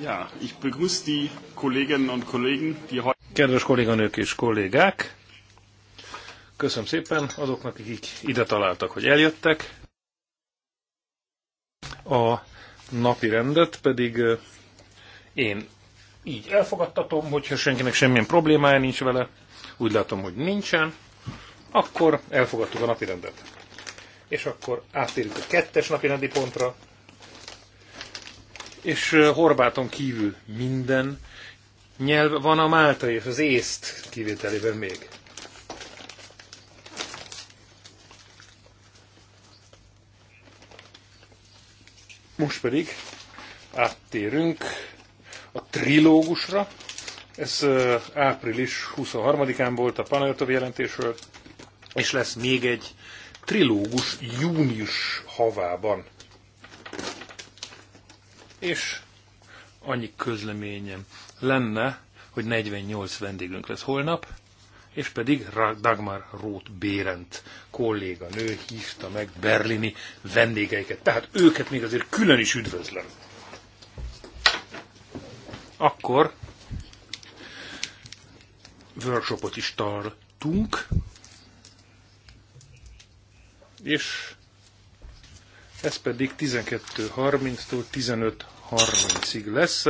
Ja, ich begrüße die Kolleginnen und Kollegen, die heute... Kedves kolléganők és kollégák, köszönöm szépen azoknak, akik ide találtak, hogy eljöttek. A napi rendet pedig én így elfogadtatom, hogyha senkinek semmilyen problémája nincs vele, úgy látom, hogy nincsen, akkor elfogadtuk a napi rendet. És akkor áttérünk a kettes napi rendi pontra, és horváton kívül minden nyelv van a máltai és az észt kivételében még. Most pedig áttérünk a trilógusra. Ez április 23-án volt a Panajotov jelentésről, és lesz még egy trilógus június havában és annyi közleményem lenne, hogy 48 vendégünk lesz holnap, és pedig Dagmar Roth Bérent kolléga nő hívta meg berlini vendégeiket. Tehát őket még azért külön is üdvözlöm. Akkor workshopot is tartunk, és ez pedig 12.30-tól 15.30-ig lesz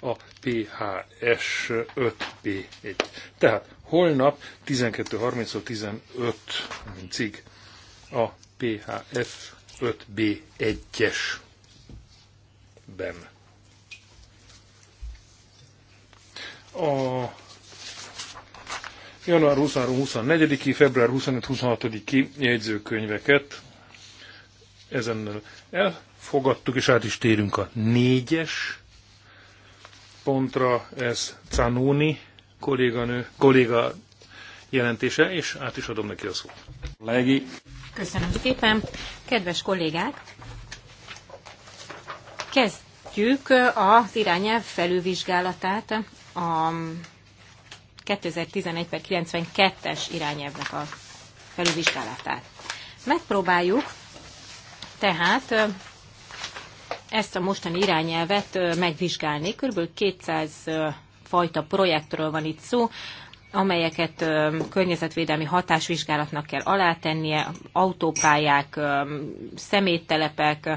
a PHS 5P1. Tehát holnap 12.30-tól 15.30-ig a PHF 5 b 1 es ben. A január 23-24-i, február 25-26-i jegyzőkönyveket ezennel elfogadtuk, és át is térünk a négyes pontra, ez Canóni kolléganő, kolléga jelentése, és át is adom neki a szót. Legi. Köszönöm szépen. Kedves kollégák, kezdjük az irányelv felülvizsgálatát a 2011 per 92-es irányelvnek a felülvizsgálatát. Megpróbáljuk tehát ezt a mostani irányelvet megvizsgálni. Körülbelül 200 fajta projektről van itt szó, amelyeket környezetvédelmi hatásvizsgálatnak kell alátennie, autópályák, szeméttelepek,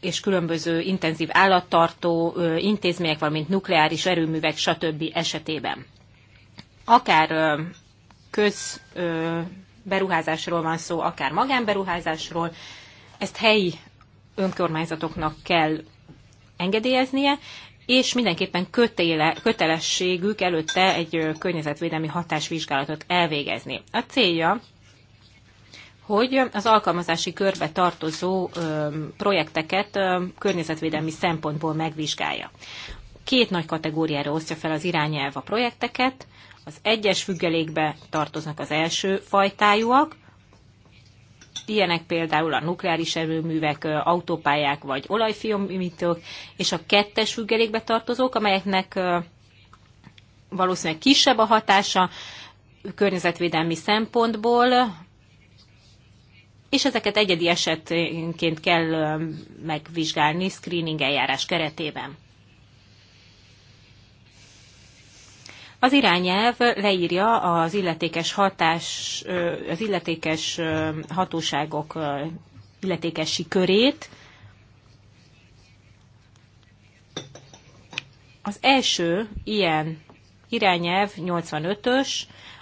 és különböző intenzív állattartó intézmények, valamint nukleáris erőművek, stb. esetében. Akár közberuházásról van szó, akár magánberuházásról, ezt helyi önkormányzatoknak kell engedélyeznie, és mindenképpen kötéle, kötelességük előtte egy környezetvédelmi hatásvizsgálatot elvégezni. A célja, hogy az alkalmazási körbe tartozó projekteket környezetvédelmi szempontból megvizsgálja. Két nagy kategóriára osztja fel az irányelv a projekteket. Az egyes függelékbe tartoznak az első fajtájúak, ilyenek például a nukleáris erőművek, autópályák vagy olajfiomítők, és a kettes függelékbe tartozók, amelyeknek valószínűleg kisebb a hatása környezetvédelmi szempontból, és ezeket egyedi esetként kell megvizsgálni screening eljárás keretében. Az irányelv leírja az illetékes hatás, az illetékes hatóságok illetékesi körét. Az első ilyen irányelv 85-ös,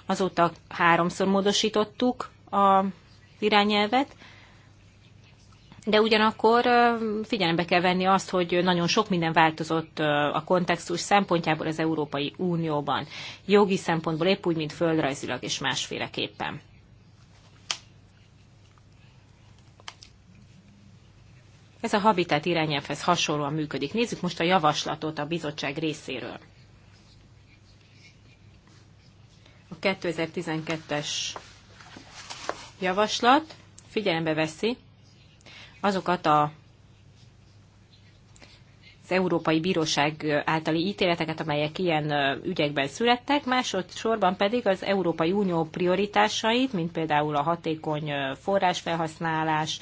azóta háromszor módosítottuk a irányelvet, de ugyanakkor figyelembe kell venni azt, hogy nagyon sok minden változott a kontextus szempontjából az Európai Unióban, jogi szempontból épp úgy, mint földrajzilag és másféleképpen. Ez a habitat irányelvhez hasonlóan működik. Nézzük most a javaslatot a bizottság részéről. A 2012-es javaslat figyelembe veszi azokat a az Európai Bíróság általi ítéleteket, amelyek ilyen ügyekben születtek, másodszorban pedig az Európai Unió prioritásait, mint például a hatékony forrásfelhasználás,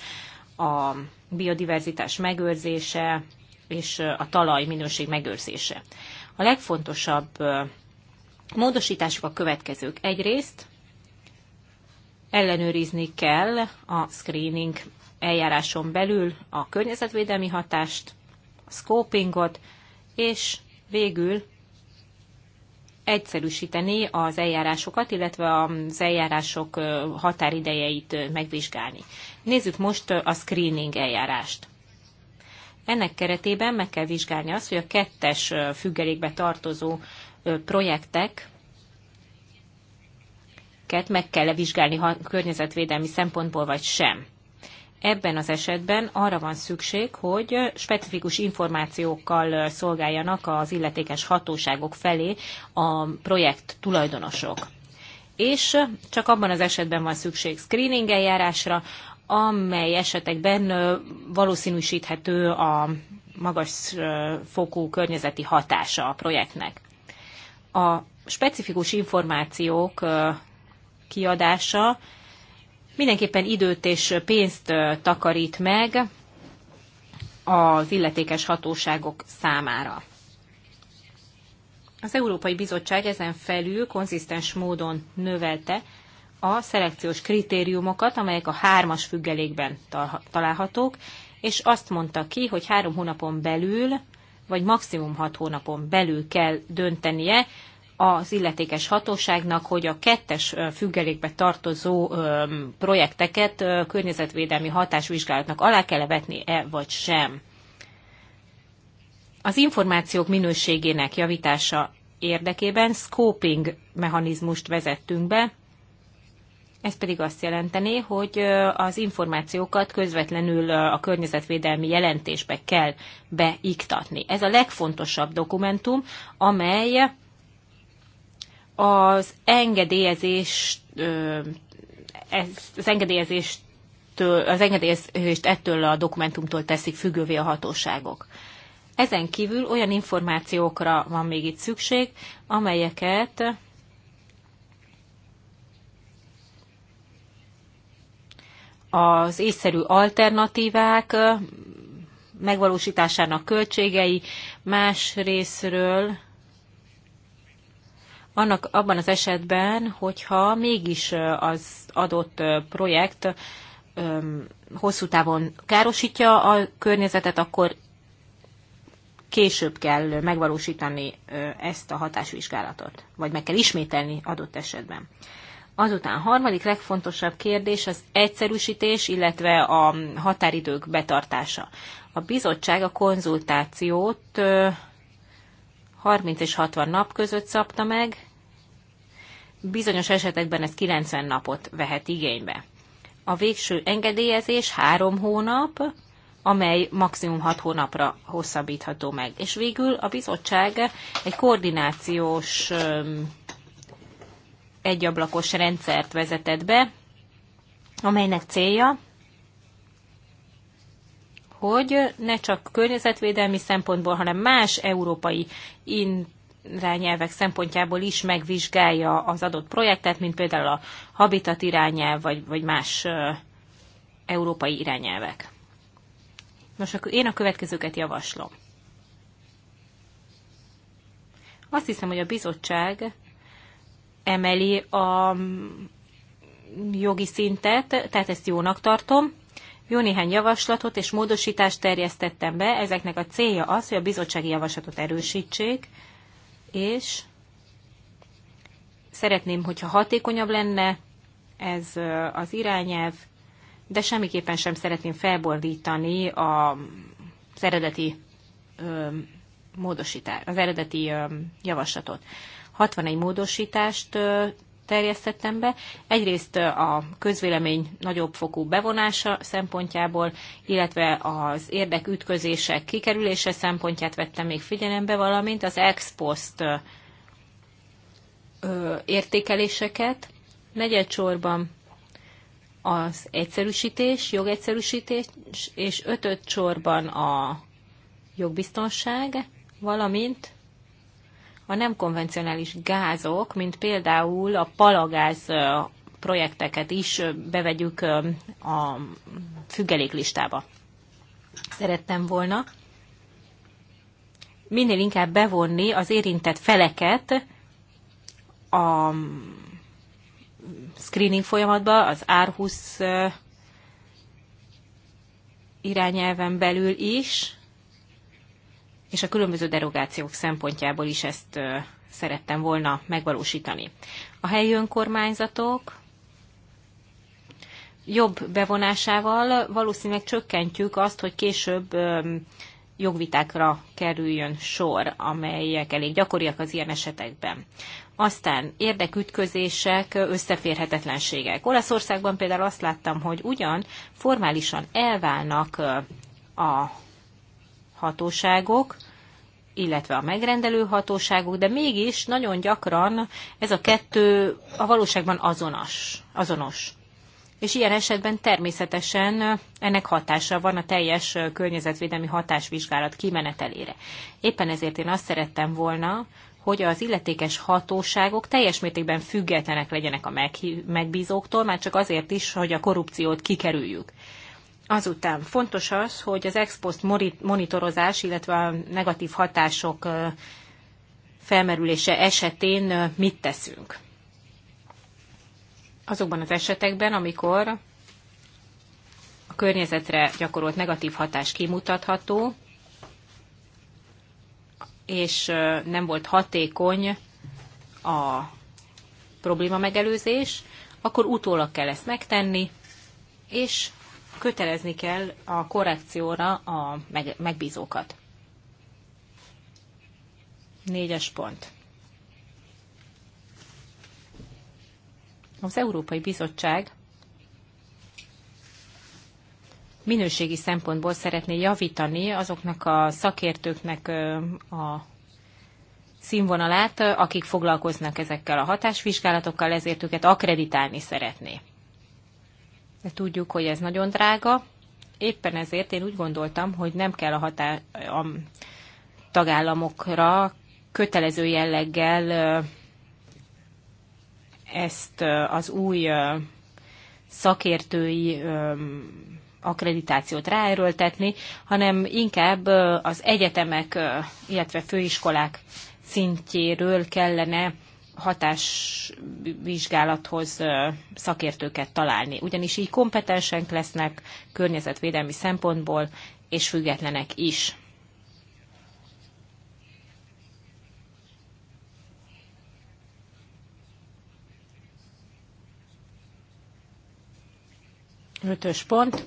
a biodiverzitás megőrzése és a talaj minőség megőrzése. A legfontosabb módosítások a következők. Egyrészt ellenőrizni kell a screening eljáráson belül a környezetvédelmi hatást, a scopingot, és végül egyszerűsíteni az eljárásokat, illetve az eljárások határidejeit megvizsgálni. Nézzük most a screening eljárást. Ennek keretében meg kell vizsgálni azt, hogy a kettes függelékbe tartozó projektek meg kell -e vizsgálni ha környezetvédelmi szempontból vagy sem ebben az esetben arra van szükség, hogy specifikus információkkal szolgáljanak az illetékes hatóságok felé a projekt tulajdonosok. És csak abban az esetben van szükség screening eljárásra, amely esetekben valószínűsíthető a magas fokú környezeti hatása a projektnek. A specifikus információk kiadása mindenképpen időt és pénzt takarít meg az illetékes hatóságok számára. Az Európai Bizottság ezen felül konzisztens módon növelte a szelekciós kritériumokat, amelyek a hármas függelékben találhatók, és azt mondta ki, hogy három hónapon belül, vagy maximum hat hónapon belül kell döntenie az illetékes hatóságnak, hogy a kettes függelékbe tartozó projekteket környezetvédelmi hatásvizsgálatnak alá kell vetni-e vagy sem. Az információk minőségének javítása érdekében scoping mechanizmust vezettünk be, ez pedig azt jelenteni, hogy az információkat közvetlenül a környezetvédelmi jelentésbe kell beiktatni. Ez a legfontosabb dokumentum, amely az engedélyezést az engedélyezést az engedélyezést ettől a dokumentumtól teszik függővé a hatóságok. Ezen kívül olyan információkra van még itt szükség, amelyeket az észszerű alternatívák megvalósításának költségei, más részről annak abban az esetben, hogyha mégis az adott projekt hosszú távon károsítja a környezetet, akkor később kell megvalósítani ezt a hatásvizsgálatot, vagy meg kell ismételni adott esetben. Azután harmadik legfontosabb kérdés az egyszerűsítés, illetve a határidők betartása. A bizottság a konzultációt 30 és 60 nap között szabta meg, bizonyos esetekben ez 90 napot vehet igénybe. A végső engedélyezés három hónap, amely maximum hat hónapra hosszabbítható meg. És végül a bizottság egy koordinációs egyablakos rendszert vezetett be, amelynek célja, hogy ne csak környezetvédelmi szempontból, hanem más európai in, irányelvek szempontjából is megvizsgálja az adott projektet, mint például a Habitat irányelv, vagy, vagy más európai irányelvek. Nos, akkor én a következőket javaslom. Azt hiszem, hogy a bizottság emeli a mm, jogi szintet, tehát ezt jónak tartom. Jó néhány javaslatot és módosítást terjesztettem be, ezeknek a célja az, hogy a bizottsági javaslatot erősítsék, és szeretném, hogyha hatékonyabb lenne ez az irányelv, de semmiképpen sem szeretném felbordítani a, eredeti módosítást, az eredeti javaslatot. 61 módosítást terjesztettem be. Egyrészt a közvélemény nagyobb fokú bevonása szempontjából, illetve az érdekütközések kikerülése szempontját vettem még figyelembe, valamint az ex post értékeléseket. Negyedsorban az egyszerűsítés, jogegyszerűsítés, és ötöd sorban a jogbiztonság, valamint a nem konvencionális gázok, mint például a palagáz projekteket is bevegyük a függelék listába. Szerettem volna minél inkább bevonni az érintett feleket a screening folyamatba, az R20 irányelven belül is, és a különböző derogációk szempontjából is ezt szerettem volna megvalósítani. A helyi önkormányzatok jobb bevonásával valószínűleg csökkentjük azt, hogy később jogvitákra kerüljön sor, amelyek elég gyakoriak az ilyen esetekben. Aztán érdekütközések, összeférhetetlenségek. Olaszországban például azt láttam, hogy ugyan formálisan elválnak a hatóságok, illetve a megrendelő hatóságuk, de mégis nagyon gyakran ez a kettő a valóságban azonos. azonos. És ilyen esetben természetesen ennek hatása van a teljes környezetvédelmi hatásvizsgálat kimenetelére. Éppen ezért én azt szerettem volna, hogy az illetékes hatóságok teljes mértékben függetlenek legyenek a megbízóktól, már csak azért is, hogy a korrupciót kikerüljük. Azután fontos az, hogy az expost monitorozás, illetve a negatív hatások felmerülése esetén mit teszünk. Azokban az esetekben, amikor a környezetre gyakorolt negatív hatás kimutatható, és nem volt hatékony a probléma megelőzés, akkor utólag kell ezt megtenni, és kötelezni kell a korrekcióra a megbízókat. Négyes pont. Az Európai Bizottság minőségi szempontból szeretné javítani azoknak a szakértőknek a színvonalát, akik foglalkoznak ezekkel a hatásvizsgálatokkal, ezért őket akreditálni szeretné. Tudjuk, hogy ez nagyon drága. Éppen ezért én úgy gondoltam, hogy nem kell a, hatá a tagállamokra kötelező jelleggel ezt az új szakértői akkreditációt ráerőltetni, hanem inkább az egyetemek, illetve főiskolák szintjéről kellene hatásvizsgálathoz szakértőket találni. Ugyanis így kompetensek lesznek környezetvédelmi szempontból, és függetlenek is. Ötös pont,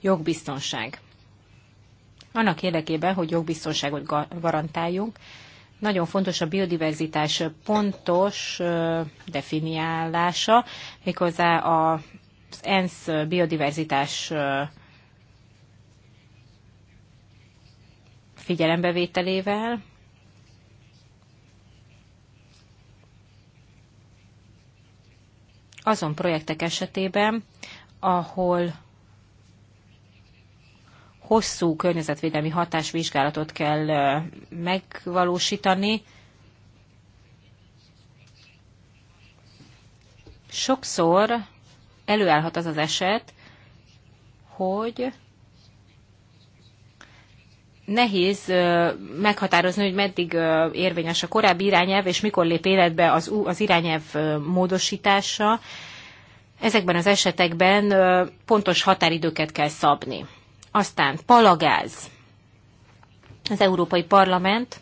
jogbiztonság. Annak érdekében, hogy jogbiztonságot garantáljunk, nagyon fontos a biodiverzitás pontos definiálása, méghozzá az ENSZ biodiverzitás figyelembevételével, azon projektek esetében, ahol hosszú környezetvédelmi hatásvizsgálatot kell megvalósítani. Sokszor előállhat az az eset, hogy nehéz meghatározni, hogy meddig érvényes a korábbi irányelv, és mikor lép életbe az, az irányelv módosítása. Ezekben az esetekben pontos határidőket kell szabni. Aztán palagáz. Az Európai Parlament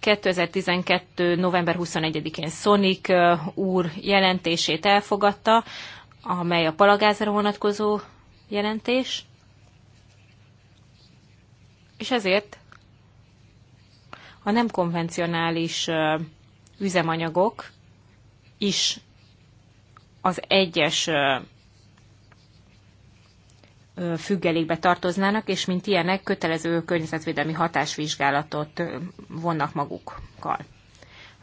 2012. november 21-én Sonic úr jelentését elfogadta, amely a palagázra vonatkozó jelentés, és ezért a nem konvencionális üzemanyagok is az egyes függelékbe tartoznának, és mint ilyenek kötelező környezetvédelmi hatásvizsgálatot vonnak magukkal.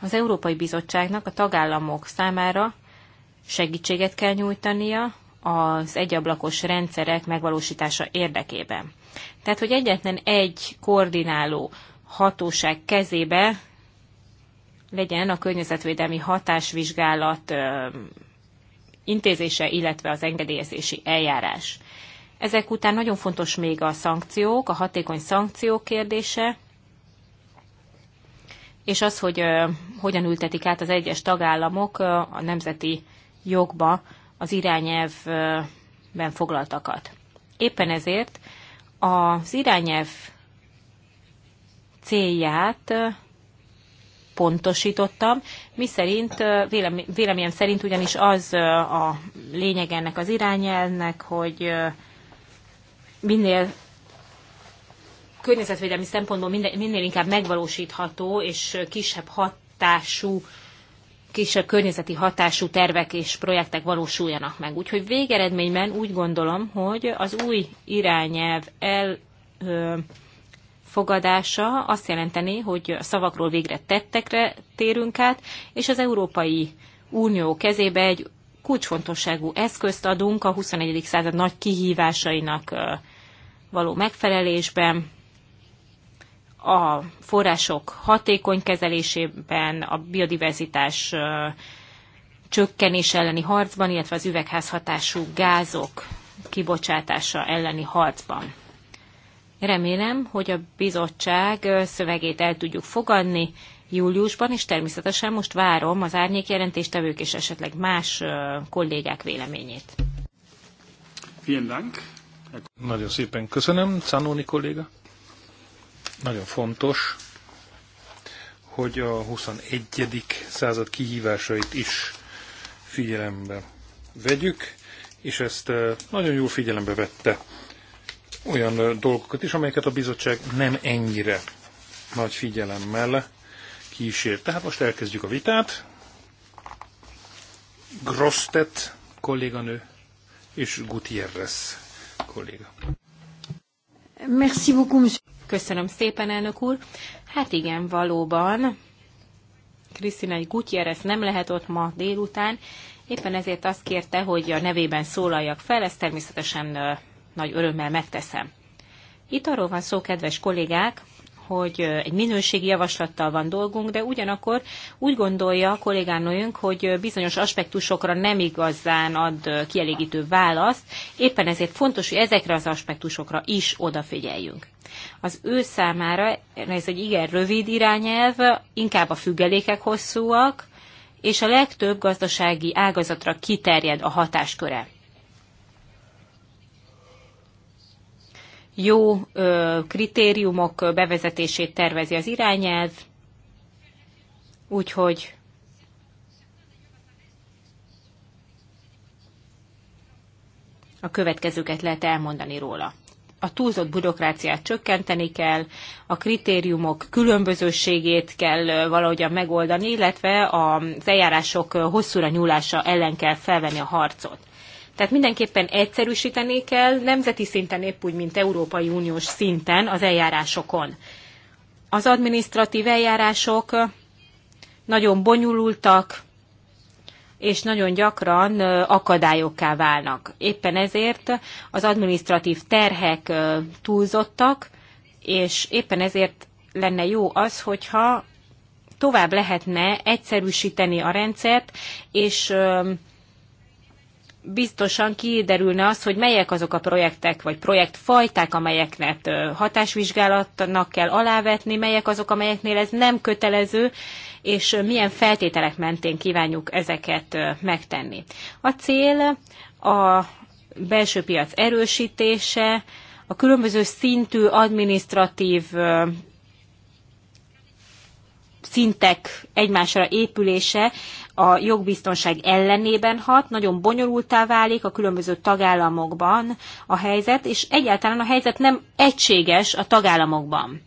Az Európai Bizottságnak a tagállamok számára segítséget kell nyújtania az egyablakos rendszerek megvalósítása érdekében. Tehát, hogy egyetlen egy koordináló hatóság kezébe legyen a környezetvédelmi hatásvizsgálat intézése, illetve az engedélyezési eljárás. Ezek után nagyon fontos még a szankciók, a hatékony szankciók kérdése, és az, hogy hogyan ültetik át az egyes tagállamok a nemzeti jogba az irányelvben foglaltakat. Éppen ezért az irányelv célját pontosítottam, mi szerint, véleményem szerint ugyanis az a lényeg ennek az irányelnek, hogy minél környezetvédelmi szempontból minél, minél inkább megvalósítható és kisebb hatású, kisebb környezeti hatású tervek és projektek valósuljanak meg. Úgyhogy végeredményben úgy gondolom, hogy az új irányelv el ö, fogadása azt jelenteni, hogy a szavakról végre tettekre térünk át, és az Európai Unió kezébe egy kulcsfontosságú eszközt adunk a 21. század nagy kihívásainak való megfelelésben, a források hatékony kezelésében, a biodiverzitás csökkenés elleni harcban, illetve az üvegházhatású gázok kibocsátása elleni harcban. Remélem, hogy a bizottság szövegét el tudjuk fogadni júliusban, és természetesen most várom az árnyék és esetleg más kollégák véleményét. Vielen Dank. Nagyon szépen köszönöm, Czánóni kolléga. Nagyon fontos, hogy a 21. század kihívásait is figyelembe vegyük, és ezt eh, nagyon jól figyelembe vette olyan eh, dolgokat is, amelyeket a bizottság nem ennyire nagy figyelemmel kísért. Tehát most elkezdjük a vitát. Grostet kolléganő és Gutierrez kolléga. Merci beaucoup, Köszönöm szépen, elnök úr. Hát igen, valóban. Krisztina Gutierrez nem lehet ott ma délután, éppen ezért azt kérte, hogy a nevében szólaljak fel, ezt természetesen nagy örömmel megteszem. Itt arról van szó, kedves kollégák, hogy egy minőségi javaslattal van dolgunk, de ugyanakkor úgy gondolja a kollégánőnk, hogy bizonyos aspektusokra nem igazán ad kielégítő választ, éppen ezért fontos, hogy ezekre az aspektusokra is odafigyeljünk. Az ő számára ez egy igen rövid irányelv, inkább a függelékek hosszúak, és a legtöbb gazdasági ágazatra kiterjed a hatásköre. jó kritériumok bevezetését tervezi az irányelv, úgyhogy a következőket lehet elmondani róla. A túlzott bürokráciát csökkenteni kell, a kritériumok különbözőségét kell valahogyan megoldani, illetve az eljárások hosszúra nyúlása ellen kell felvenni a harcot. Tehát mindenképpen egyszerűsíteni kell nemzeti szinten, épp úgy, mint Európai Uniós szinten az eljárásokon. Az administratív eljárások nagyon bonyolultak, és nagyon gyakran akadályokká válnak. Éppen ezért az administratív terhek túlzottak, és éppen ezért lenne jó az, hogyha tovább lehetne egyszerűsíteni a rendszert, és biztosan kiderülne az, hogy melyek azok a projektek vagy projektfajták, amelyeknek hatásvizsgálatnak kell alávetni, melyek azok, amelyeknél ez nem kötelező, és milyen feltételek mentén kívánjuk ezeket megtenni. A cél a belső piac erősítése, a különböző szintű administratív szintek egymásra épülése a jogbiztonság ellenében hat, nagyon bonyolultá válik a különböző tagállamokban a helyzet, és egyáltalán a helyzet nem egységes a tagállamokban.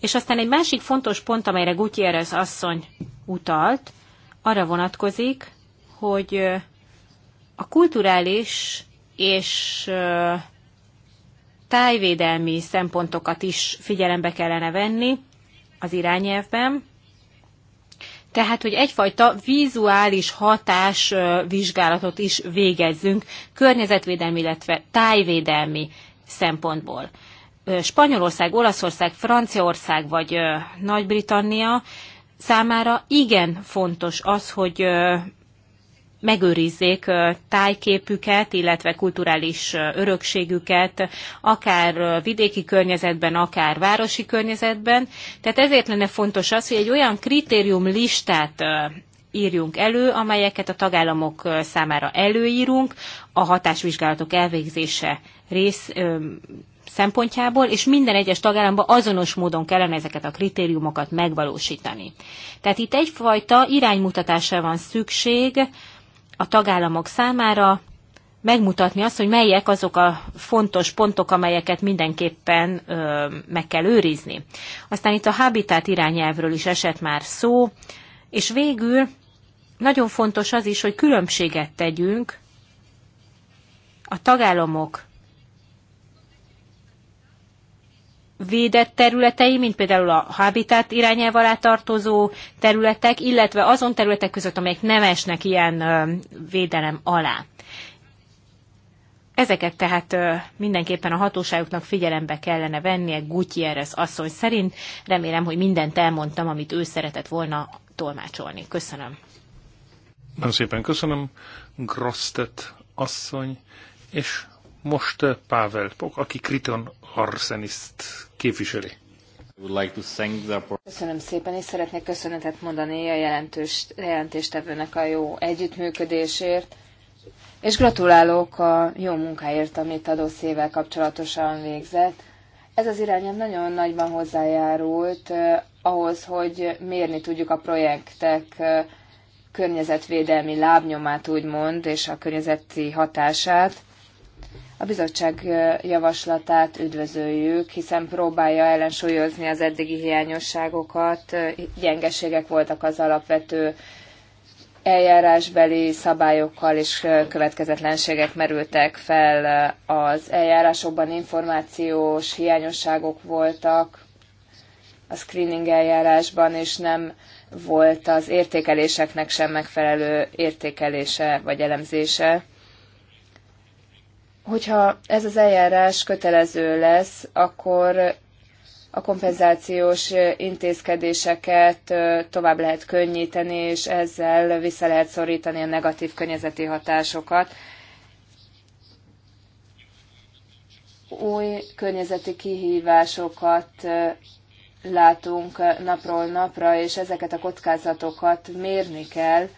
És aztán egy másik fontos pont, amelyre Gutierrez asszony utalt, arra vonatkozik, hogy a kulturális és tájvédelmi szempontokat is figyelembe kellene venni az irányelvben, tehát, hogy egyfajta vizuális hatás vizsgálatot is végezzünk környezetvédelmi, illetve tájvédelmi szempontból. Spanyolország, Olaszország, Franciaország vagy Nagy-Britannia számára igen fontos az, hogy megőrizzék tájképüket, illetve kulturális örökségüket, akár vidéki környezetben, akár városi környezetben. Tehát ezért lenne fontos az, hogy egy olyan kritérium listát írjunk elő, amelyeket a tagállamok számára előírunk a hatásvizsgálatok elvégzése rész szempontjából, és minden egyes tagállamban azonos módon kellene ezeket a kritériumokat megvalósítani. Tehát itt egyfajta iránymutatásra van szükség, a tagállamok számára megmutatni azt, hogy melyek azok a fontos pontok, amelyeket mindenképpen ö, meg kell őrizni. Aztán itt a habitat irányelvről is esett már szó, és végül nagyon fontos az is, hogy különbséget tegyünk a tagállamok védett területei, mint például a habitat irányelv alá tartozó területek, illetve azon területek között, amelyek nem esnek ilyen védelem alá. Ezeket tehát mindenképpen a hatóságoknak figyelembe kellene vennie Gutierrez asszony szerint. Remélem, hogy mindent elmondtam, amit ő szeretett volna tolmácsolni. Köszönöm. Nagyon szépen köszönöm, Grosztet asszony, és most eh, Pável Pok, aki Kriton Arseniszt képviseli. Köszönöm szépen, és szeretnék köszönetet mondani a jelentős, jelentéstevőnek a jó együttműködésért, és gratulálok a jó munkáért, amit a dosszével kapcsolatosan végzett. Ez az irányom nagyon nagyban hozzájárult eh, ahhoz, hogy mérni tudjuk a projektek eh, környezetvédelmi lábnyomát, úgymond, és a környezeti hatását. A bizottság javaslatát üdvözöljük, hiszen próbálja ellensúlyozni az eddigi hiányosságokat. Gyengeségek voltak az alapvető eljárásbeli szabályokkal és következetlenségek merültek fel az eljárásokban, információs hiányosságok voltak a screening eljárásban, és nem volt az értékeléseknek sem megfelelő értékelése vagy elemzése. Hogyha ez az eljárás kötelező lesz, akkor a kompenzációs intézkedéseket tovább lehet könnyíteni, és ezzel vissza lehet szorítani a negatív környezeti hatásokat. Új környezeti kihívásokat látunk napról napra, és ezeket a kockázatokat mérni kell,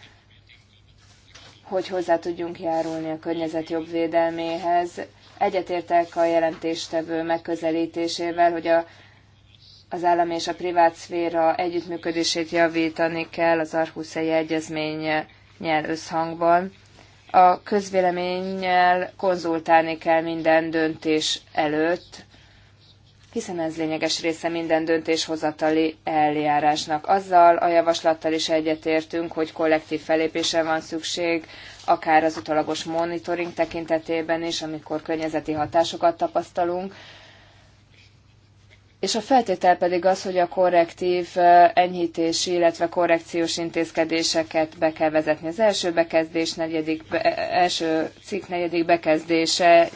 hogy hozzá tudjunk járulni a környezet jobb védelméhez. Egyetértek a jelentéstevő megközelítésével, hogy a, az állami és a privát szféra együttműködését javítani kell az Arhuszei Egyezménnyel összhangban. A közvéleménnyel konzultálni kell minden döntés előtt, hiszen ez lényeges része minden döntéshozatali eljárásnak. Azzal a javaslattal is egyetértünk, hogy kollektív felépése van szükség, akár az utalagos monitoring tekintetében is, amikor környezeti hatásokat tapasztalunk, és a feltétel pedig az, hogy a korrektív enyhítési, illetve korrekciós intézkedéseket be kell vezetni. Az első bekezdés, negyedik, első cikk negyedik bekezdése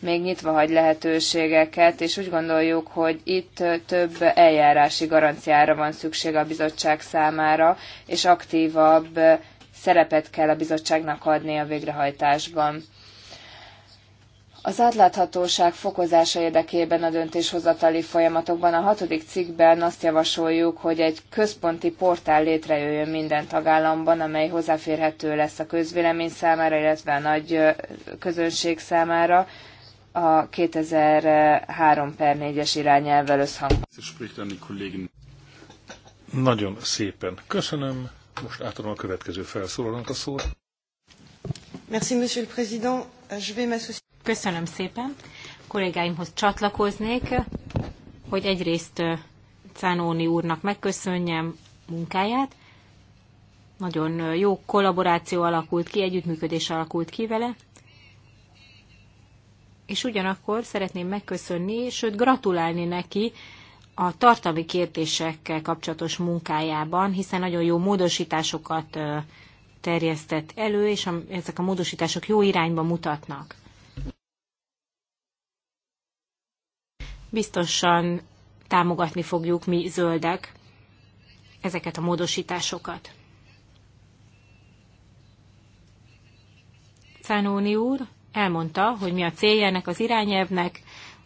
még nyitva hagy lehetőségeket, és úgy gondoljuk, hogy itt több eljárási garanciára van szükség a bizottság számára, és aktívabb szerepet kell a bizottságnak adni a végrehajtásban. Az átláthatóság fokozása érdekében a döntéshozatali folyamatokban a hatodik cikkben azt javasoljuk, hogy egy központi portál létrejöjjön minden tagállamban, amely hozzáférhető lesz a közvélemény számára, illetve a nagy közönség számára, a 2003 per 4-es irányelvvel Nagyon szépen köszönöm. Most átadom a következő felszólalónak a szót. Merci, monsieur le président. Je vais Köszönöm szépen. Kollégáimhoz csatlakoznék, hogy egyrészt Cánóni úrnak megköszönjem munkáját. Nagyon jó kollaboráció alakult ki, együttműködés alakult ki vele, és ugyanakkor szeretném megköszönni, sőt gratulálni neki a tartalmi kérdésekkel kapcsolatos munkájában, hiszen nagyon jó módosításokat terjesztett elő, és a, ezek a módosítások jó irányba mutatnak. Biztosan támogatni fogjuk mi zöldek ezeket a módosításokat. Fánóni úr, elmondta, hogy mi a célja ennek az irányelvnek.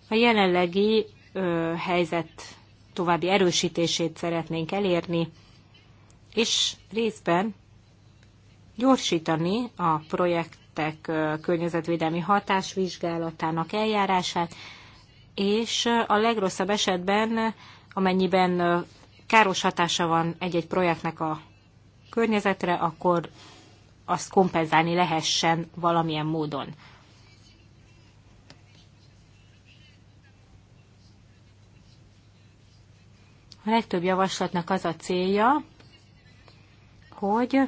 A jelenlegi ö, helyzet további erősítését szeretnénk elérni, és részben gyorsítani a projektek ö, környezetvédelmi hatásvizsgálatának eljárását, és a legrosszabb esetben, amennyiben káros hatása van egy-egy projektnek a környezetre, akkor azt kompenzálni lehessen valamilyen módon. legtöbb javaslatnak az a célja, hogy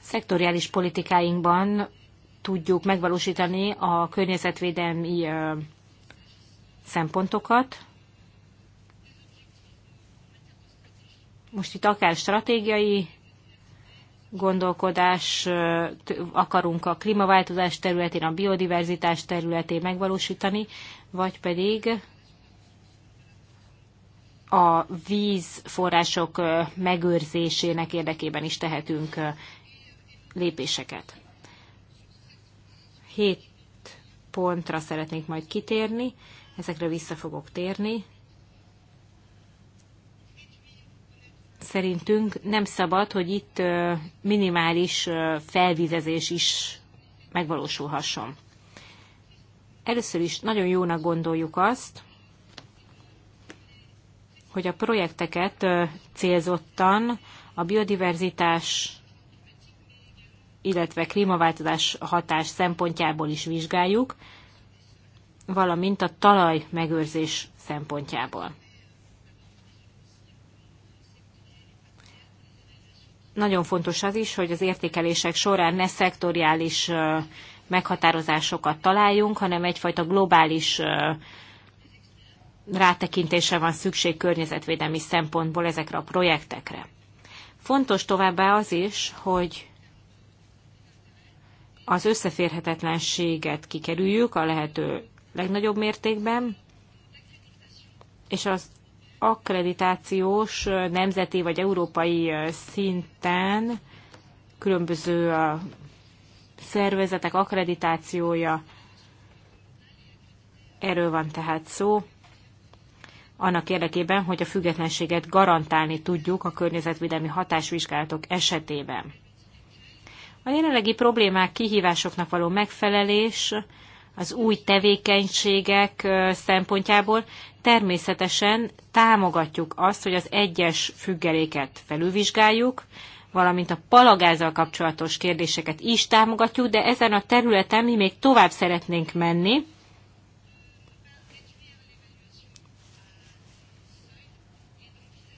szektoriális politikáinkban tudjuk megvalósítani a környezetvédelmi szempontokat. Most itt akár stratégiai gondolkodás akarunk a klímaváltozás területén, a biodiverzitás területén megvalósítani, vagy pedig a vízforrások megőrzésének érdekében is tehetünk lépéseket. Hét pontra szeretnék majd kitérni, ezekre vissza fogok térni, szerintünk nem szabad, hogy itt minimális felvizezés is megvalósulhasson. Először is nagyon jónak gondoljuk azt, hogy a projekteket célzottan a biodiverzitás, illetve klímaváltozás hatás szempontjából is vizsgáljuk, valamint a talaj megőrzés szempontjából. nagyon fontos az is, hogy az értékelések során ne szektoriális meghatározásokat találjunk, hanem egyfajta globális rátekintésre van szükség környezetvédelmi szempontból ezekre a projektekre. Fontos továbbá az is, hogy az összeférhetetlenséget kikerüljük a lehető legnagyobb mértékben, és az akkreditációs nemzeti vagy európai szinten különböző szervezetek akkreditációja. Erről van tehát szó. Annak érdekében, hogy a függetlenséget garantálni tudjuk a környezetvédelmi hatásvizsgálatok esetében. A jelenlegi problémák kihívásoknak való megfelelés az új tevékenységek szempontjából természetesen támogatjuk azt, hogy az egyes függeléket felülvizsgáljuk, valamint a palagázzal kapcsolatos kérdéseket is támogatjuk, de ezen a területen mi még tovább szeretnénk menni.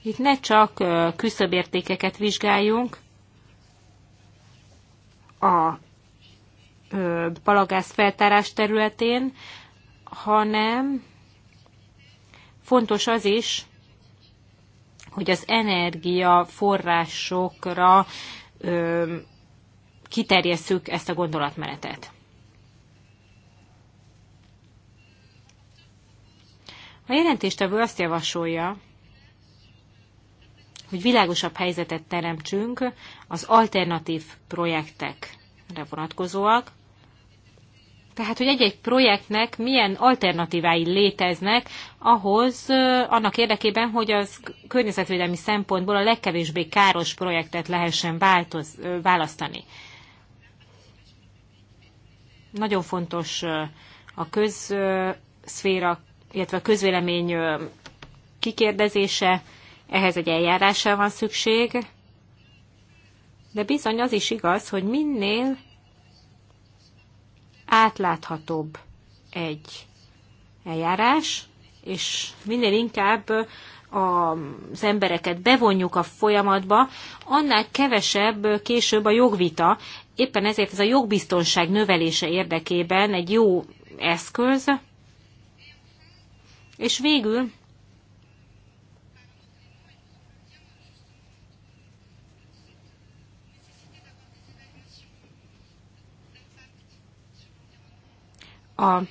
Itt ne csak küszöbértékeket vizsgáljunk, a palagász feltárás területén, hanem fontos az is, hogy az energiaforrásokra ö, kiterjesszük ezt a gondolatmenetet. A jelentéstevő azt javasolja, hogy világosabb helyzetet teremtsünk az alternatív projektekre vonatkozóak, tehát, hogy egy-egy projektnek milyen alternatívái léteznek ahhoz, annak érdekében, hogy az környezetvédelmi szempontból a legkevésbé káros projektet lehessen változ, választani. Nagyon fontos a közszféra, illetve a közvélemény kikérdezése, ehhez egy eljárásra van szükség, de bizony az is igaz, hogy minél átláthatóbb egy eljárás, és minél inkább az embereket bevonjuk a folyamatba, annál kevesebb később a jogvita. Éppen ezért ez a jogbiztonság növelése érdekében egy jó eszköz. És végül az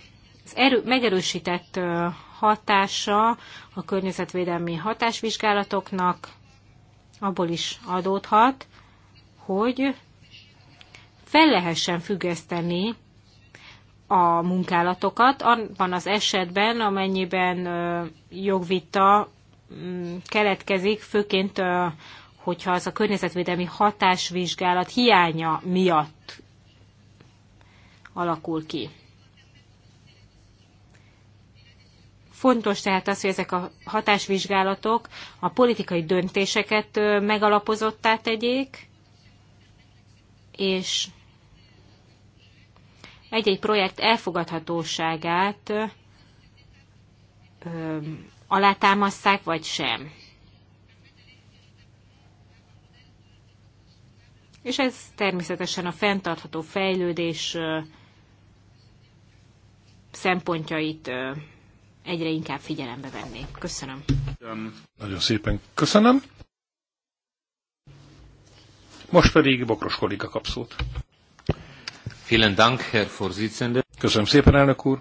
erő, megerősített hatása a környezetvédelmi hatásvizsgálatoknak abból is adódhat, hogy fel lehessen függeszteni a munkálatokat abban az esetben, amennyiben jogvita mm, keletkezik, főként hogyha az a környezetvédelmi hatásvizsgálat hiánya miatt alakul ki. Fontos tehát az, hogy ezek a hatásvizsgálatok a politikai döntéseket megalapozottá tegyék, és egy-egy projekt elfogadhatóságát alátámasszák, vagy sem. És ez természetesen a fenntartható fejlődés szempontjait egyre inkább figyelembe venni. Köszönöm. Nagyon szépen köszönöm. Most pedig Bokros kolléga kap szót. Vielen Dank, Herr Vorsitzender. Köszönöm szépen, elnök úr.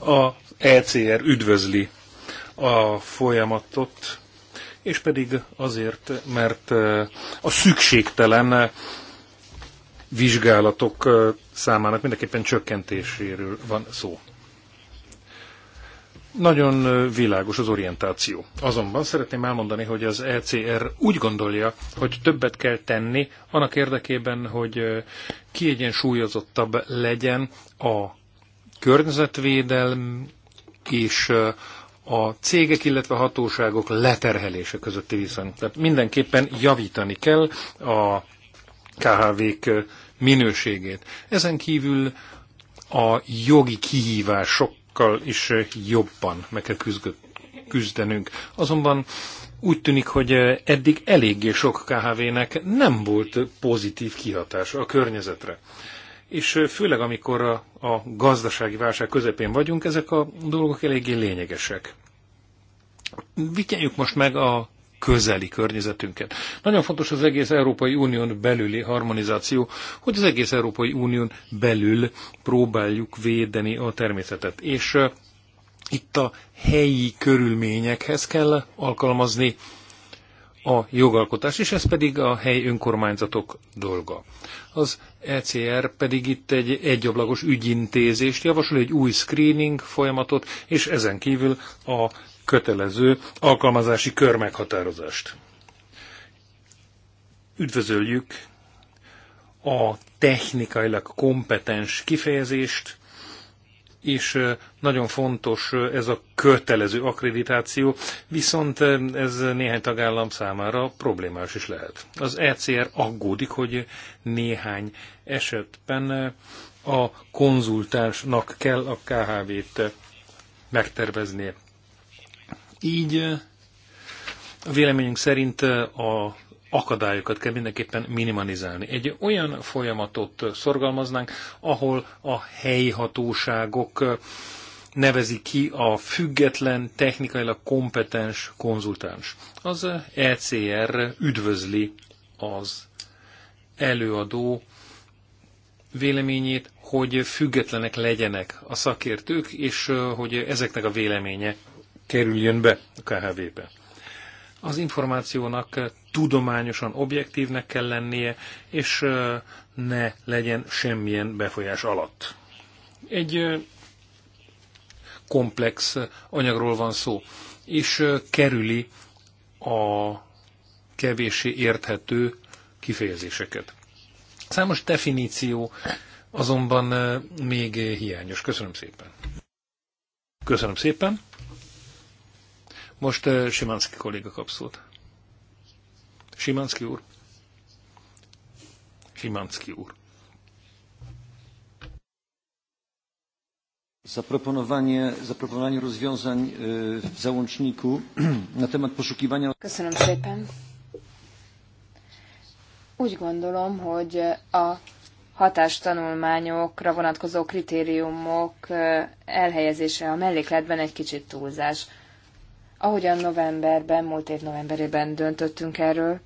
A ECR üdvözli a folyamatot, és pedig azért, mert eh, a szükségtelen vizsgálatok számának mindenképpen csökkentéséről van szó. Nagyon világos az orientáció. Azonban szeretném elmondani, hogy az ECR úgy gondolja, hogy többet kell tenni annak érdekében, hogy kiegyensúlyozottabb legyen a környezetvédelm és a cégek, illetve hatóságok leterhelése közötti viszony. Tehát mindenképpen javítani kell a KHV-k minőségét. Ezen kívül a jogi kihívásokkal is jobban meg kell küzdenünk. Azonban úgy tűnik, hogy eddig eléggé sok KHV-nek nem volt pozitív kihatása a környezetre. És főleg, amikor a, a gazdasági válság közepén vagyunk, ezek a dolgok eléggé lényegesek. Vigyeljük most meg a közeli környezetünket. Nagyon fontos az egész Európai Unión belüli harmonizáció, hogy az egész Európai Unión belül próbáljuk védeni a természetet. És itt a helyi körülményekhez kell alkalmazni a jogalkotás, és ez pedig a helyi önkormányzatok dolga. Az ECR pedig itt egy egyablakos ügyintézést javasol, egy új screening folyamatot, és ezen kívül a kötelező alkalmazási körmeghatározást. Üdvözöljük a technikailag kompetens kifejezést, és nagyon fontos ez a kötelező akkreditáció, viszont ez néhány tagállam számára problémás is lehet. Az ECR aggódik, hogy néhány esetben a konzultánsnak kell a KHV-t megterveznie. Így a véleményünk szerint a akadályokat kell mindenképpen minimalizálni. Egy olyan folyamatot szorgalmaznánk, ahol a helyi hatóságok nevezi ki a független, technikailag kompetens konzultáns. Az ECR üdvözli az előadó véleményét, hogy függetlenek legyenek a szakértők, és hogy ezeknek a véleménye kerüljön be a KHV-be. Az információnak eh, tudományosan objektívnek kell lennie, és eh, ne legyen semmilyen befolyás alatt. Egy eh, komplex anyagról van szó, és kerüli a kevéssé érthető kifejezéseket. Számos definíció azonban még hiányos. Köszönöm szépen. Köszönöm szépen. Most uh, eh, Simánszki kolléga kap szót. Simánszki úr. Simánszki úr. Zaproponowanie, zaproponowanie rozwiązań w załączniku na temat poszukiwania... Köszönöm szépen. Úgy gondolom, hogy a hatástanulmányokra vonatkozó kritériumok eh, elhelyezése a mellékletben egy kicsit túlzás Ahogyan novemberben, múlt év novemberében döntöttünk erről,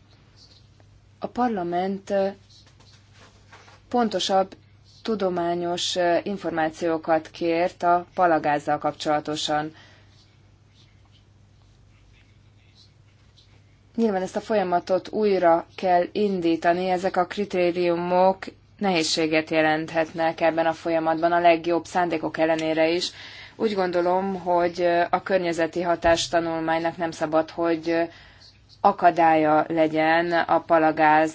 a parlament pontosabb tudományos információkat kért a palagázzal kapcsolatosan. Nyilván ezt a folyamatot újra kell indítani, ezek a kritériumok nehézséget jelenthetnek ebben a folyamatban, a legjobb szándékok ellenére is. Úgy gondolom, hogy a környezeti hatástanulmánynak nem szabad, hogy akadálya legyen a palagáz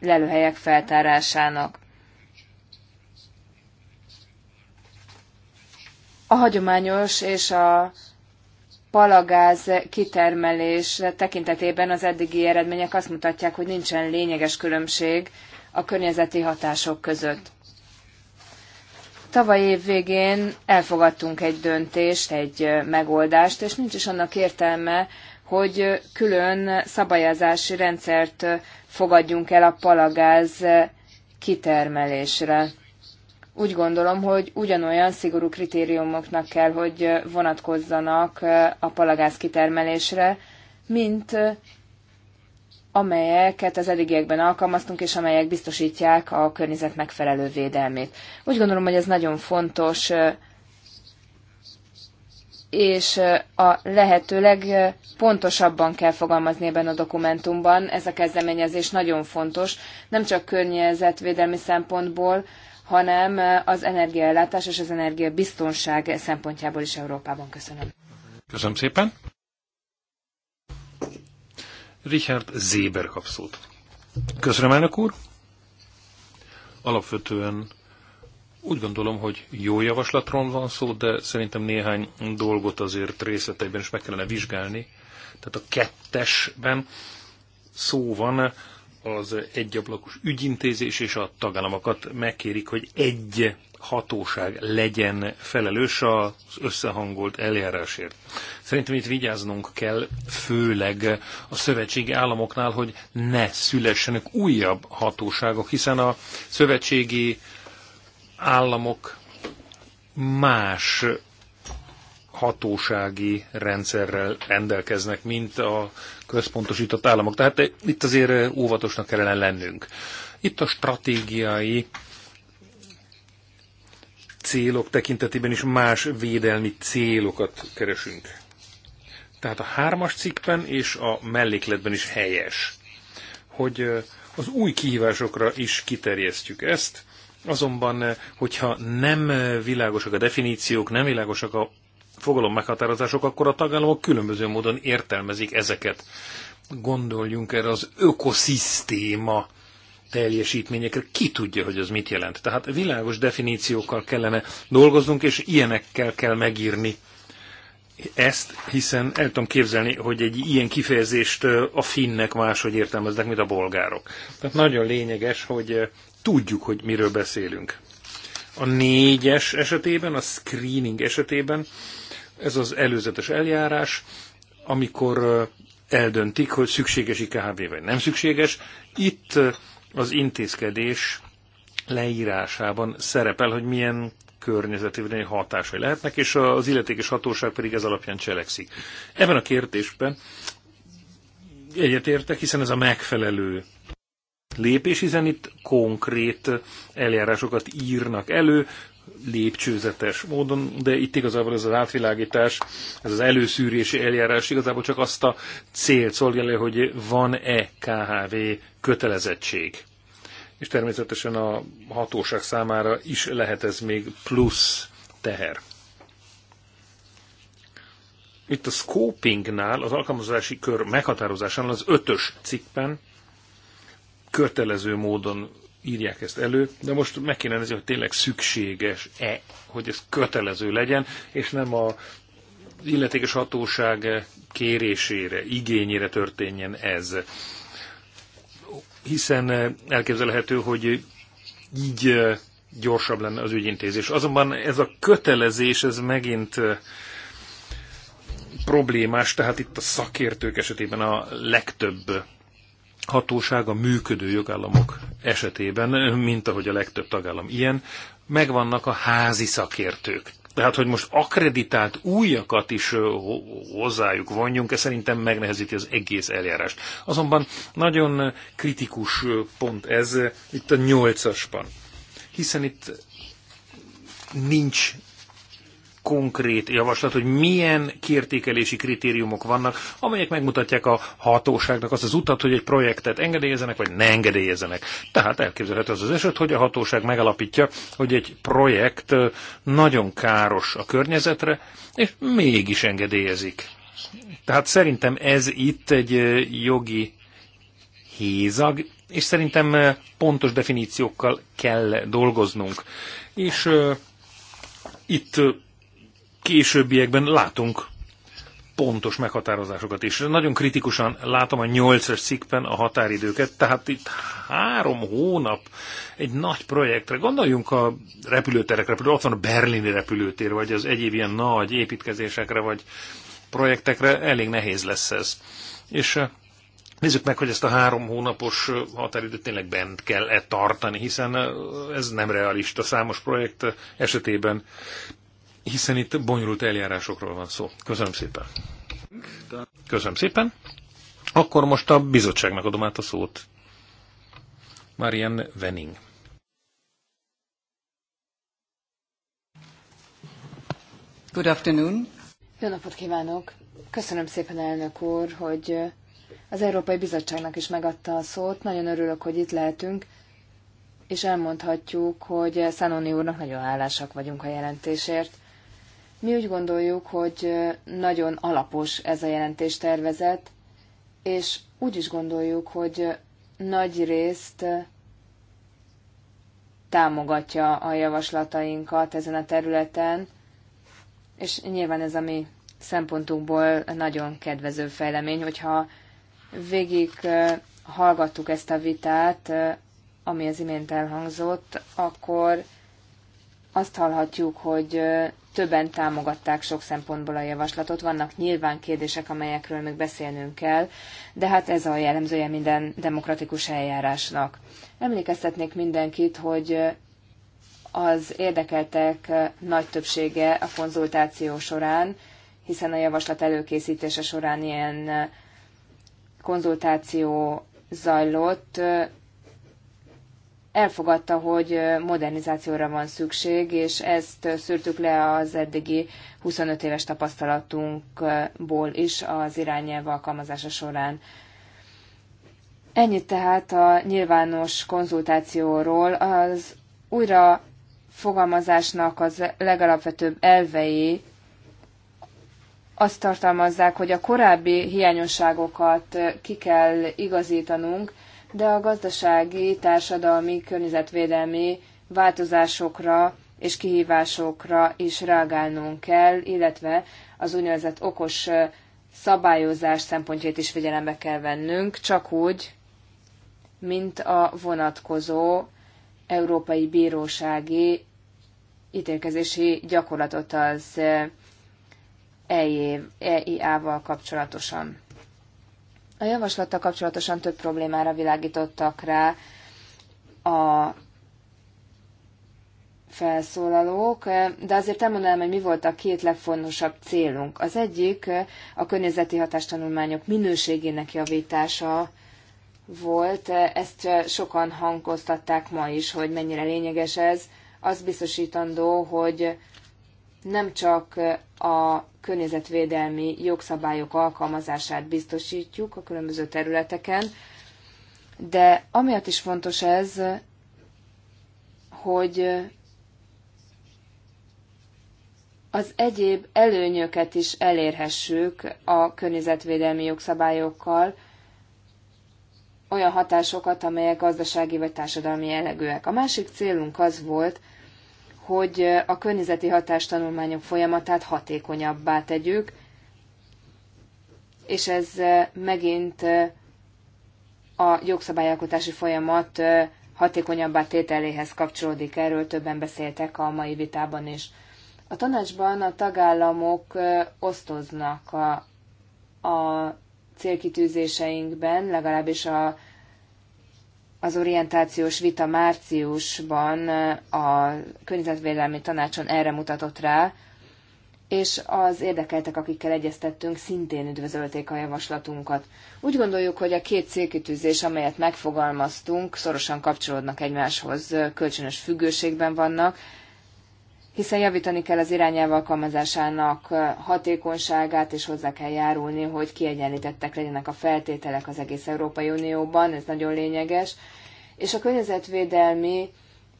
lelőhelyek feltárásának. A hagyományos és a palagáz kitermelés tekintetében az eddigi eredmények azt mutatják, hogy nincsen lényeges különbség a környezeti hatások között. Tavaly év végén elfogadtunk egy döntést, egy megoldást, és nincs is annak értelme, hogy külön szabályozási rendszert fogadjunk el a palagáz kitermelésre. Úgy gondolom, hogy ugyanolyan szigorú kritériumoknak kell, hogy vonatkozzanak a palagáz kitermelésre, mint amelyeket az eddigiekben alkalmaztunk, és amelyek biztosítják a környezet megfelelő védelmét. Úgy gondolom, hogy ez nagyon fontos, és a lehetőleg pontosabban kell fogalmazni ebben a dokumentumban. Ez a kezdeményezés nagyon fontos, nem csak környezetvédelmi szempontból, hanem az energiaellátás és az energiabiztonság szempontjából is Európában. Köszönöm. Köszönöm szépen. Richard Zéber kap szót. Köszönöm, elnök úr. Alapvetően úgy gondolom, hogy jó javaslatról van szó, de szerintem néhány dolgot azért részleteiben is meg kellene vizsgálni. Tehát a kettesben szó van az egyablakos ügyintézés és a tagállamokat megkérik, hogy egy hatóság legyen felelős az összehangolt eljárásért. Szerintem itt vigyáznunk kell, főleg a szövetségi államoknál, hogy ne szülessenek újabb hatóságok, hiszen a szövetségi államok más hatósági rendszerrel rendelkeznek, mint a központosított államok. Tehát itt azért óvatosnak kellene lennünk. Itt a stratégiai célok tekintetében is más védelmi célokat keresünk. Tehát a hármas cikkben és a mellékletben is helyes, hogy az új kihívásokra is kiterjesztjük ezt, azonban, hogyha nem világosak a definíciók, nem világosak a fogalom meghatározások, akkor a tagállamok különböző módon értelmezik ezeket. Gondoljunk erre az ökoszisztéma teljesítményekre, ki tudja, hogy az mit jelent. Tehát világos definíciókkal kellene dolgoznunk, és ilyenekkel kell megírni ezt, hiszen el tudom képzelni, hogy egy ilyen kifejezést a finnek máshogy értelmeznek, mint a bolgárok. Tehát nagyon lényeges, hogy tudjuk, hogy miről beszélünk. A négyes esetében, a screening esetében ez az előzetes eljárás, amikor eldöntik, hogy szükséges IKHV vagy nem szükséges. Itt az intézkedés leírásában szerepel, hogy milyen környezetvédelmi hatásai lehetnek, és az illetékes hatóság pedig ez alapján cselekszik. Ebben a kérdésben egyetértek, hiszen ez a megfelelő lépés, hiszen itt konkrét eljárásokat írnak elő, lépcsőzetes módon, de itt igazából ez az átvilágítás, ez az előszűrési eljárás igazából csak azt a célt szolgálja, hogy van-e KHV kötelezettség. És természetesen a hatóság számára is lehet ez még plusz teher. Itt a scopingnál, az alkalmazási kör meghatározásánál az ötös cikkben kötelező módon írják ezt elő, de most meg kéne nézni, hogy tényleg szükséges-e, hogy ez kötelező legyen, és nem a illetékes hatóság kérésére, igényére történjen ez. Hiszen elképzelhető, hogy így gyorsabb lenne az ügyintézés. Azonban ez a kötelezés, ez megint eh, problémás, tehát itt a szakértők esetében a legtöbb hatósága működő jogállamok esetében, mint ahogy a legtöbb tagállam ilyen, megvannak a házi szakértők. Tehát, hogy most akreditált újakat is hozzájuk vonjunk, ez szerintem megnehezíti az egész eljárást. Azonban nagyon kritikus pont ez itt a nyolcasban, hiszen itt nincs konkrét javaslat, hogy milyen kiértékelési kritériumok vannak, amelyek megmutatják a hatóságnak azt az utat, hogy egy projektet engedélyezenek, vagy ne engedélyezenek. Tehát elképzelhető az az eset, hogy a hatóság megalapítja, hogy egy projekt nagyon káros a környezetre, és mégis engedélyezik. Tehát szerintem ez itt egy jogi hézag, és szerintem pontos definíciókkal kell dolgoznunk. És uh, itt későbbiekben látunk pontos meghatározásokat is. Nagyon kritikusan látom a 8-as cikkben a határidőket, tehát itt három hónap egy nagy projektre. Gondoljunk a repülőterekre, például ott van a berlini repülőtér, vagy az egyéb ilyen nagy építkezésekre, vagy projektekre, elég nehéz lesz ez. És eh, Nézzük meg, hogy ezt a három hónapos eh, határidőt tényleg bent kell-e tartani, hiszen eh, ez nem realista számos projekt esetében hiszen itt bonyolult eljárásokról van szó. Köszönöm szépen. Köszönöm szépen. Akkor most a bizottságnak adom át a szót. Marian Wenning. Good afternoon. Jó napot kívánok! Köszönöm szépen, elnök úr, hogy az Európai Bizottságnak is megadta a szót. Nagyon örülök, hogy itt lehetünk, és elmondhatjuk, hogy Szanoni úrnak nagyon hálásak vagyunk a jelentésért. Mi úgy gondoljuk, hogy nagyon alapos ez a jelentéstervezet, és úgy is gondoljuk, hogy nagy részt támogatja a javaslatainkat ezen a területen, és nyilván ez a mi szempontunkból nagyon kedvező fejlemény, hogyha végig hallgattuk ezt a vitát, ami az imént elhangzott, akkor azt hallhatjuk, hogy többen támogatták sok szempontból a javaslatot. Vannak nyilván kérdések, amelyekről még beszélnünk kell, de hát ez a jellemzője minden demokratikus eljárásnak. Emlékeztetnék mindenkit, hogy az érdekeltek nagy többsége a konzultáció során, hiszen a javaslat előkészítése során ilyen konzultáció zajlott, elfogadta, hogy modernizációra van szükség, és ezt szűrtük le az eddigi 25 éves tapasztalatunkból is az irányelv alkalmazása során. Ennyit tehát a nyilvános konzultációról. Az újra fogalmazásnak az legalapvetőbb elvei azt tartalmazzák, hogy a korábbi hiányosságokat ki kell igazítanunk, de a gazdasági, társadalmi, környezetvédelmi változásokra és kihívásokra is reagálnunk kell, illetve az úgynevezett okos szabályozás szempontjait is figyelembe kell vennünk, csak úgy, mint a vonatkozó európai bírósági ítélkezési gyakorlatot az EIA-val kapcsolatosan. A javaslattal kapcsolatosan több problémára világítottak rá a felszólalók, de azért elmondanám, hogy mi volt a két legfontosabb célunk. Az egyik a környezeti hatástanulmányok minőségének javítása volt, ezt sokan hangoztatták ma is, hogy mennyire lényeges ez. Az biztosítandó, hogy nem csak a környezetvédelmi jogszabályok alkalmazását biztosítjuk a különböző területeken, de amiatt is fontos ez, hogy az egyéb előnyöket is elérhessük a környezetvédelmi jogszabályokkal, olyan hatásokat, amelyek gazdasági vagy társadalmi jellegűek. A másik célunk az volt, hogy a környezeti hatástanulmányok folyamatát hatékonyabbá tegyük, és ez megint a jogszabályalkotási folyamat hatékonyabbá tételéhez kapcsolódik. Erről többen beszéltek a mai vitában is. A tanácsban a tagállamok osztoznak a, a célkitűzéseinkben, legalábbis a az orientációs vita márciusban a Környezetvédelmi Tanácson erre mutatott rá, és az érdekeltek, akikkel egyeztettünk, szintén üdvözölték a javaslatunkat. Úgy gondoljuk, hogy a két célkitűzés, amelyet megfogalmaztunk, szorosan kapcsolódnak egymáshoz, kölcsönös függőségben vannak, hiszen javítani kell az irányelv alkalmazásának hatékonyságát, és hozzá kell járulni, hogy kiegyenlítettek legyenek a feltételek az egész Európai Unióban, ez nagyon lényeges. És a környezetvédelmi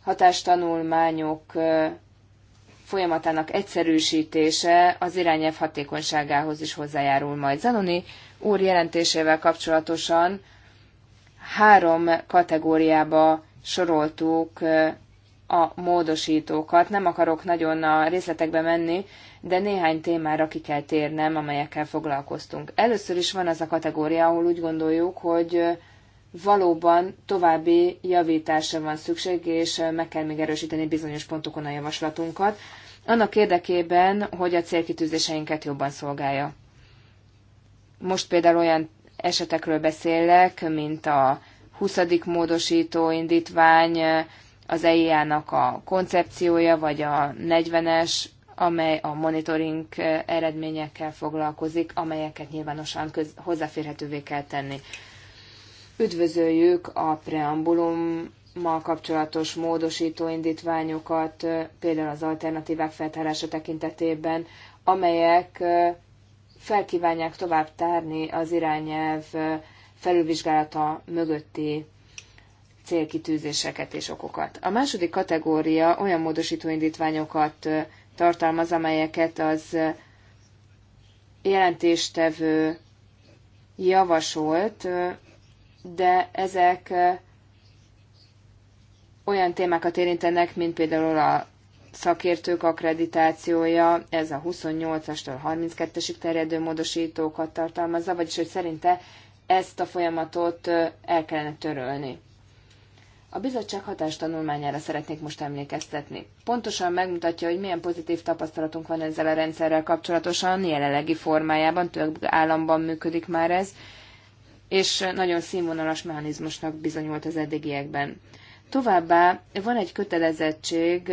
hatástanulmányok folyamatának egyszerűsítése az irányelv hatékonyságához is hozzájárul majd. Zanoni úr jelentésével kapcsolatosan három kategóriába soroltuk a módosítókat. Nem akarok nagyon a részletekbe menni, de néhány témára ki kell térnem, amelyekkel foglalkoztunk. Először is van az a kategória, ahol úgy gondoljuk, hogy valóban további javításra van szükség, és meg kell még erősíteni bizonyos pontokon a javaslatunkat, annak érdekében, hogy a célkitűzéseinket jobban szolgálja. Most például olyan esetekről beszélek, mint a 20. módosító indítvány, az EIA-nak a koncepciója, vagy a 40-es, amely a monitoring eh, eredményekkel foglalkozik, amelyeket nyilvánosan köz, hozzáférhetővé kell tenni. Üdvözöljük a preambulummal kapcsolatos módosító indítványokat, eh, például az alternatívák feltárása tekintetében, amelyek eh, felkívánják tovább tárni az irányelv felülvizsgálata mögötti célkitűzéseket és okokat. A második kategória olyan módosítóindítványokat tartalmaz, amelyeket az jelentéstevő javasolt, de ezek olyan témákat érintenek, mint például a szakértők akkreditációja, ez a 28-astól 32-esig terjedő módosítókat tartalmazza, vagyis hogy szerinte ezt a folyamatot el kellene törölni. A bizottság hatástanulmányára szeretnék most emlékeztetni. Pontosan megmutatja, hogy milyen pozitív tapasztalatunk van ezzel a rendszerrel kapcsolatosan, jelenlegi formájában, több államban működik már ez, és nagyon színvonalas mechanizmusnak bizonyult az eddigiekben. Továbbá van egy kötelezettség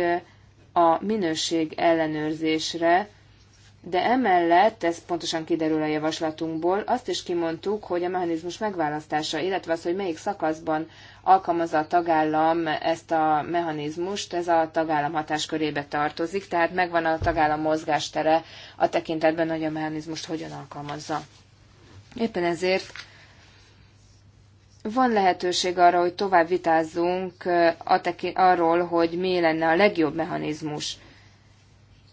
a minőség ellenőrzésre, de emellett, ez pontosan kiderül a javaslatunkból, azt is kimondtuk, hogy a mechanizmus megválasztása, illetve az, hogy melyik szakaszban alkalmazza a tagállam ezt a mechanizmust, ez a tagállam hatáskörébe tartozik, tehát megvan a tagállam mozgástere a tekintetben, hogy a mechanizmust hogyan alkalmazza. Éppen ezért van lehetőség arra, hogy tovább vitázzunk a arról, hogy mi lenne a legjobb mechanizmus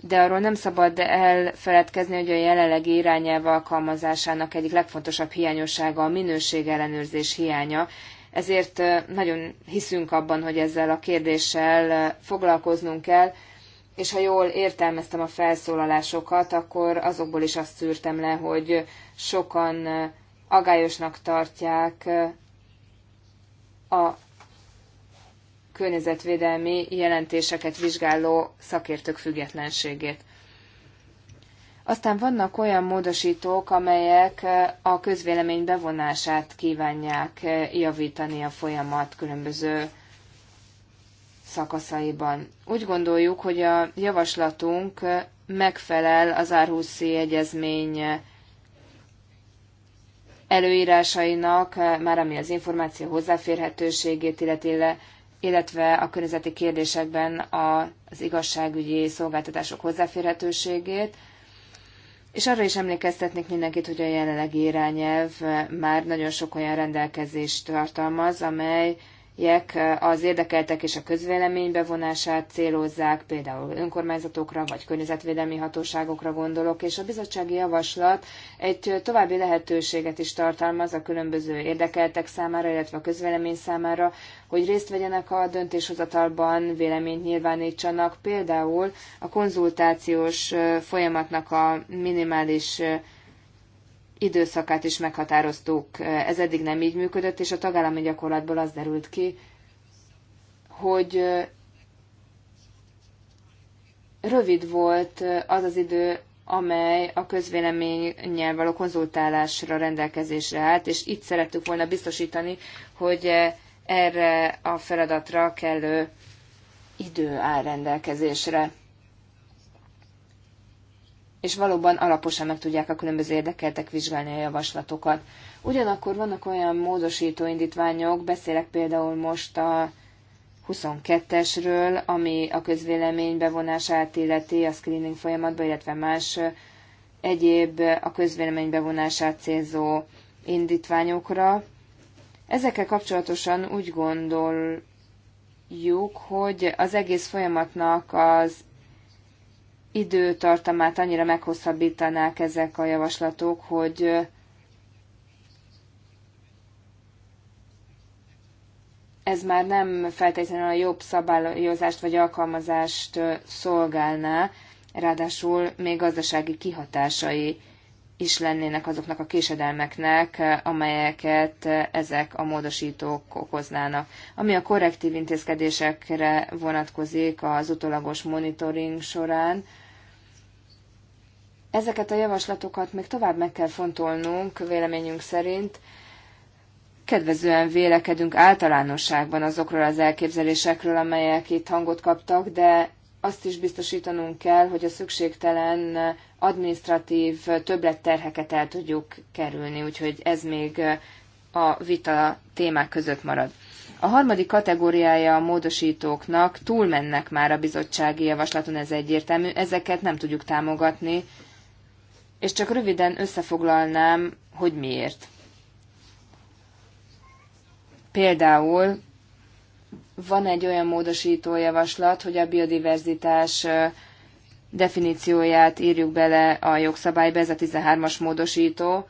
de arról nem szabad elfeledkezni, hogy a jelenlegi irányelv alkalmazásának egyik legfontosabb hiányossága a minőség ellenőrzés hiánya, ezért nagyon hiszünk abban, hogy ezzel a kérdéssel foglalkoznunk kell, és ha jól értelmeztem a felszólalásokat, akkor azokból is azt szűrtem le, hogy sokan agályosnak tartják a környezetvédelmi jelentéseket vizsgáló szakértők függetlenségét. Aztán vannak olyan módosítók, amelyek a közvélemény bevonását kívánják javítani a folyamat különböző szakaszaiban. Úgy gondoljuk, hogy a javaslatunk megfelel az Árhuszi Egyezmény előírásainak, már ami az információ hozzáférhetőségét, illetve illetve a környezeti kérdésekben az igazságügyi szolgáltatások hozzáférhetőségét. És arra is emlékeztetnék mindenkit, hogy a jelenlegi irányelv már nagyon sok olyan rendelkezést tartalmaz, amely amelyek eh, az érdekeltek és a közvélemény bevonását célozzák, például önkormányzatokra vagy környezetvédelmi hatóságokra gondolok, és a bizottsági javaslat egy eh, további lehetőséget is tartalmaz a különböző érdekeltek számára, illetve a közvélemény számára, hogy részt vegyenek a döntéshozatalban, véleményt nyilvánítsanak, például a konzultációs eh, folyamatnak a minimális időszakát is meghatároztuk. Ez eddig nem így működött, és a tagállami gyakorlatból az derült ki, hogy rövid volt az az idő, amely a közvéleménnyel való konzultálásra rendelkezésre állt, és itt szerettük volna biztosítani, hogy erre a feladatra kellő idő áll rendelkezésre és valóban alaposan meg tudják a különböző érdekeltek vizsgálni a javaslatokat. Ugyanakkor vannak olyan módosító indítványok, beszélek például most a 22-esről, ami a közvélemény bevonását illeti a screening folyamatba, illetve más egyéb a közvélemény bevonását célzó indítványokra. Ezekkel kapcsolatosan úgy gondoljuk, hogy az egész folyamatnak az időtartamát annyira meghosszabbítanák ezek a javaslatok, hogy ez már nem feltétlenül a jobb szabályozást vagy alkalmazást szolgálná, ráadásul még gazdasági kihatásai is lennének azoknak a késedelmeknek, amelyeket ezek a módosítók okoznának. Ami a korrektív intézkedésekre vonatkozik az utolagos monitoring során, ezeket a javaslatokat még tovább meg kell fontolnunk véleményünk szerint, kedvezően vélekedünk általánosságban azokról az elképzelésekről, amelyek itt hangot kaptak, de azt is biztosítanunk kell, hogy a szükségtelen administratív többletterheket el tudjuk kerülni, úgyhogy ez még a vita témák között marad. A harmadik kategóriája a módosítóknak túlmennek már a bizottsági javaslaton, ez egyértelmű, ezeket nem tudjuk támogatni, és csak röviden összefoglalnám, hogy miért. Például van egy olyan módosító javaslat, hogy a biodiverzitás definícióját írjuk bele a jogszabályba, ez a 13-as módosító.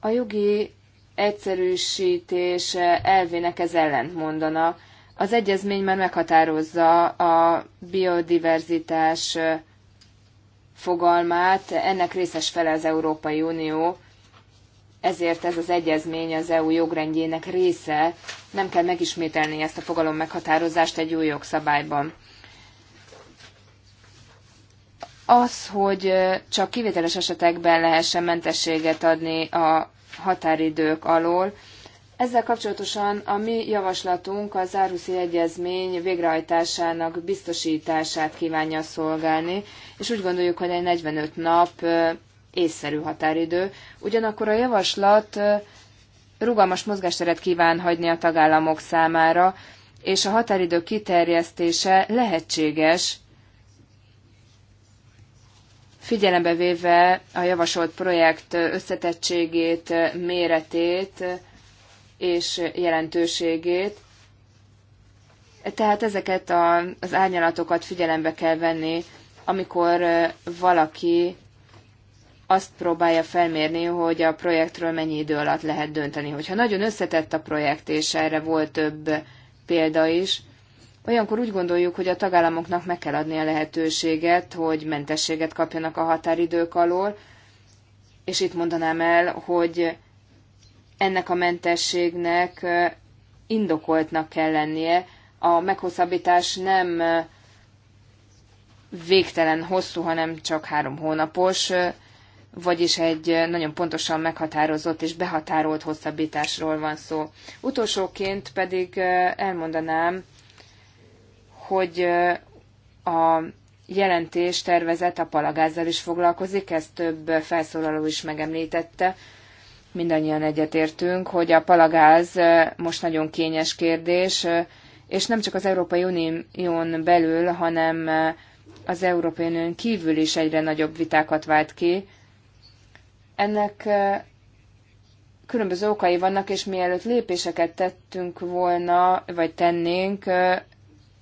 A jogi egyszerűsítés elvének ez ellent mondana. Az egyezmény már meghatározza a biodiverzitás fogalmát, ennek részes fele az Európai Unió, ezért ez az egyezmény az EU jogrendjének része, nem kell megismételni ezt a fogalom meghatározást egy új jogszabályban. Az, hogy csak kivételes esetekben lehessen mentességet adni a határidők alól, ezzel kapcsolatosan a mi javaslatunk az Árhuszi Egyezmény végrehajtásának biztosítását kívánja szolgálni, és úgy gondoljuk, hogy egy 45 nap észszerű határidő. Ugyanakkor a javaslat rugalmas mozgásteret kíván hagyni a tagállamok számára, és a határidő kiterjesztése lehetséges figyelembe véve a javasolt projekt összetettségét, méretét és jelentőségét. Tehát ezeket a, az árnyalatokat figyelembe kell venni, amikor valaki azt próbálja felmérni, hogy a projektről mennyi idő alatt lehet dönteni. Hogyha nagyon összetett a projekt, és erre volt több példa is, Olyankor úgy gondoljuk, hogy a tagállamoknak meg kell adni a lehetőséget, hogy mentességet kapjanak a határidők alól, és itt mondanám el, hogy ennek a mentességnek indokoltnak kell lennie. A meghosszabbítás nem végtelen hosszú, hanem csak három hónapos, vagyis egy nagyon pontosan meghatározott és behatárolt hosszabbításról van szó. Utolsóként pedig elmondanám, hogy a jelentés tervezet a palagázzal is foglalkozik, ezt több felszólaló is megemlítette. Mindannyian egyetértünk, hogy a palagáz most nagyon kényes kérdés, és nem csak az Európai Unión belül, hanem az Európai Unión kívül is egyre nagyobb vitákat vált ki. Ennek különböző okai vannak, és mielőtt lépéseket tettünk volna, vagy tennénk,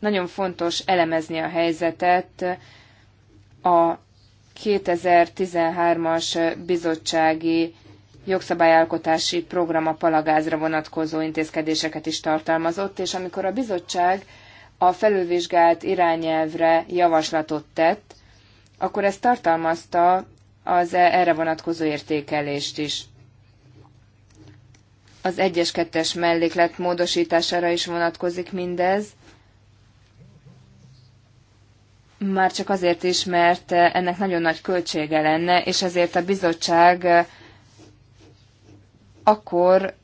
nagyon fontos elemezni a helyzetet a 2013-as bizottsági jogszabályalkotási program a palagázra vonatkozó intézkedéseket is tartalmazott, és amikor a bizottság a felülvizsgált irányelvre javaslatot tett, akkor ez tartalmazta az e- erre vonatkozó értékelést is. Az 1-es 2-es melléklet módosítására is vonatkozik mindez, már csak azért is, mert eh, ennek nagyon nagy költsége lenne, és ezért a bizottság eh, akkor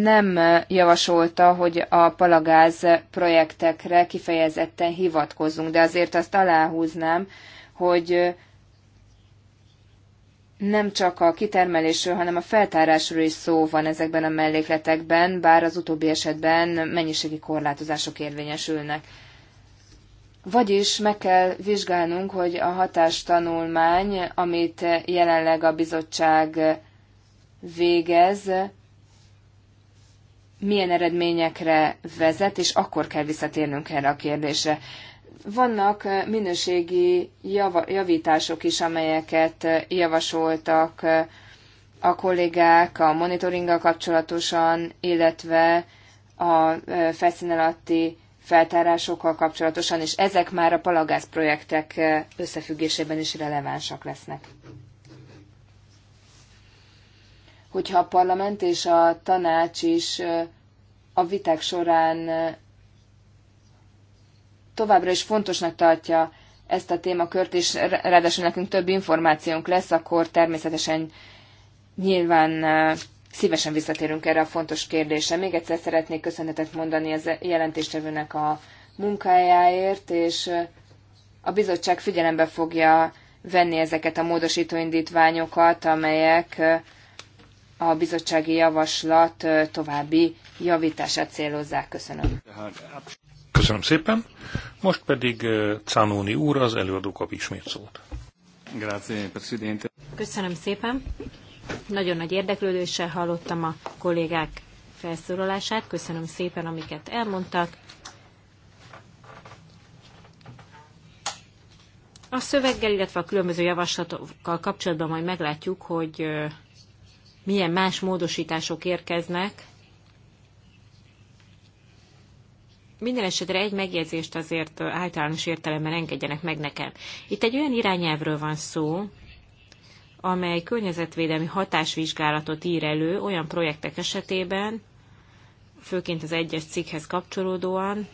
nem eh, javasolta, hogy a palagáz projektekre kifejezetten hivatkozzunk, de azért azt aláhúznám, hogy nem csak a kitermelésről, hanem a feltárásról is szó van ezekben a mellékletekben, bár az utóbbi esetben mennyiségi korlátozások érvényesülnek. Vagyis meg kell vizsgálnunk, hogy a hatástanulmány, amit jelenleg a bizottság végez, milyen eredményekre vezet, és akkor kell visszatérnünk erre a kérdésre. Vannak minőségi jav- javítások is, amelyeket javasoltak a kollégák a monitoringgal kapcsolatosan, illetve a felszín alatti feltárásokkal kapcsolatosan, és ezek már a palagáz projektek eh, összefüggésében is relevánsak lesznek. Hogyha a parlament és a tanács is eh, a viták során eh, továbbra is fontosnak tartja ezt a témakört, és ráadásul nekünk több információnk lesz, akkor természetesen nyilván Szívesen visszatérünk erre a fontos kérdésre. Még egyszer szeretnék köszönetet mondani az jelentéstevőnek a munkájáért, és a bizottság figyelembe fogja venni ezeket a módosító indítványokat, amelyek a bizottsági javaslat további javítását célozzák. Köszönöm. Köszönöm szépen. Most pedig Cánóni úr, az előadó kap ismét szót. Grazie, Presidente. Köszönöm szépen. Nagyon nagy érdeklődéssel hallottam a kollégák felszólalását. Köszönöm szépen, amiket elmondtak. A szöveggel, illetve a különböző javaslatokkal kapcsolatban majd meglátjuk, hogy milyen más módosítások érkeznek. Minden esetre egy megjegyzést azért általános értelemben engedjenek meg nekem. Itt egy olyan irányelvről van szó, amely környezetvédelmi hatásvizsgálatot ír elő olyan projektek esetében, főként az egyes cikkhez kapcsolódóan,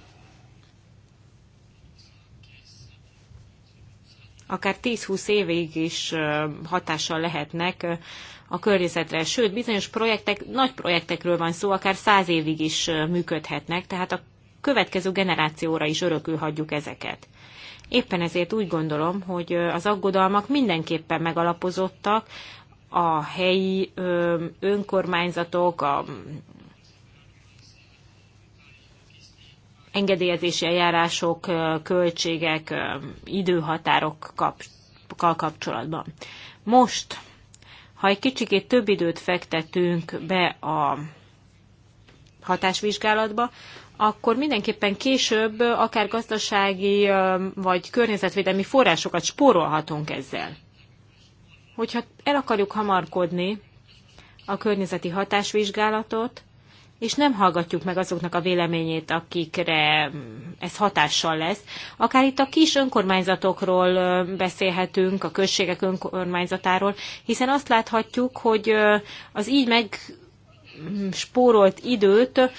akár 10-20 évig is hatással lehetnek a környezetre. Sőt, bizonyos projektek, nagy projektekről van szó, akár 100 évig is működhetnek, tehát a következő generációra is örökül hagyjuk ezeket. Éppen ezért úgy gondolom, hogy az aggodalmak mindenképpen megalapozottak, a helyi önkormányzatok, a engedélyezési eljárások, költségek, időhatárokkal kapcsolatban. Most, ha egy kicsikét több időt fektetünk be a hatásvizsgálatba, akkor mindenképpen később akár gazdasági vagy környezetvédelmi forrásokat spórolhatunk ezzel. Hogyha el akarjuk hamarkodni a környezeti hatásvizsgálatot, és nem hallgatjuk meg azoknak a véleményét, akikre ez hatással lesz. Akár itt a kis önkormányzatokról beszélhetünk, a községek önkormányzatáról, hiszen azt láthatjuk, hogy az így megspórolt időt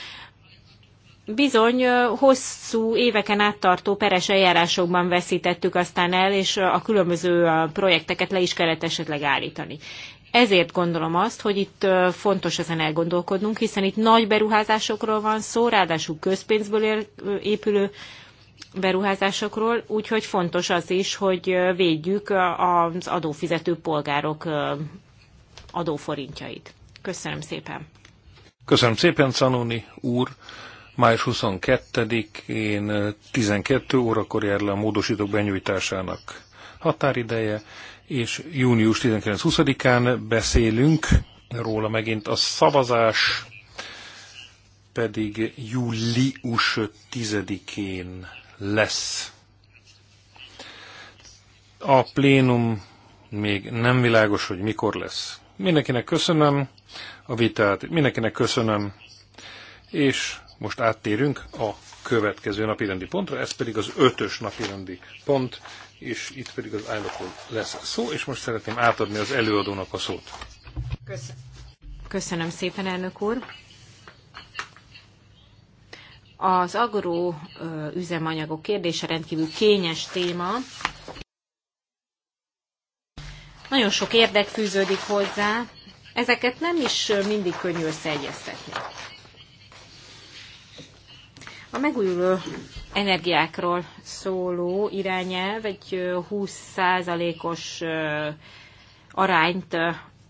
bizony hosszú éveken át tartó peres eljárásokban veszítettük aztán el, és a különböző projekteket le is kellett esetleg állítani. Ezért gondolom azt, hogy itt fontos ezen elgondolkodnunk, hiszen itt nagy beruházásokról van szó, ráadásul közpénzből épülő beruházásokról, úgyhogy fontos az is, hogy védjük az adófizető polgárok adóforintjait. Köszönöm szépen! Köszönöm szépen, Canoni úr! Május 22-én 12 eh, órakor jár le a módosítók benyújtásának határideje, és június 19-20-án beszélünk róla megint a szavazás, pedig július 10-én lesz. A plénum még nem világos, hogy mikor lesz. Mindenkinek köszönöm a vitát, mindenkinek köszönöm, és most áttérünk a következő napirendi pontra, ez pedig az ötös napirendi pont, és itt pedig az állapot lesz szó, és most szeretném átadni az előadónak a szót. Köszönöm, Köszönöm szépen, elnök úr. Az agró üzemanyagok kérdése rendkívül kényes téma. Nagyon sok érdek fűződik hozzá, ezeket nem is mindig könnyű összeegyeztetni. A megújuló energiákról szóló irányelv egy 20%-os arányt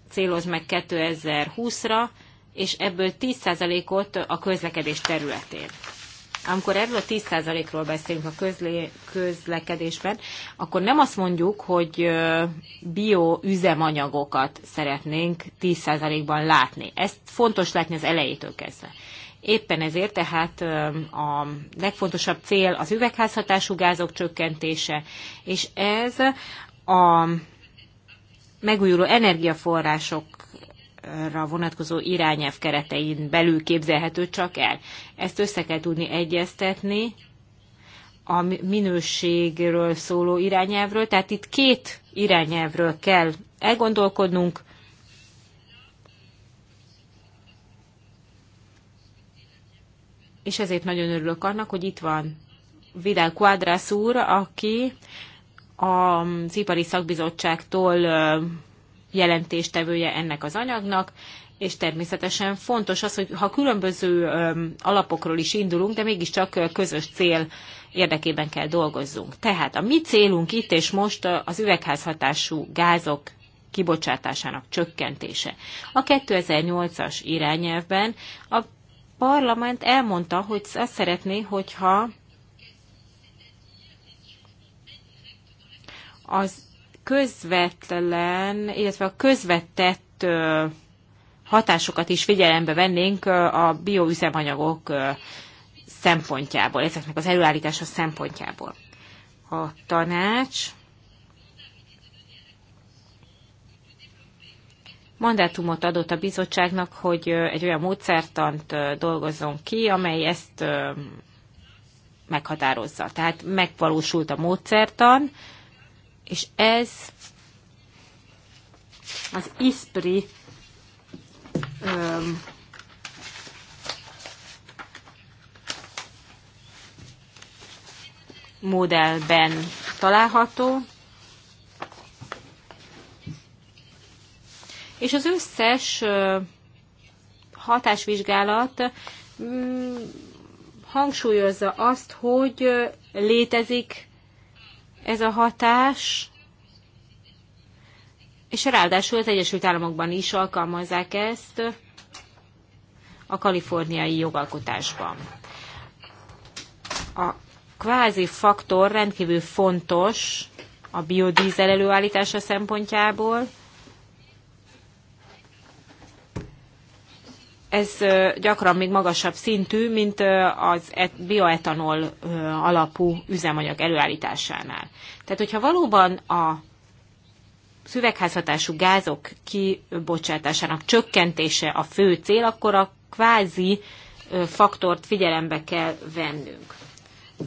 céloz meg 2020-ra, és ebből 10%-ot a közlekedés területén. Amikor erről a 10%-ról beszélünk a közlé, közlekedésben, akkor nem azt mondjuk, hogy bioüzemanyagokat szeretnénk 10%-ban látni. Ezt fontos látni az elejétől kezdve. Éppen ezért tehát a legfontosabb cél az üvegházhatású gázok csökkentése, és ez a megújuló energiaforrásokra vonatkozó irányelv keretein belül képzelhető csak el. Ezt össze kell tudni egyeztetni a minőségről szóló irányelvről, tehát itt két irányelvről kell elgondolkodnunk, és ezért nagyon örülök annak, hogy itt van Vidal Quadras úr, aki az Ipari Szakbizottságtól jelentéstevője ennek az anyagnak, és természetesen fontos az, hogy ha különböző alapokról is indulunk, de mégiscsak közös cél érdekében kell dolgozzunk. Tehát a mi célunk itt és most az üvegházhatású gázok kibocsátásának csökkentése. A 2008-as irányelvben a parlament elmondta, hogy azt szeretné, hogyha az közvetlen, illetve a közvetett hatásokat is figyelembe vennénk a bioüzemanyagok szempontjából, ezeknek az előállítása szempontjából. A tanács mandátumot adott a bizottságnak, hogy egy olyan módszertant dolgozzon ki, amely ezt meghatározza. Tehát megvalósult a módszertan, és ez az ISPRI öm, modellben található, és az összes hatásvizsgálat mm, hangsúlyozza azt, hogy létezik ez a hatás, és ráadásul az Egyesült Államokban is alkalmazzák ezt a kaliforniai jogalkotásban. A kvázi faktor rendkívül fontos a biodízel előállítása szempontjából, ez gyakran még magasabb szintű, mint az bioetanol alapú üzemanyag előállításánál. Tehát, hogyha valóban a szüvegházhatású gázok kibocsátásának csökkentése a fő cél, akkor a kvázi faktort figyelembe kell vennünk.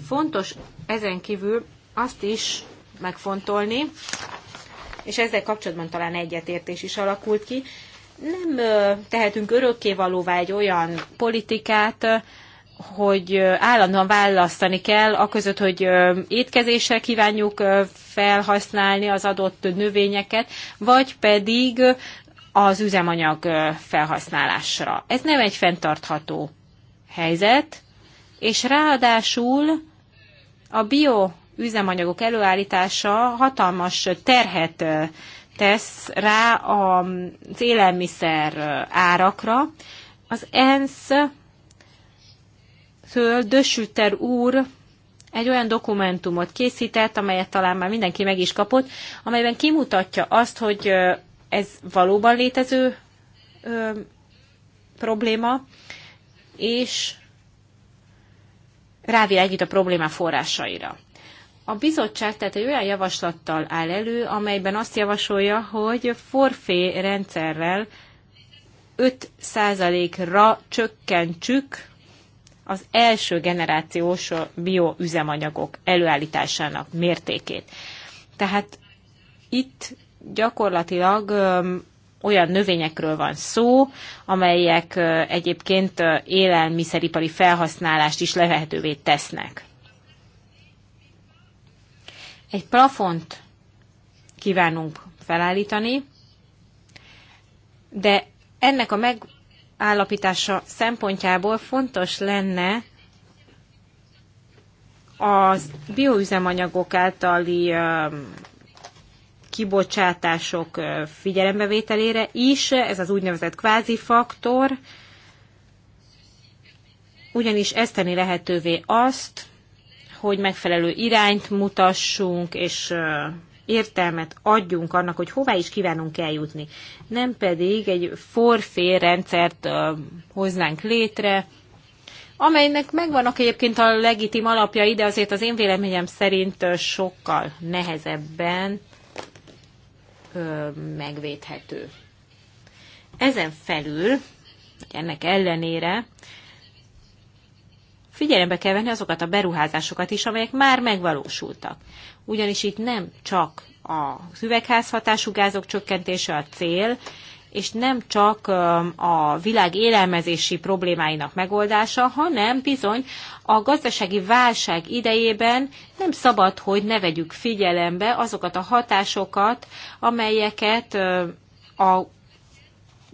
Fontos ezen kívül azt is megfontolni, és ezzel kapcsolatban talán egyetértés is alakult ki, nem tehetünk örökkévalóvá egy olyan politikát, hogy állandóan választani kell, aközött, hogy étkezéssel kívánjuk felhasználni az adott növényeket, vagy pedig az üzemanyag felhasználásra. Ez nem egy fenntartható helyzet, és ráadásul a bio üzemanyagok előállítása hatalmas terhet tesz rá az élelmiszer árakra. Az ENSZ től Dösüter úr egy olyan dokumentumot készített, amelyet talán már mindenki meg is kapott, amelyben kimutatja azt, hogy ez valóban létező ö, probléma, és rávilágít a probléma forrásaira. A bizottság tehát egy olyan javaslattal áll elő, amelyben azt javasolja, hogy forfé rendszerrel 5%-ra csökkentsük az első generációs bioüzemanyagok előállításának mértékét. Tehát itt gyakorlatilag olyan növényekről van szó, amelyek egyébként élelmiszeripari felhasználást is lehetővé tesznek. Egy plafont kívánunk felállítani, de ennek a megállapítása szempontjából fontos lenne az bioüzemanyagok általi kibocsátások figyelembevételére is, ez az úgynevezett kvázi faktor, ugyanis ezt tenni lehetővé azt, hogy megfelelő irányt mutassunk, és értelmet adjunk annak, hogy hová is kívánunk eljutni. Nem pedig egy forfé rendszert hoznánk létre, amelynek megvannak egyébként a legitim alapja, ide azért az én véleményem szerint sokkal nehezebben megvédhető. Ezen felül, ennek ellenére figyelembe kell venni azokat a beruházásokat is, amelyek már megvalósultak. Ugyanis itt nem csak a üvegházhatású gázok csökkentése a cél, és nem csak a világ élelmezési problémáinak megoldása, hanem bizony a gazdasági válság idejében nem szabad, hogy ne vegyük figyelembe azokat a hatásokat, amelyeket a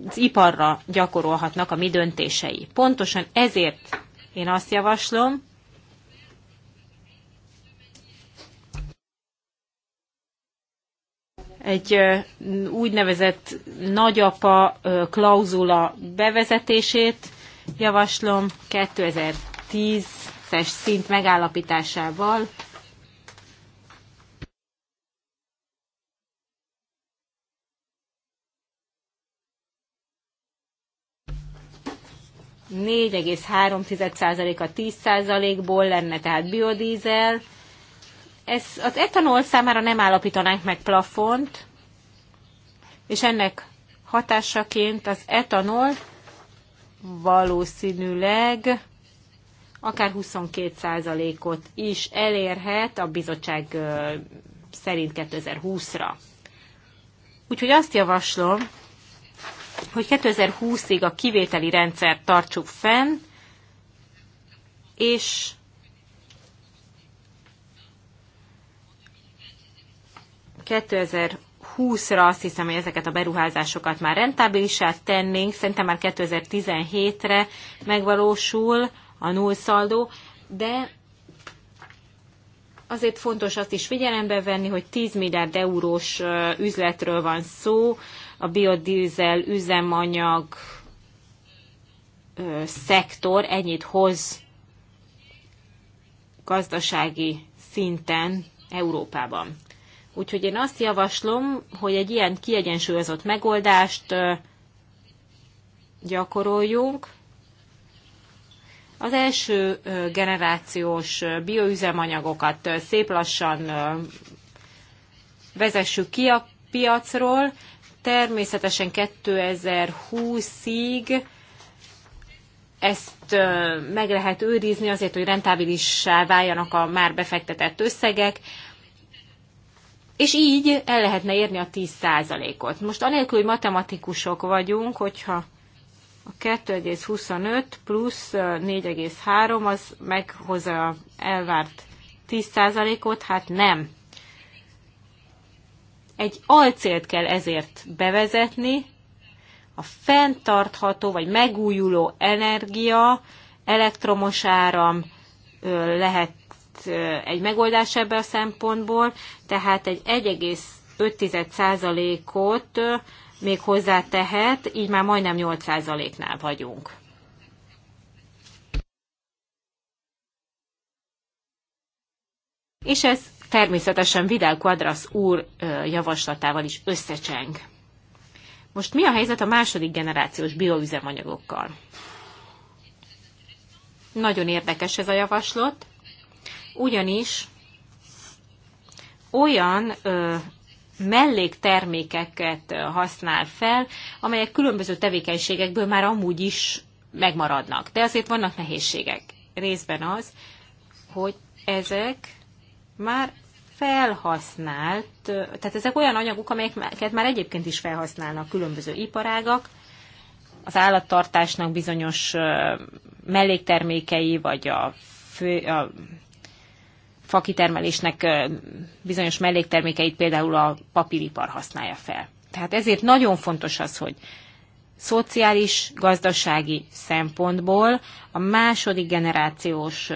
az iparra gyakorolhatnak a mi döntései. Pontosan ezért én azt javaslom, egy úgynevezett nagyapa klauzula bevezetését javaslom 2010-es szint megállapításával 4,3%-a 10%-ból lenne tehát biodízel. Ez, az etanol számára nem állapítanánk meg plafont, és ennek hatásaként az etanol valószínűleg akár 22%-ot is elérhet a bizottság szerint 2020-ra. Úgyhogy azt javaslom, hogy 2020-ig a kivételi rendszert tartsuk fenn, és ...2020 ra azt hiszem, hogy ezeket a beruházásokat már rentábilissá tennénk, szerintem már 2017-re megvalósul a nullszaldó, de azért fontos azt is figyelembe venni, hogy 10 milliárd eurós üzletről van szó, a biodízel üzemanyag szektor ennyit hoz gazdasági szinten Európában. Úgyhogy én azt javaslom, hogy egy ilyen kiegyensúlyozott megoldást gyakoroljunk. Az első generációs bioüzemanyagokat szép lassan vezessük ki a piacról, természetesen 2020-ig ezt meg lehet őrizni azért, hogy rentábilissá váljanak a már befektetett összegek, és így el lehetne érni a 10%-ot. Most anélkül, hogy matematikusok vagyunk, hogyha a 2,25 plusz 4,3 az meghozza elvárt 10%-ot, hát nem. Egy alcélt kell ezért bevezetni, a fenntartható vagy megújuló energia, elektromos áram lehet egy megoldás ebbe a szempontból, tehát egy 1,5%-ot még hozzá tehet, így már majdnem 8%-nál vagyunk. És ez természetesen Vidal Quadras úr javaslatával is összecseng. Most mi a helyzet a második generációs bioüzemanyagokkal? Nagyon érdekes ez a javaslat, ugyanis olyan ö, melléktermékeket használ fel, amelyek különböző tevékenységekből már amúgy is megmaradnak. De azért vannak nehézségek. Részben az, hogy ezek már felhasznált, tehát ezek olyan anyagok, amelyeket már egyébként is felhasználnak különböző iparágak, az állattartásnak bizonyos melléktermékei, vagy a, fő, a fakitermelésnek bizonyos melléktermékeit például a papíripar használja fel. Tehát ezért nagyon fontos az, hogy szociális, gazdasági szempontból a második generációs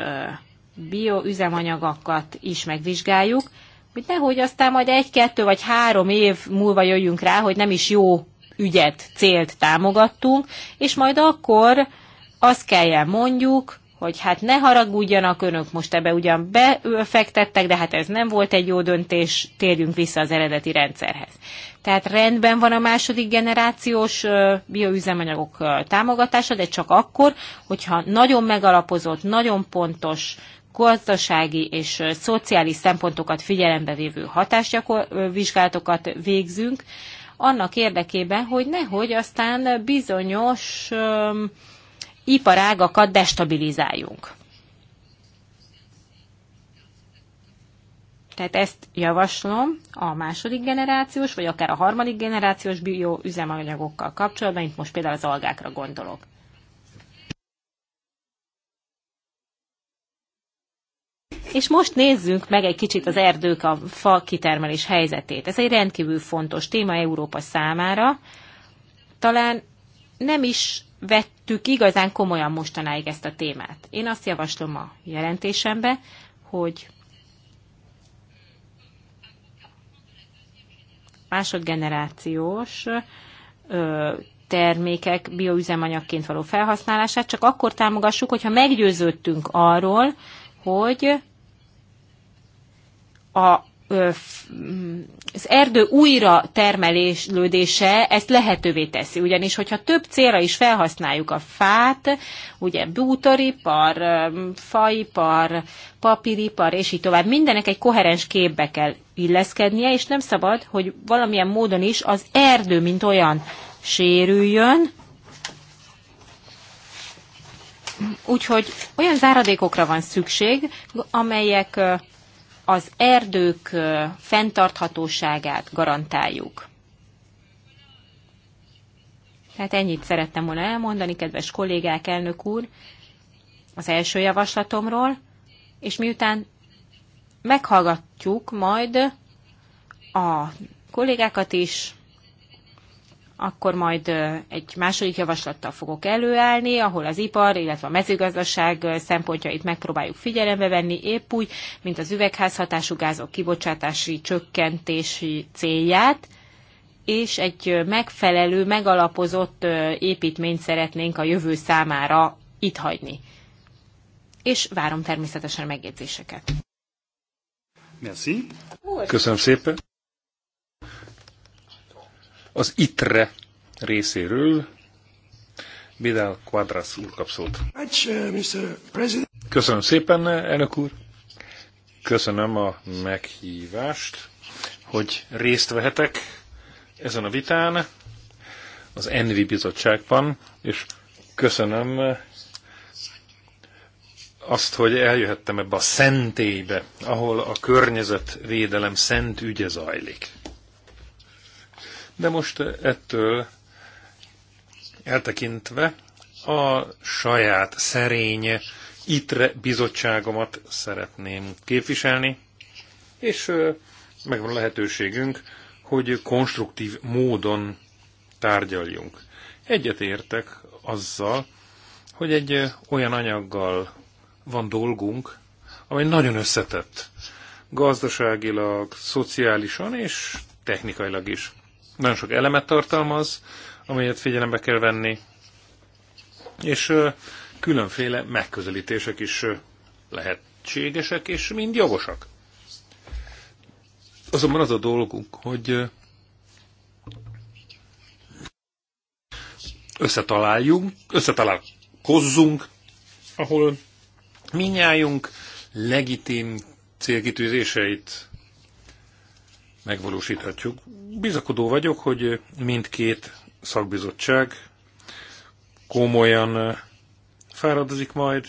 bioüzemanyagokat is megvizsgáljuk, hogy nehogy aztán majd egy-kettő vagy három év múlva jöjjünk rá, hogy nem is jó ügyet, célt támogattunk, és majd akkor azt kelljen mondjuk, hogy hát ne haragudjanak önök, most ebbe ugyan befektettek, de hát ez nem volt egy jó döntés, térjünk vissza az eredeti rendszerhez. Tehát rendben van a második generációs bioüzemanyagok támogatása, de csak akkor, hogyha nagyon megalapozott, nagyon pontos gazdasági és szociális szempontokat figyelembe vévő hatásvizsgálatokat végzünk, annak érdekében, hogy nehogy aztán bizonyos iparágakat destabilizáljunk. Tehát ezt javaslom a második generációs, vagy akár a harmadik generációs bioüzemanyagokkal kapcsolatban, itt most például az algákra gondolok. És most nézzünk meg egy kicsit az erdők, a fa kitermelés helyzetét. Ez egy rendkívül fontos téma Európa számára. Talán nem is vettük igazán komolyan mostanáig ezt a témát. Én azt javaslom a jelentésembe, hogy másodgenerációs termékek bioüzemanyagként való felhasználását csak akkor támogassuk, hogyha meggyőződtünk arról, hogy a mm, az erdő újra termelődése ezt lehetővé teszi, ugyanis hogyha több célra is felhasználjuk a fát, ugye bútoripar, faipar, papíripar, és így tovább, mindenek egy koherens képbe kell illeszkednie, és nem szabad, hogy valamilyen módon is az erdő, mint olyan sérüljön, Úgyhogy olyan záradékokra van szükség, amelyek az erdők fenntarthatóságát garantáljuk. Tehát ennyit szerettem volna elmondani, kedves kollégák, elnök úr, az első javaslatomról, és miután meghallgatjuk majd a kollégákat is, akkor majd egy második javaslattal fogok előállni, ahol az ipar, illetve a mezőgazdaság szempontjait megpróbáljuk figyelembe venni, épp úgy, mint az üvegházhatású gázok kibocsátási csökkentési célját, és egy megfelelő, megalapozott építményt szeretnénk a jövő számára itt hagyni. És várom természetesen megjegyzéseket. Merci. Köszönöm szépen az ITRE részéről. Vidal Quadras úr kap szót. Köszönöm szépen, elnök úr. Köszönöm a meghívást, hogy részt vehetek ezen a vitán az Envi bizottságban, és köszönöm azt, hogy eljöhettem ebbe a szentélybe, ahol a környezetvédelem szent ügye zajlik. De most ettől eltekintve a saját szerény ITRE bizottságomat szeretném képviselni, és megvan a lehetőségünk, hogy konstruktív módon tárgyaljunk. Egyetértek azzal, hogy egy olyan anyaggal van dolgunk, amely nagyon összetett. Gazdaságilag, szociálisan és technikailag is nagyon sok elemet tartalmaz, amelyet figyelembe kell venni, és különféle megközelítések is lehetségesek, és mind jogosak. Azonban az a dolgunk, hogy összetaláljunk, összetalálkozzunk, ahol minnyájunk legitim célkitűzéseit megvalósíthatjuk. Bizakodó vagyok, hogy mindkét szakbizottság komolyan fáradozik majd,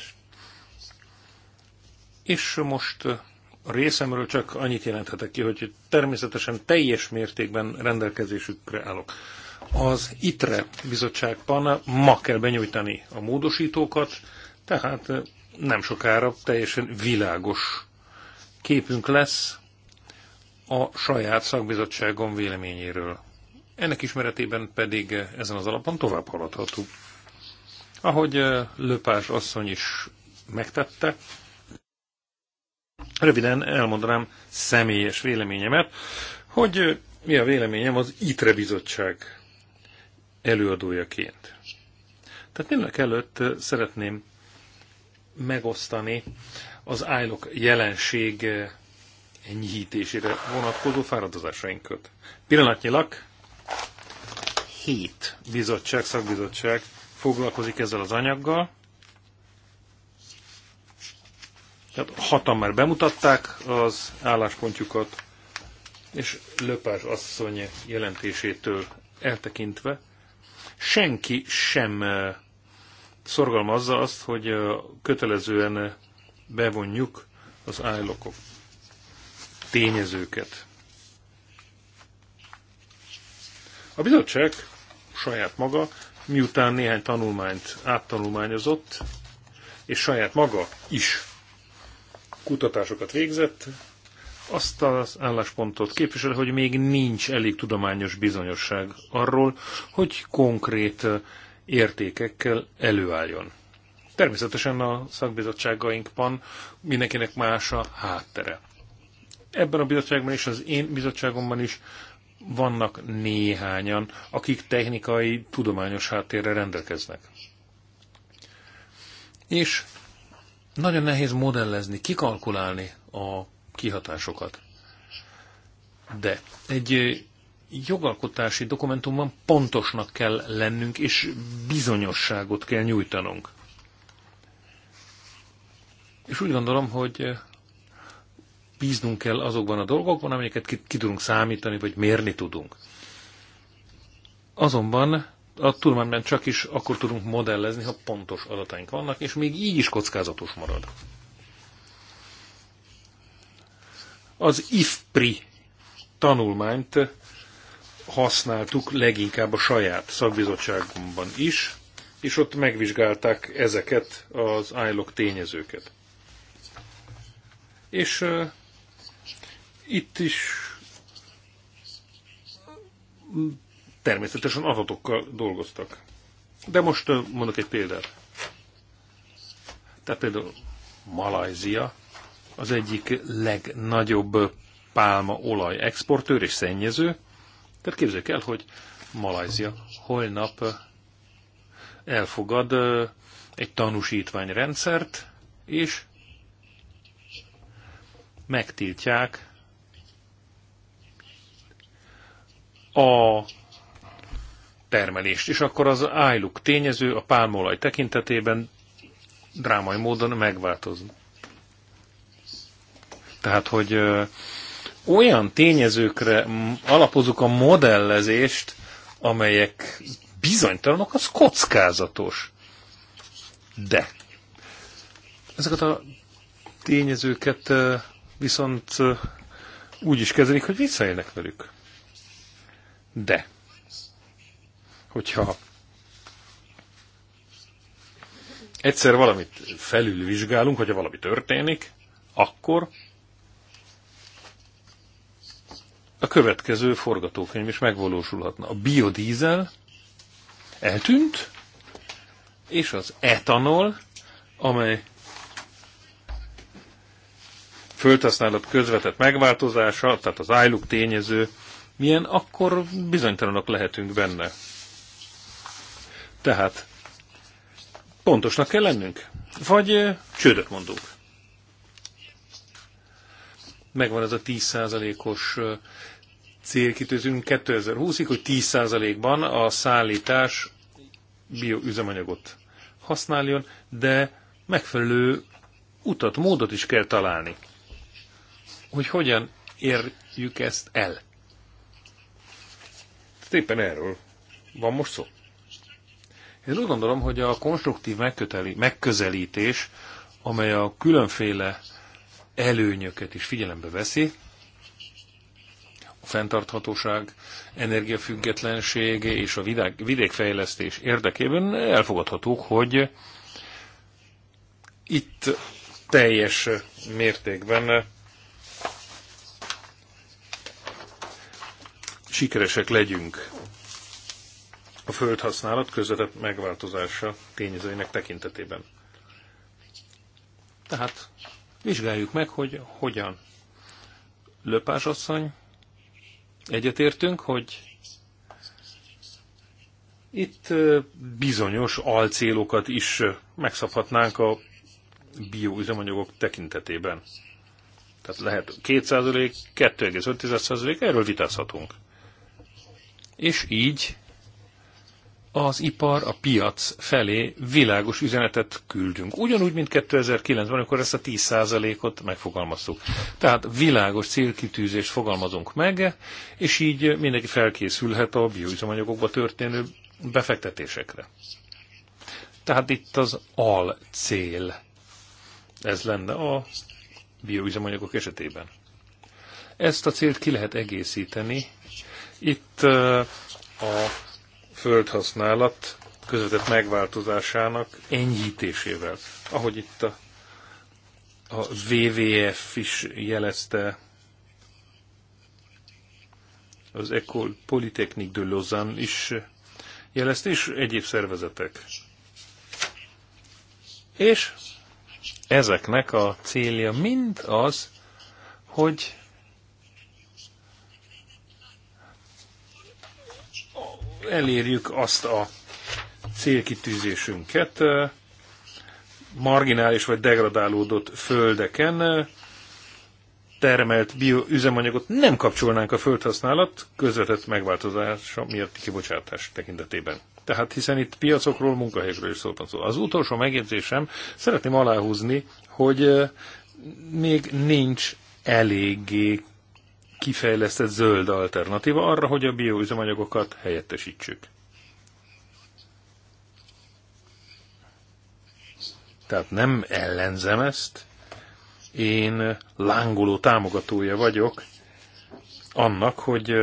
és most a részemről csak annyit jelenthetek ki, hogy természetesen teljes mértékben rendelkezésükre állok. Az ITRE bizottságban ma kell benyújtani a módosítókat, tehát nem sokára teljesen világos képünk lesz a saját szakbizottságom véleményéről. Ennek ismeretében pedig ezen az alapon tovább haladhatunk. Ahogy eh, Löpás asszony is megtette, röviden elmondanám személyes véleményemet, hogy eh, mi a véleményem az ITRE bizottság előadójaként. Tehát mindenek előtt eh, szeretném megosztani az ájlok jelenség enyhítésére vonatkozó fáradozásainkat. Pillanatnyilag 7 bizottság, szakbizottság foglalkozik ezzel az anyaggal. Tehát hatan már bemutatták az álláspontjukat, és Löpás asszony jelentésétől eltekintve senki sem eh, szorgalmazza azt, hogy eh, kötelezően bevonjuk az állokokat tényezőket. A bizottság saját maga, miután néhány tanulmányt áttanulmányozott, és saját maga is kutatásokat végzett, azt az álláspontot képvisel, hogy még nincs elég tudományos bizonyosság arról, hogy konkrét értékekkel előálljon. Természetesen a szakbizottságainkban mindenkinek más a háttere ebben a bizottságban és az én bizottságomban is vannak néhányan, akik technikai, tudományos háttérre rendelkeznek. És nagyon nehéz modellezni, kikalkulálni a kihatásokat. De egy jogalkotási dokumentumban pontosnak kell lennünk, és bizonyosságot kell nyújtanunk. És úgy gondolom, hogy bíznunk kell azokban a dolgokban, amelyeket ki, ki tudunk számítani, vagy mérni tudunk. Azonban a tudományban csak is akkor tudunk modellezni, ha pontos adataink vannak, és még így is kockázatos marad. Az IFPRI tanulmányt használtuk leginkább a saját szakbizottságunkban is, és ott megvizsgálták ezeket az ILOC tényezőket. És itt is természetesen adatokkal dolgoztak. De most mondok egy példát. Tehát például Malajzia az egyik legnagyobb pálmaolaj exportőr és szennyező. Tehát képzeljük el, hogy Malajzia holnap elfogad egy tanúsítványrendszert, és megtiltják a termelést, és akkor az ájluk tényező a pálmolaj tekintetében drámai módon megváltozik. Tehát, hogy olyan tényezőkre alapozunk a modellezést, amelyek bizonytalanok, az kockázatos. De ezeket a tényezőket viszont úgy is kezelik, hogy visszaélnek velük. De, hogyha egyszer valamit felülvizsgálunk, hogyha valami történik, akkor a következő forgatókönyv is megvalósulhatna. A biodízel eltűnt, és az etanol, amely földhasználat közvetett megváltozása, tehát az ájluk tényező, milyen, akkor bizonytalanok lehetünk benne. Tehát pontosnak kell lennünk, vagy csődöt mondunk. Megvan ez a 10%-os célkitőzünk 2020-ig, hogy 10%-ban a szállítás bioüzemanyagot használjon, de megfelelő utat, módot is kell találni, hogy hogyan érjük ezt el éppen erről van most szó. Én úgy gondolom, hogy a konstruktív megközelítés, amely a különféle előnyöket is figyelembe veszi, a fenntarthatóság, energiafüggetlenség és a vidék, vidékfejlesztés érdekében elfogadhatók, hogy itt teljes mértékben sikeresek legyünk a földhasználat közvetett megváltozása tényezőinek tekintetében. Tehát vizsgáljuk meg, hogy hogyan. Löpás asszony, egyetértünk, hogy itt bizonyos alcélokat is megszabhatnánk a bioüzemanyagok tekintetében. Tehát lehet 2%, 2,5%, erről vitázhatunk és így az ipar a piac felé világos üzenetet küldünk. Ugyanúgy, mint 2009-ben, amikor ezt a 10%-ot megfogalmaztuk. Tehát világos célkitűzést fogalmazunk meg, és így mindenki felkészülhet a bioüzemanyagokba történő befektetésekre. Tehát itt az al cél. Ez lenne a bioüzemanyagok esetében. Ezt a célt ki lehet egészíteni itt a földhasználat közvetett megváltozásának enyhítésével, ahogy itt a, a WWF is jelezte, az Ecole Polytechnique de Lausanne is jelezte, és egyéb szervezetek. És ezeknek a célja mind az, hogy elérjük azt a célkitűzésünket marginális vagy degradálódott földeken termelt bioüzemanyagot nem kapcsolnánk a földhasználat közvetett megváltozása miatti kibocsátás tekintetében. Tehát hiszen itt piacokról, munkahelyekről is szóltam szó. Az utolsó megjegyzésem, szeretném aláhúzni, hogy még nincs eléggé kifejlesztett zöld alternatíva arra, hogy a bioüzemanyagokat helyettesítsük. Tehát nem ellenzem ezt, én lángoló támogatója vagyok annak, hogy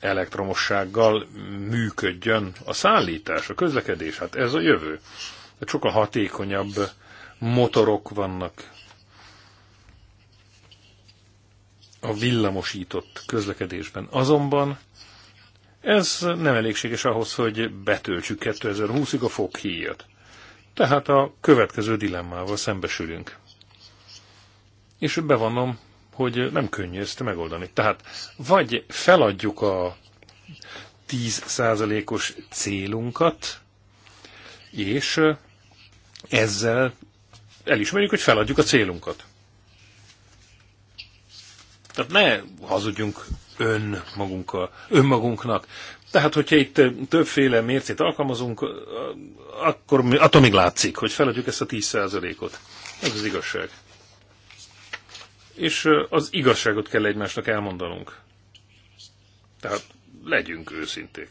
elektromossággal működjön a szállítás, a közlekedés. Hát ez a jövő. De hát sokkal hatékonyabb motorok vannak a villamosított közlekedésben. Azonban ez nem elégséges ahhoz, hogy betöltsük 2020-ig a foghíjat. Tehát a következő dilemmával szembesülünk. És bevannom, hogy nem könnyű ezt megoldani. Tehát vagy feladjuk a 10%-os célunkat, és ezzel elismerjük, hogy feladjuk a célunkat. Tehát ne hazudjunk ön magunkkal, önmagunknak. Tehát, hogyha itt eh, többféle mércét alkalmazunk, eh, akkor attól még látszik, hogy feladjuk ezt a 10%-ot. Ez az igazság. És eh, az igazságot kell egymásnak elmondanunk. Tehát legyünk őszinték.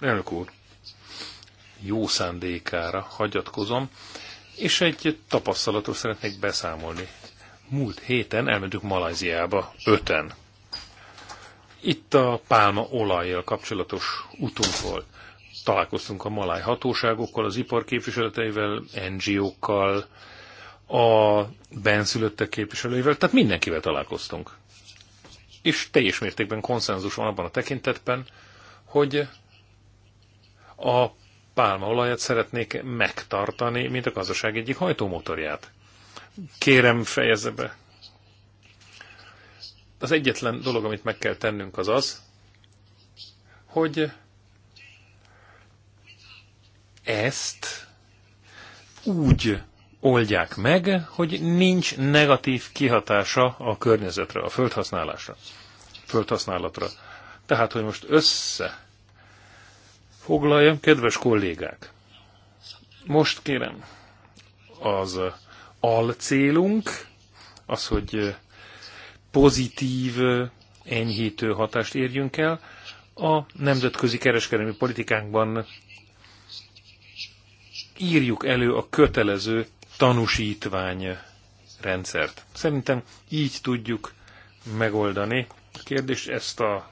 Elnök úr, jó szándékára hagyatkozom, és egy tapasztalatot szeretnék beszámolni. Múlt héten elmentünk Malajziába, öten. Itt a pálma olajjal kapcsolatos utunk volt. Találkoztunk a maláj hatóságokkal, az ipar képviseleteivel, NGO-kkal, a benszülöttek képviselőivel, tehát mindenkivel találkoztunk. És teljes mértékben konszenzus van abban a tekintetben, hogy a pálmaolajat szeretnék megtartani, mint a gazdaság egyik hajtómotorját. Kérem, fejezze be. Az egyetlen dolog, amit meg kell tennünk, az az, hogy ezt úgy oldják meg, hogy nincs negatív kihatása a környezetre, a földhasználásra, földhasználatra. Tehát, hogy most össze foglaljam. Kedves kollégák, most kérem, az alcélunk, az, hogy pozitív enyhítő hatást érjünk el, a nemzetközi kereskedelmi politikánkban írjuk elő a kötelező tanúsítvány rendszert. Szerintem így tudjuk megoldani a kérdést, ezt a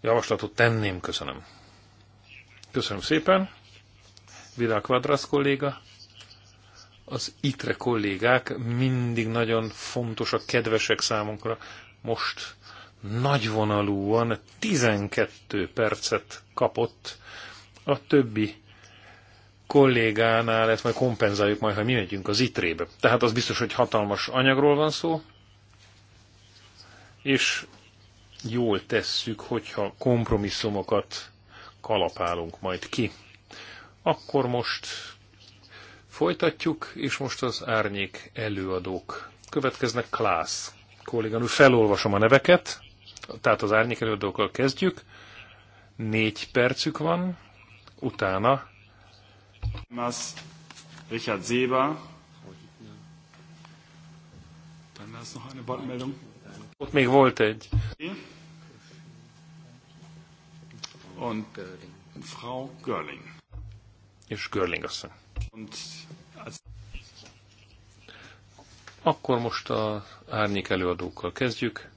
javaslatot tenném, köszönöm. Köszönöm szépen. Vidal Quadrasz kolléga. Az ITRE kollégák mindig nagyon fontosak, kedvesek számunkra. Most nagyvonalúan 12 percet kapott a többi kollégánál, ezt majd kompenzáljuk majd, ha mi megyünk az ITRE-be. Tehát az biztos, hogy hatalmas anyagról van szó, és jól tesszük, hogyha kompromisszumokat kalapálunk majd ki. Akkor most folytatjuk, és most az árnyék előadók. Következnek Klász kolléganő. Felolvasom a neveket, tehát az árnyék előadókkal kezdjük. Négy percük van, utána. Mász Richard Zéba. Ott még volt egy. Und Görling. Frau Görling. És Görling asszony. akkor most a árnyék előadókkal kezdjük,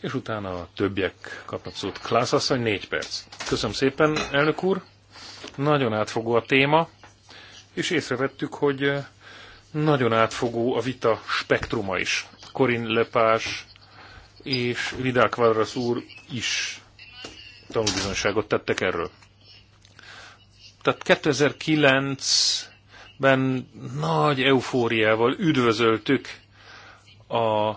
és utána a többiek kapnak szót. Klász asszony, négy perc. Köszönöm szépen, elnök úr. Nagyon átfogó a téma, és észrevettük, hogy eh, nagyon átfogó a vita spektruma is. Korin Lepás és Vidal Quadras úr is tanúbizonyságot tettek erről. Tehát 2009-ben nagy eufóriával üdvözöltük a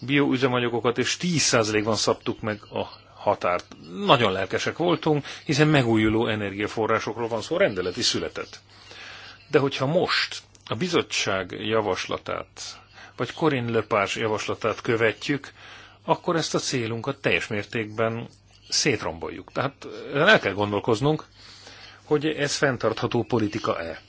bioüzemanyagokat, és 10%-ban szabtuk meg a határt. Nagyon lelkesek voltunk, hiszen megújuló energiaforrásokról van szó, rendelet rendeleti született. De hogyha most a bizottság javaslatát, vagy Corinne Lepage javaslatát követjük, akkor ezt a célunkat teljes mértékben szétromboljuk. Tehát el kell gondolkoznunk, hogy ez fenntartható politika-e.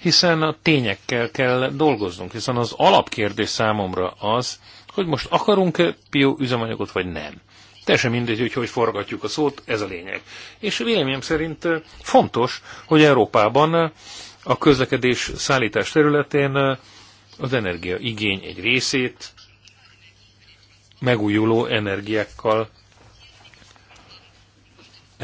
Hiszen a tényekkel kell dolgoznunk, hiszen az alapkérdés számomra az, hogy most akarunk-e bioüzemanyagot, vagy nem. Teljesen mindegy, hogy hogy forgatjuk a szót, ez a lényeg. És véleményem szerint fontos, hogy Európában a közlekedés szállítás területén az energiaigény egy részét megújuló energiákkal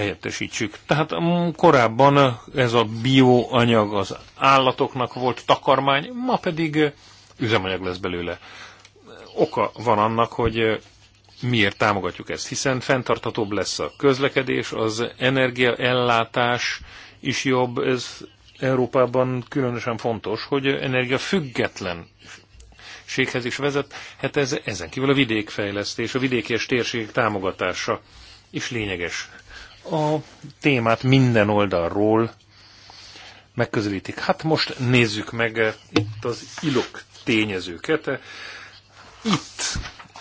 helyettesítsük. Tehát mm, korábban ez a bioanyag az állatoknak volt takarmány, ma pedig üzemanyag lesz belőle. Oka van annak, hogy miért támogatjuk ezt, hiszen fenntarthatóbb lesz a közlekedés, az energiaellátás is jobb, ez Európában különösen fontos, hogy energia független séghez is vezet, hát ez, ezen kívül a vidékfejlesztés, a vidéki és térség támogatása is lényeges a témát minden oldalról megközelítik. Hát most nézzük meg itt az ilok tényezőket. Itt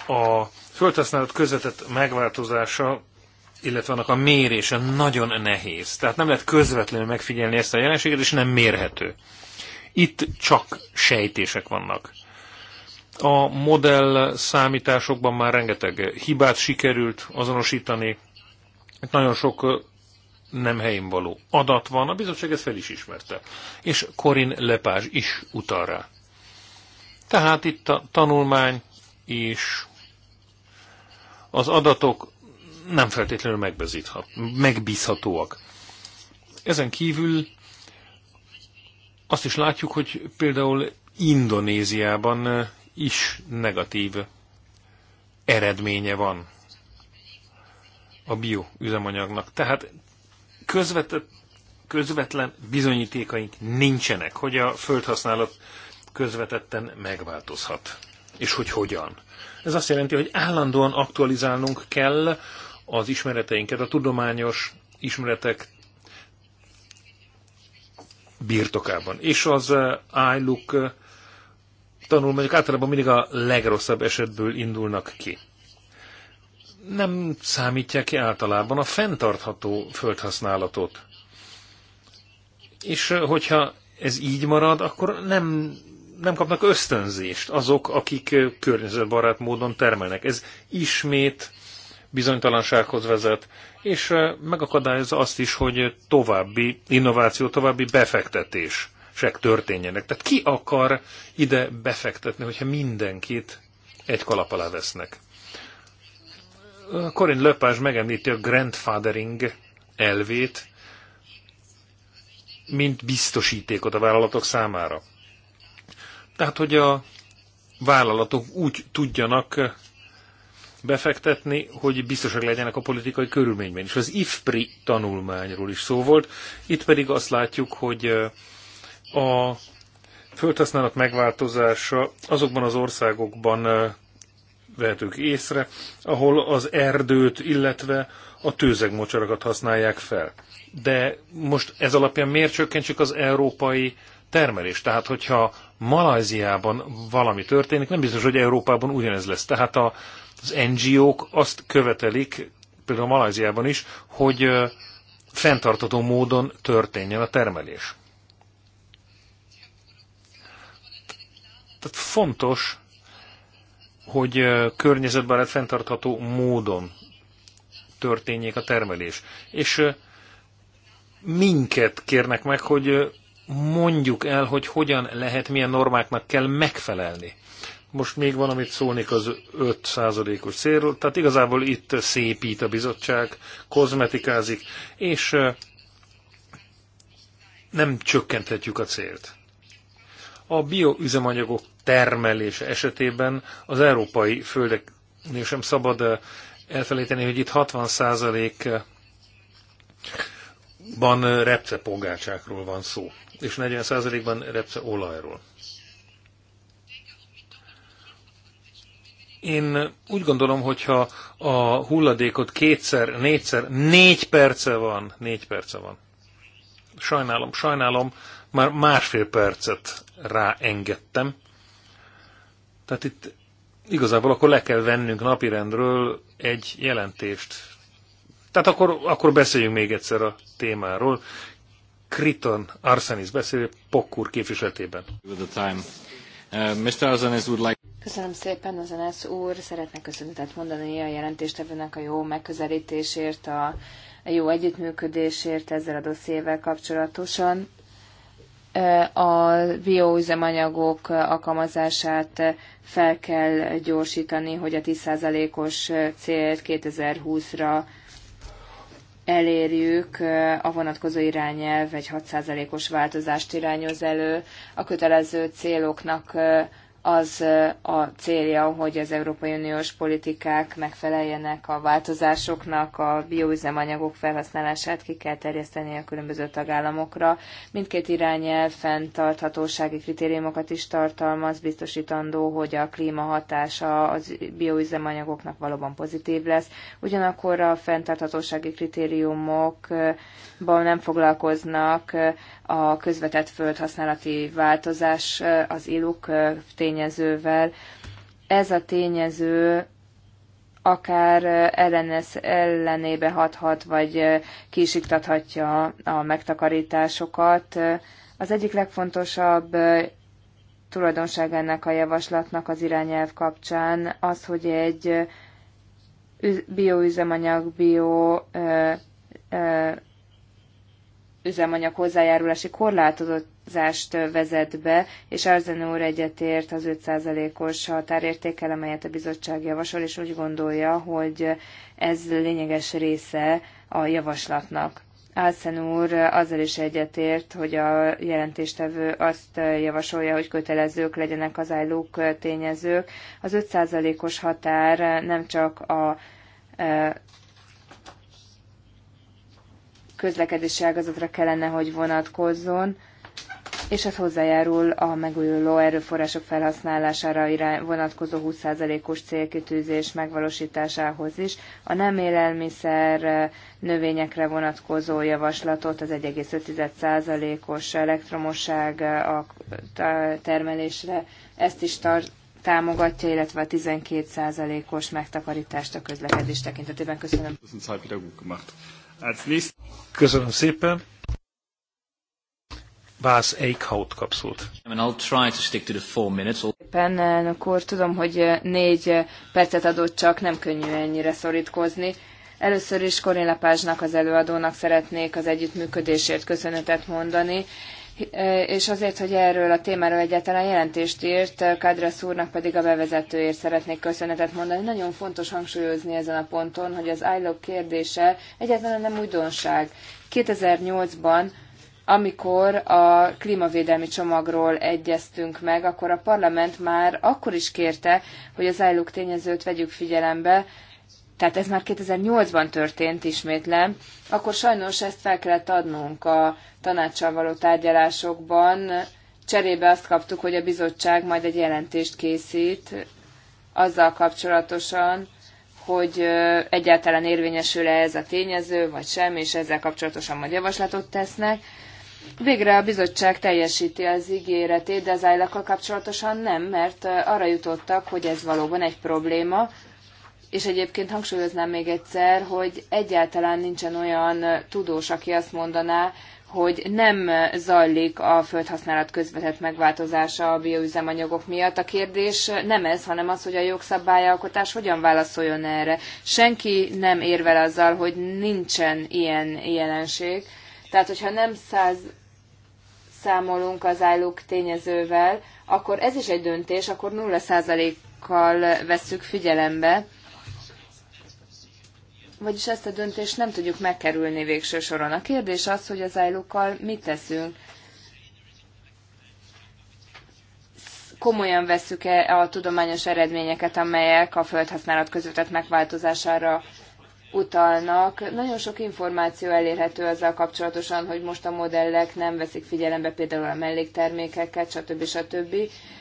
a földhasználat közvetett megváltozása, illetve annak a mérése nagyon nehéz. Tehát nem lehet közvetlenül megfigyelni ezt a jelenséget, és nem mérhető. Itt csak sejtések vannak. A modell számításokban már rengeteg hibát sikerült azonosítani, itt nagyon sok nem helyén való adat van, a bizottság ezt fel is ismerte. És Korin Lepázs is utal rá. Tehát itt a tanulmány és az adatok nem feltétlenül megbízhatóak. Ezen kívül azt is látjuk, hogy például Indonéziában is negatív eredménye van a bioüzemanyagnak. Tehát közvet, közvetlen bizonyítékaink nincsenek, hogy a földhasználat közvetetten megváltozhat. És hogy hogyan. Ez azt jelenti, hogy állandóan aktualizálnunk kell az ismereteinket, a tudományos ismeretek birtokában. És az eh, iLook eh, tanulmányok általában mindig a legrosszabb esetből indulnak ki nem számítják ki általában a fenntartható földhasználatot. És hogyha ez így marad, akkor nem, nem kapnak ösztönzést azok, akik környezetbarát módon termelnek. Ez ismét bizonytalansághoz vezet, és megakadályozza azt is, hogy további innováció, további befektetések történjenek. Tehát ki akar ide befektetni, hogyha mindenkit egy kalap alá vesznek? Corinne Lepage megemlíti a grandfathering elvét, mint biztosítékot a vállalatok számára. Tehát, hogy a vállalatok úgy tudjanak befektetni, hogy biztosak legyenek a politikai körülményben is. Az IFPRI tanulmányról is szó volt, itt pedig azt látjuk, hogy eh, a földhasználat megváltozása azokban az országokban eh, vehetők észre, ahol az erdőt, illetve a tőzegmocsarakat használják fel. De most ez alapján miért csökkentsük az európai termelést? Tehát, hogyha Malajziában valami történik, nem biztos, hogy Európában ugyanez lesz. Tehát a, az NGO-k azt követelik, például Malajziában is, hogy fenntartató módon történjen a termelés. Tehát fontos, hogy környezetbarát fenntartható módon történjék a termelés. És minket kérnek meg, hogy mondjuk el, hogy hogyan lehet, milyen normáknak kell megfelelni. Most még van, amit szólnék az 5%-os célról, tehát igazából itt szépít a bizottság, kozmetikázik, és nem csökkenthetjük a célt. A bioüzemanyagok termelés esetében az európai földeknél sem szabad eh, elfelejteni, hogy itt 60%-ban eh, repcepogácsákról van szó, és 40%-ban repceolajról. Én úgy gondolom, hogyha a hulladékot kétszer, négyszer, négy perce van, négy perce van. Sajnálom, sajnálom, már másfél percet ráengedtem. Tehát itt igazából akkor le kell vennünk napirendről egy jelentést. Tehát akkor, akkor beszéljünk még egyszer a témáról. Kriton Arsenis beszél Pokkur képviseletében. Uh, Köszönöm szépen, Arsenis úr. Szeretnék köszönetet mondani a jelentéstevőnek a jó megközelítésért, a jó együttműködésért ezzel a dossziével kapcsolatosan a bioüzemanyagok alkalmazását fel kell gyorsítani, hogy a 10%-os célt 2020-ra elérjük, a vonatkozó irányelv egy 6%-os változást irányoz elő, a kötelező céloknak az a célja, hogy az Európai Uniós politikák megfeleljenek a változásoknak, a bioüzemanyagok felhasználását ki kell terjeszteni a különböző tagállamokra. Mindkét irányelv fenntarthatósági kritériumokat is tartalmaz, biztosítandó, hogy a klíma hatása az bioüzemanyagoknak valóban pozitív lesz. Ugyanakkor a fenntarthatósági kritériumokban nem foglalkoznak a közvetett földhasználati változás az iluk tényezővel. Ez a tényező akár ellenes, ellenébe hathat, vagy kisiktathatja a megtakarításokat. Az egyik legfontosabb tulajdonság ennek a javaslatnak az irányelv kapcsán az, hogy egy bioüzemanyag, bio, üzemanyag, bio ö, ö, üzemanyag hozzájárulási korlátozást vezet be, és Arzene úr egyetért az 5%-os határértékkel, amelyet a bizottság javasol, és úgy gondolja, hogy ez lényeges része a javaslatnak. Álszen úr azzal is egyetért, hogy a jelentéstevő azt javasolja, hogy kötelezők legyenek az állók tényezők. Az 5%-os határ nem csak a közlekedési ágazatra kellene, hogy vonatkozzon, és ez hozzájárul a megújuló erőforrások felhasználására irány, vonatkozó 20%-os célkitűzés megvalósításához is. A nem élelmiszer eh, növényekre vonatkozó javaslatot az 1,5%-os elektromosság eh, a termelésre, ezt is tart, támogatja, illetve a 12%-os megtakarítást a közlekedés tekintetében. Köszönöm. Köszönöm szépen. Bász Eichhaut kapszult. Éppen, elnök úr, tudom, hogy eh, négy eh, percet adott csak, nem könnyű ennyire szorítkozni. Először is Korin Lepázsnak, az előadónak szeretnék az együttműködésért köszönetet mondani, és azért, hogy erről a témáról egyáltalán jelentést írt, Kadrasz úrnak pedig a bevezetőért szeretnék köszönetet mondani. Nagyon fontos hangsúlyozni ezen a ponton, hogy az ILO kérdése egyáltalán nem újdonság. 2008-ban amikor a klímavédelmi csomagról egyeztünk meg, akkor a parlament már akkor is kérte, hogy az állók tényezőt vegyük figyelembe, tehát ez már 2008-ban történt, ismétlem, akkor sajnos ezt fel kellett adnunk a tanácssal való tárgyalásokban. Cserébe azt kaptuk, hogy a bizottság majd egy jelentést készít azzal kapcsolatosan, hogy egyáltalán érvényesül-e ez a tényező, vagy sem, és ezzel kapcsolatosan majd javaslatot tesznek. Végre a bizottság teljesíti az ígéretét, de az kapcsolatosan nem, mert arra jutottak, hogy ez valóban egy probléma, és egyébként hangsúlyoznám még egyszer, hogy egyáltalán nincsen olyan tudós, aki azt mondaná, hogy nem zajlik a földhasználat közvetett megváltozása a bioüzemanyagok miatt. A kérdés nem ez, hanem az, hogy a jogszabályalkotás hogyan válaszoljon erre. Senki nem érvel azzal, hogy nincsen ilyen jelenség. Tehát, hogyha nem száz számolunk az állók tényezővel, akkor ez is egy döntés, akkor 0%-kal vesszük figyelembe vagyis ezt a döntést nem tudjuk megkerülni végső soron. A kérdés az, hogy az ájlókkal mit teszünk. Komolyan veszük-e a tudományos eredményeket, amelyek a földhasználat közvetett megváltozására utalnak. Nagyon sok információ elérhető azzal kapcsolatosan, hogy most a modellek nem veszik figyelembe például a melléktermékeket, stb. stb.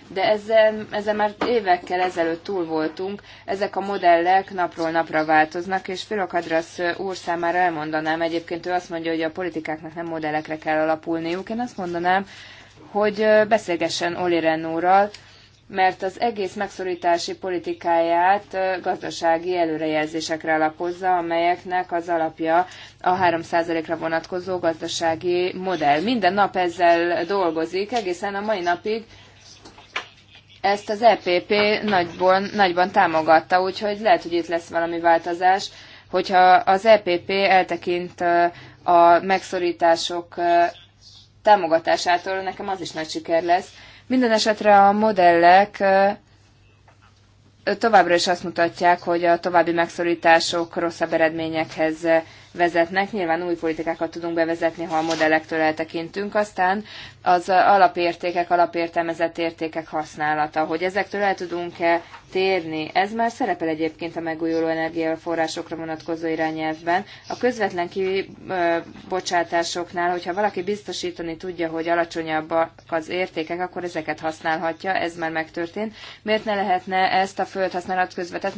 De ezzel, ezzel már évekkel ezelőtt túl voltunk. Ezek a modellek napról napra változnak, és Filokadrasz úr számára elmondanám, egyébként ő azt mondja, hogy a politikáknak nem modellekre kell alapulniuk. Én azt mondanám, hogy beszélgessen Oli Renóral, mert az egész megszorítási politikáját gazdasági előrejelzésekre alapozza, amelyeknek az alapja a 3%-ra vonatkozó gazdasági modell. Minden nap ezzel dolgozik, egészen a mai napig ezt az EPP nagyban, nagyban támogatta, úgyhogy lehet, hogy itt lesz valami változás, hogyha az EPP eltekint a megszorítások támogatásától, nekem az is nagy siker lesz, minden esetre a modellek továbbra is azt mutatják, hogy a további megszorítások rosszabb eredményekhez vezetnek. Nyilván új politikákat tudunk bevezetni, ha a modellektől eltekintünk. Aztán az alapértékek, alapértelmezett értékek használata, hogy ezektől el tudunk-e térni. Ez már szerepel egyébként a megújuló energiaforrásokra vonatkozó irányelvben. A közvetlen kibocsátásoknál, hogyha valaki biztosítani tudja, hogy alacsonyabbak az értékek, akkor ezeket használhatja, ez már megtörtént. Miért ne lehetne ezt a földhasználat közvetett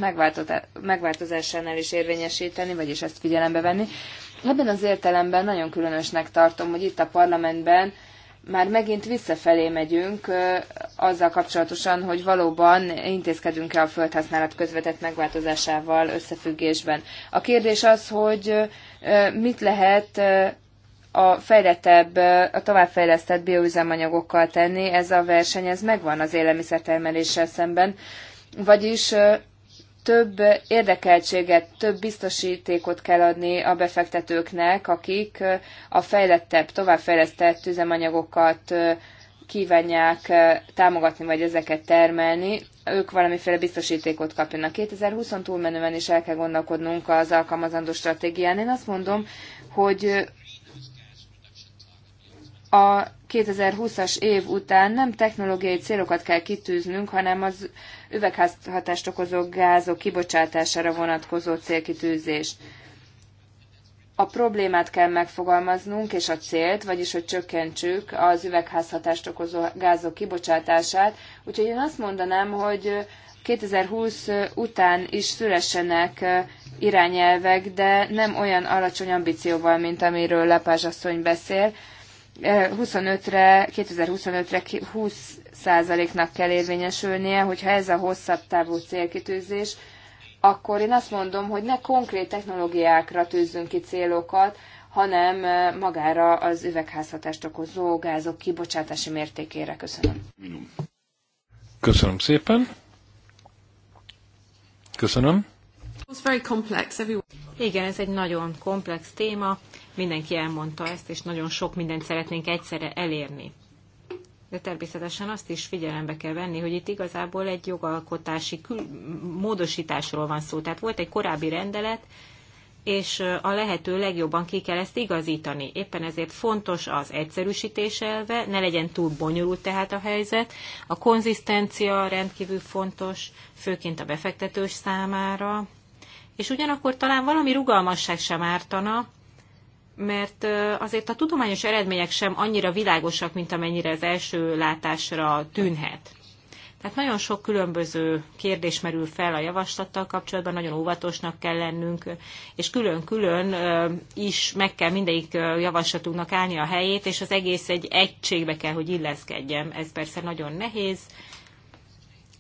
megváltozásánál is érvényesíteni, vagyis ezt figyelembe venni? beszélni. Ebben az értelemben nagyon különösnek tartom, hogy itt a parlamentben már megint visszafelé megyünk azzal kapcsolatosan, hogy valóban intézkedünk-e a földhasználat közvetett megváltozásával összefüggésben. A kérdés az, hogy mit lehet a fejlettebb, a továbbfejlesztett bioüzemanyagokkal tenni, ez a verseny, ez megvan az élelmiszertermeléssel szemben. Vagyis több érdekeltséget, több biztosítékot kell adni a befektetőknek, akik a fejlettebb, továbbfejlesztett üzemanyagokat kívánják támogatni, vagy ezeket termelni, ők valamiféle biztosítékot kapjanak. 2020 túlmenően is el kell gondolkodnunk az alkalmazandó stratégián. Én azt mondom, hogy a 2020-as év után nem technológiai célokat kell kitűznünk, hanem az üvegházhatást okozó gázok kibocsátására vonatkozó célkitűzést. A problémát kell megfogalmaznunk, és a célt, vagyis hogy csökkentsük az üvegházhatást okozó gázok kibocsátását. Úgyhogy én azt mondanám, hogy 2020 után is szülessenek irányelvek, de nem olyan alacsony ambícióval, mint amiről Lepázs asszony beszél, 25-re, 2025-re 20%-nak kell érvényesülnie, hogyha ez a hosszabb távú célkitűzés, akkor én azt mondom, hogy ne konkrét technológiákra tűzzünk ki célokat, hanem magára az üvegházhatást okozó gázok kibocsátási mértékére. Köszönöm. Köszönöm szépen. Köszönöm. Igen, ez egy nagyon komplex téma mindenki elmondta ezt, és nagyon sok mindent szeretnénk egyszerre elérni. De természetesen azt is figyelembe kell venni, hogy itt igazából egy jogalkotási módosításról van szó. Tehát volt egy korábbi rendelet, és a lehető legjobban ki kell ezt igazítani. Éppen ezért fontos az egyszerűsítés elve, ne legyen túl bonyolult tehát a helyzet. A konzisztencia rendkívül fontos, főként a befektetős számára. És ugyanakkor talán valami rugalmasság sem ártana, mert azért a tudományos eredmények sem annyira világosak, mint amennyire az első látásra tűnhet. Tehát nagyon sok különböző kérdés merül fel a javaslattal kapcsolatban, nagyon óvatosnak kell lennünk, és külön-külön is meg kell mindegyik javaslatunknak állni a helyét, és az egész egy egységbe kell, hogy illeszkedjen. Ez persze nagyon nehéz,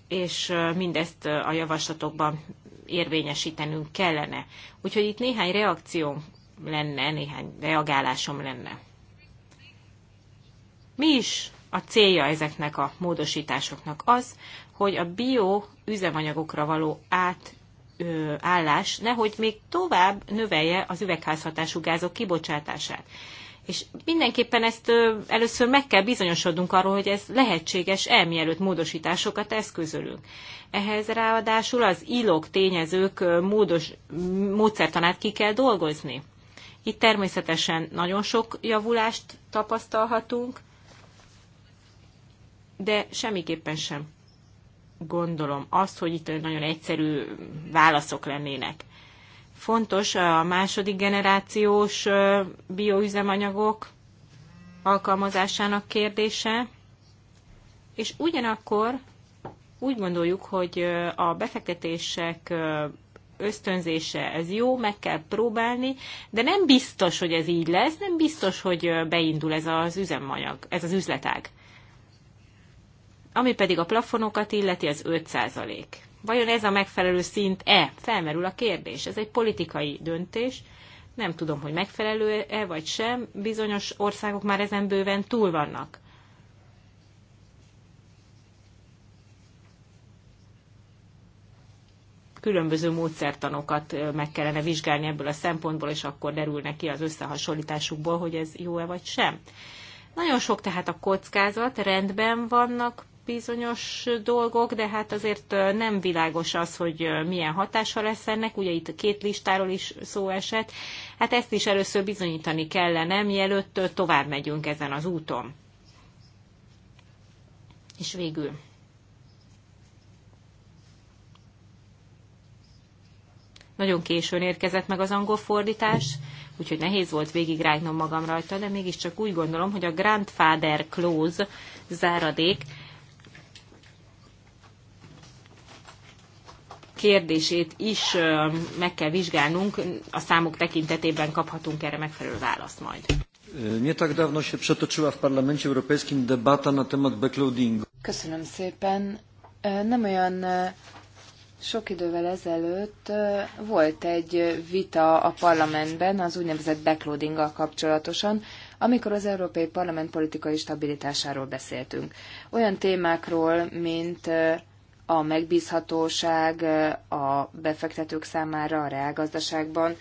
és mindezt a javaslatokban érvényesítenünk kellene. Úgyhogy itt néhány reakció lenne, néhány reagálásom lenne. Mi is a célja ezeknek a módosításoknak az, hogy a bio üzemanyagokra való át állás nehogy még tovább növelje az üvegházhatású gázok kibocsátását. És mindenképpen ezt először meg kell bizonyosodnunk arról, hogy ez lehetséges elmielőtt módosításokat eszközölünk. Ehhez ráadásul az ilok tényezők módos, módszertanát ki kell dolgozni. Itt természetesen nagyon sok javulást tapasztalhatunk, de semmiképpen sem gondolom azt, hogy itt nagyon egyszerű válaszok lennének. Fontos a második generációs bioüzemanyagok alkalmazásának kérdése, és ugyanakkor úgy gondoljuk, hogy a befektetések ösztönzése, ez jó, meg kell próbálni, de nem biztos, hogy ez így lesz, nem biztos, hogy beindul ez az üzemanyag, ez az üzletág. Ami pedig a plafonokat illeti, az 5 százalék. Vajon ez a megfelelő szint-e? Felmerül a kérdés. Ez egy politikai döntés. Nem tudom, hogy megfelelő-e vagy sem. Bizonyos országok már ezen bőven túl vannak. különböző módszertanokat meg kellene vizsgálni ebből a szempontból, és akkor derülne ki az összehasonlításukból, hogy ez jó-e vagy sem. Nagyon sok tehát a kockázat, rendben vannak bizonyos dolgok, de hát azért nem világos az, hogy milyen hatása lesz ennek. Ugye itt a két listáról is szó esett. Hát ezt is először bizonyítani kellene, mielőtt tovább megyünk ezen az úton. És végül Nagyon későn érkezett meg az angol fordítás, úgyhogy nehéz volt végigrágnom magam rajta, de mégiscsak úgy gondolom, hogy a grandfather clause záradék kérdését is meg kell vizsgálnunk, a számok tekintetében kaphatunk erre megfelelő választ majd. Nie tak dawno się przetoczyła w Parlamencie Europejskim debata na temat backloadingu. Köszönöm szépen. Nem olyan sok idővel ezelőtt volt egy vita a parlamentben az úgynevezett backloadinggal kapcsolatosan, amikor az Európai Parlament politikai stabilitásáról beszéltünk. Olyan témákról, mint a megbízhatóság a befektetők számára a reálgazdaságban,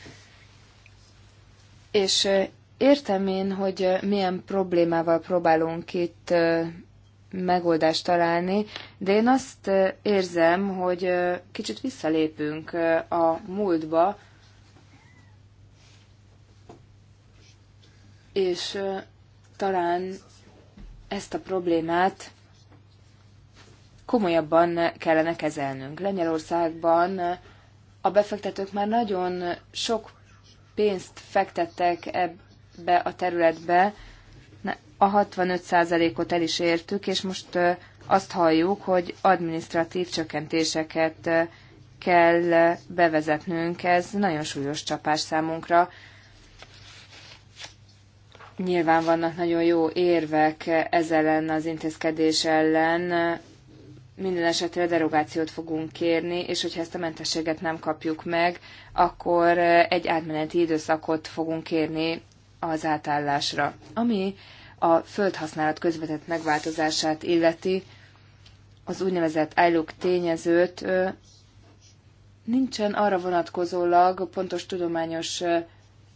és értem én, hogy milyen problémával próbálunk itt megoldást találni, de én azt érzem, hogy kicsit visszalépünk a múltba, és talán ezt a problémát komolyabban kellene kezelnünk. Lengyelországban a befektetők már nagyon sok pénzt fektettek ebbe a területbe, a 65%-ot el is értük, és most azt halljuk, hogy administratív csökkentéseket kell bevezetnünk. Ez nagyon súlyos csapás számunkra. Nyilván vannak nagyon jó érvek ez ellen az intézkedés ellen. Minden esetre derogációt fogunk kérni, és hogyha ezt a mentességet nem kapjuk meg, akkor egy átmeneti időszakot fogunk kérni az átállásra. Ami a földhasználat közvetett megváltozását illeti, az úgynevezett állók tényezőt nincsen arra vonatkozólag pontos tudományos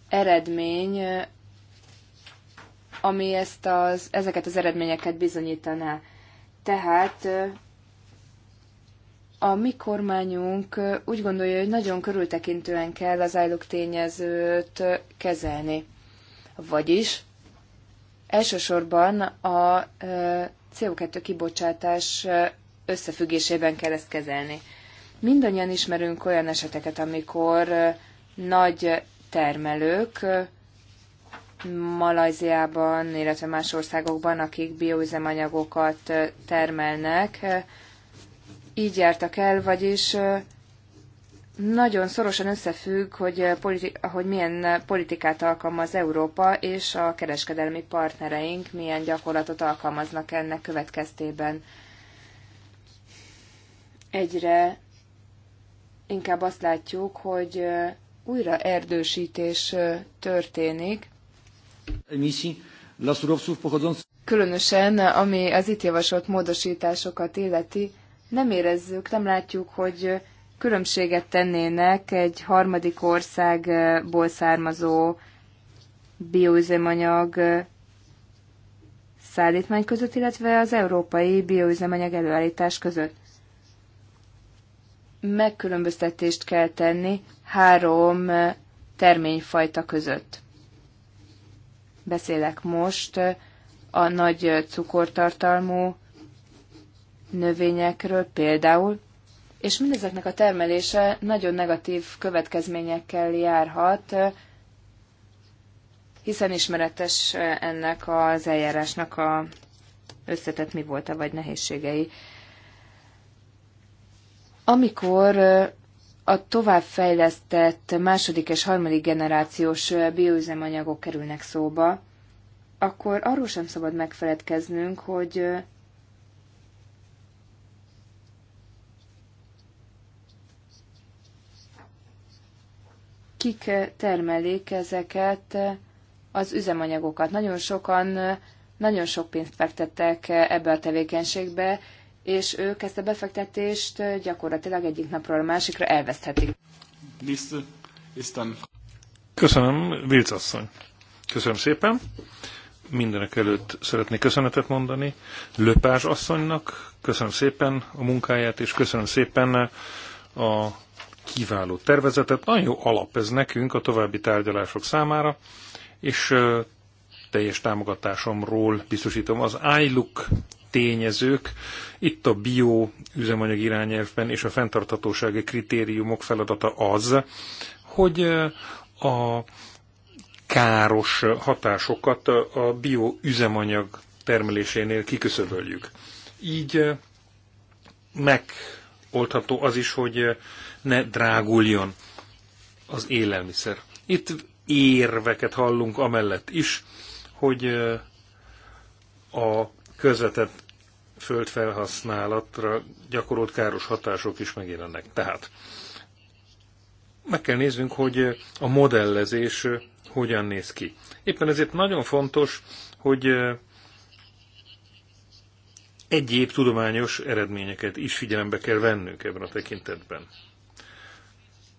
eredmény, ami ezt az, ezeket az eredményeket bizonyítaná. Tehát a mi kormányunk úgy gondolja, hogy nagyon körültekintően kell az állók tényezőt kezelni. Vagyis elsősorban a CO2 kibocsátás összefüggésében kell ezt kezelni. Mindannyian ismerünk olyan eseteket, amikor nagy termelők Malajziában, illetve más országokban, akik bioüzemanyagokat termelnek, így jártak el, vagyis nagyon szorosan összefügg, hogy, eh, politi- hogy milyen eh, politikát alkalmaz Európa, és a kereskedelmi partnereink milyen gyakorlatot alkalmaznak ennek következtében. Egyre inkább azt látjuk, hogy eh, újra erdősítés történik. Különösen, ami az itt javasolt módosításokat illeti, nem érezzük, nem látjuk, hogy különbséget tennének egy harmadik országból származó bioüzemanyag szállítmány között, illetve az európai bioüzemanyag előállítás között. Megkülönböztetést kell tenni három terményfajta között. Beszélek most a nagy cukortartalmú növényekről például, és mindezeknek a termelése nagyon negatív következményekkel járhat, hiszen ismeretes ennek az eljárásnak a összetett mi volt -e, vagy nehézségei. Amikor a továbbfejlesztett második és harmadik generációs bioüzemanyagok kerülnek szóba, akkor arról sem szabad megfeledkeznünk, hogy kik termelik ezeket az üzemanyagokat. Nagyon sokan nagyon sok pénzt fektettek ebbe a tevékenységbe, és ők ezt a befektetést gyakorlatilag egyik napról a másikra elveszthetik. Köszönöm, Vilc asszony. Köszönöm szépen. Mindenek előtt szeretnék köszönetet mondani Löpás asszonynak. Köszönöm szépen a munkáját, és köszönöm szépen a kiváló tervezetet, nagyon jó alap ez nekünk a további tárgyalások számára, és teljes támogatásomról biztosítom az iLook tényezők, itt a bio üzemanyag irányelvben és a fenntarthatósági kritériumok feladata az, hogy a káros hatásokat a bio üzemanyag termelésénél kiküszöböljük. Így megoldható az is, hogy ne dráguljon az élelmiszer. Itt érveket hallunk amellett is, hogy a közvetett földfelhasználatra gyakorolt káros hatások is megjelennek. Tehát meg kell néznünk, hogy a modellezés hogyan néz ki. Éppen ezért nagyon fontos, hogy egyéb tudományos eredményeket is figyelembe kell vennünk ebben a tekintetben.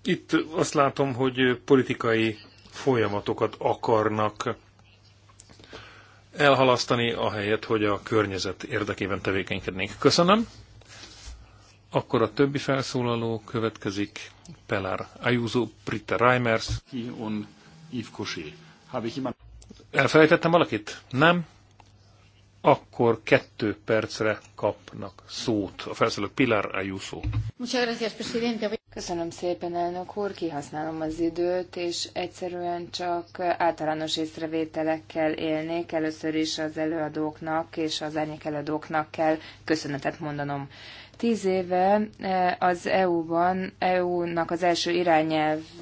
Itt azt látom, hogy politikai folyamatokat akarnak elhalasztani, helyet, hogy a környezet érdekében tevékenykednénk. Köszönöm. Akkor a többi felszólaló következik. Pelár Ayuso, Britta Reimers. Elfelejtettem valakit? Nem? akkor kettő percre kapnak szót. A felszólaló Pilar Ayuso. Köszönöm szépen, elnök úr, kihasználom az időt, és egyszerűen csak általános észrevételekkel élnék. Először is az előadóknak és az árnyék előadóknak kell köszönetet mondanom. Tíz éve eh, az EU-ban, EU-nak az első irányelvének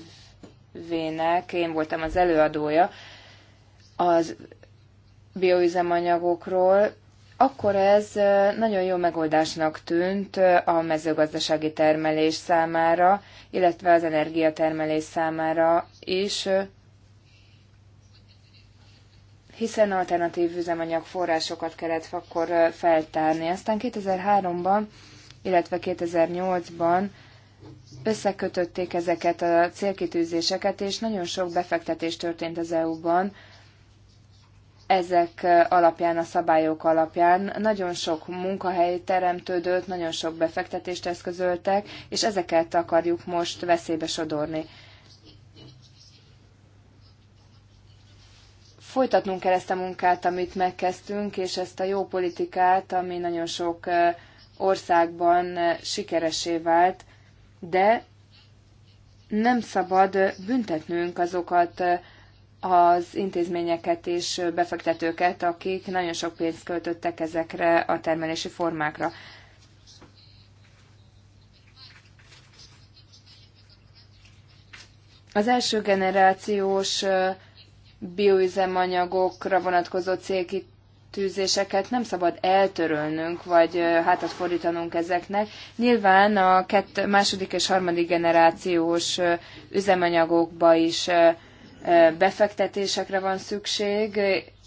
én voltam az előadója, az bioüzemanyagokról, akkor ez nagyon jó megoldásnak tűnt a mezőgazdasági termelés számára, illetve az energiatermelés számára is, hiszen alternatív üzemanyag forrásokat kellett akkor feltárni. Aztán 2003-ban, illetve 2008-ban összekötötték ezeket a célkitűzéseket, és nagyon sok befektetés történt az EU-ban ezek alapján, a szabályok alapján nagyon sok munkahely teremtődött, nagyon sok befektetést eszközöltek, és ezeket akarjuk most veszélybe sodorni. Folytatnunk kell ezt a munkát, amit megkezdtünk, és ezt a jó politikát, ami nagyon sok országban sikeresé vált, de nem szabad büntetnünk azokat az intézményeket és befektetőket, akik nagyon sok pénzt költöttek ezekre a termelési formákra. Az első generációs bioüzemanyagokra vonatkozó célkitűzéseket nem szabad eltörölnünk, vagy hátat fordítanunk ezeknek. Nyilván a kett, második és harmadik generációs üzemanyagokba is befektetésekre van szükség,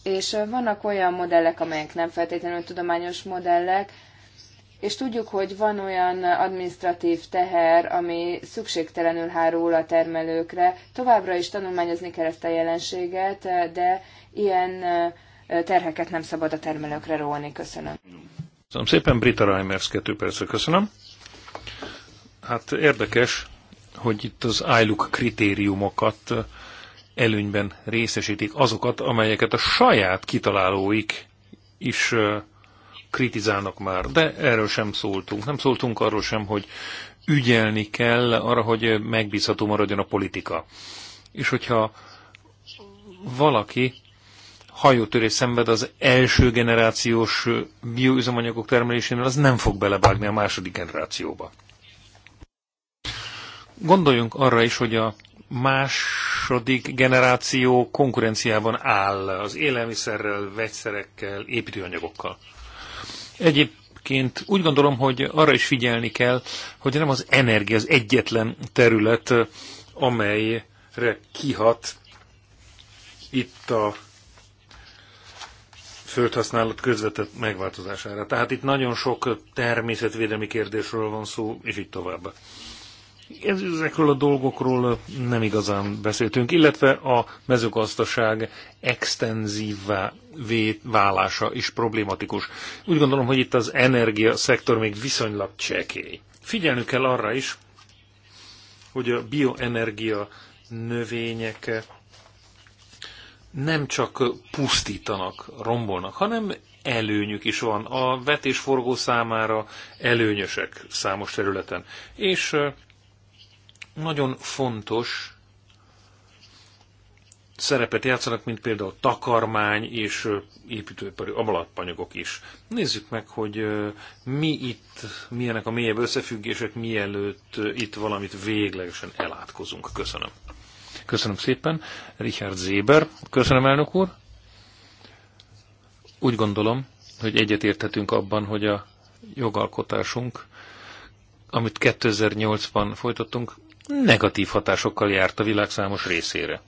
és vannak olyan modellek, amelyek nem feltétlenül tudományos modellek, és tudjuk, hogy van olyan administratív teher, ami szükségtelenül hárul a termelőkre. Továbbra is tanulmányozni kell ezt a jelenséget, de ilyen terheket nem szabad a termelőkre róni Köszönöm. Köszönöm szépen, Brita Reimers, kettő percre köszönöm. Hát érdekes, hogy itt az ILUK kritériumokat előnyben részesítik azokat, amelyeket a saját kitalálóik is kritizálnak már, de erről sem szóltunk. Nem szóltunk arról sem, hogy ügyelni kell arra, hogy megbízható maradjon a politika. És hogyha valaki hajótörés szenved az első generációs bioüzemanyagok termelésénél, az nem fog belevágni a második generációba. Gondoljunk arra is, hogy a más második generáció konkurenciában áll az élelmiszerrel, vegyszerekkel, építőanyagokkal. Egyébként úgy gondolom, hogy arra is figyelni kell, hogy nem az energia az egyetlen terület, amelyre kihat itt a földhasználat közvetett megváltozására. Tehát itt nagyon sok természetvédelmi kérdésről van szó, és így tovább. Ezekről a dolgokról nem igazán beszéltünk, illetve a mezőgazdaság extenzívvá válása is problématikus. Úgy gondolom, hogy itt az energia szektor még viszonylag csekély. Figyelnünk kell arra is, hogy a bioenergia növények nem csak pusztítanak, rombolnak, hanem előnyük is van. A vetésforgó számára előnyösek számos területen. És nagyon fontos szerepet játszanak, mint például takarmány és építőipari ablakanyagok is. Nézzük meg, hogy mi itt, milyenek a mélyebb összefüggések, mielőtt itt valamit véglegesen elátkozunk. Köszönöm. Köszönöm szépen. Richard Zéber. Köszönöm, elnök úr. Úgy gondolom, hogy egyetérthetünk abban, hogy a jogalkotásunk, amit 2008-ban folytattunk, negatív hatásokkal járt a világ számos részére.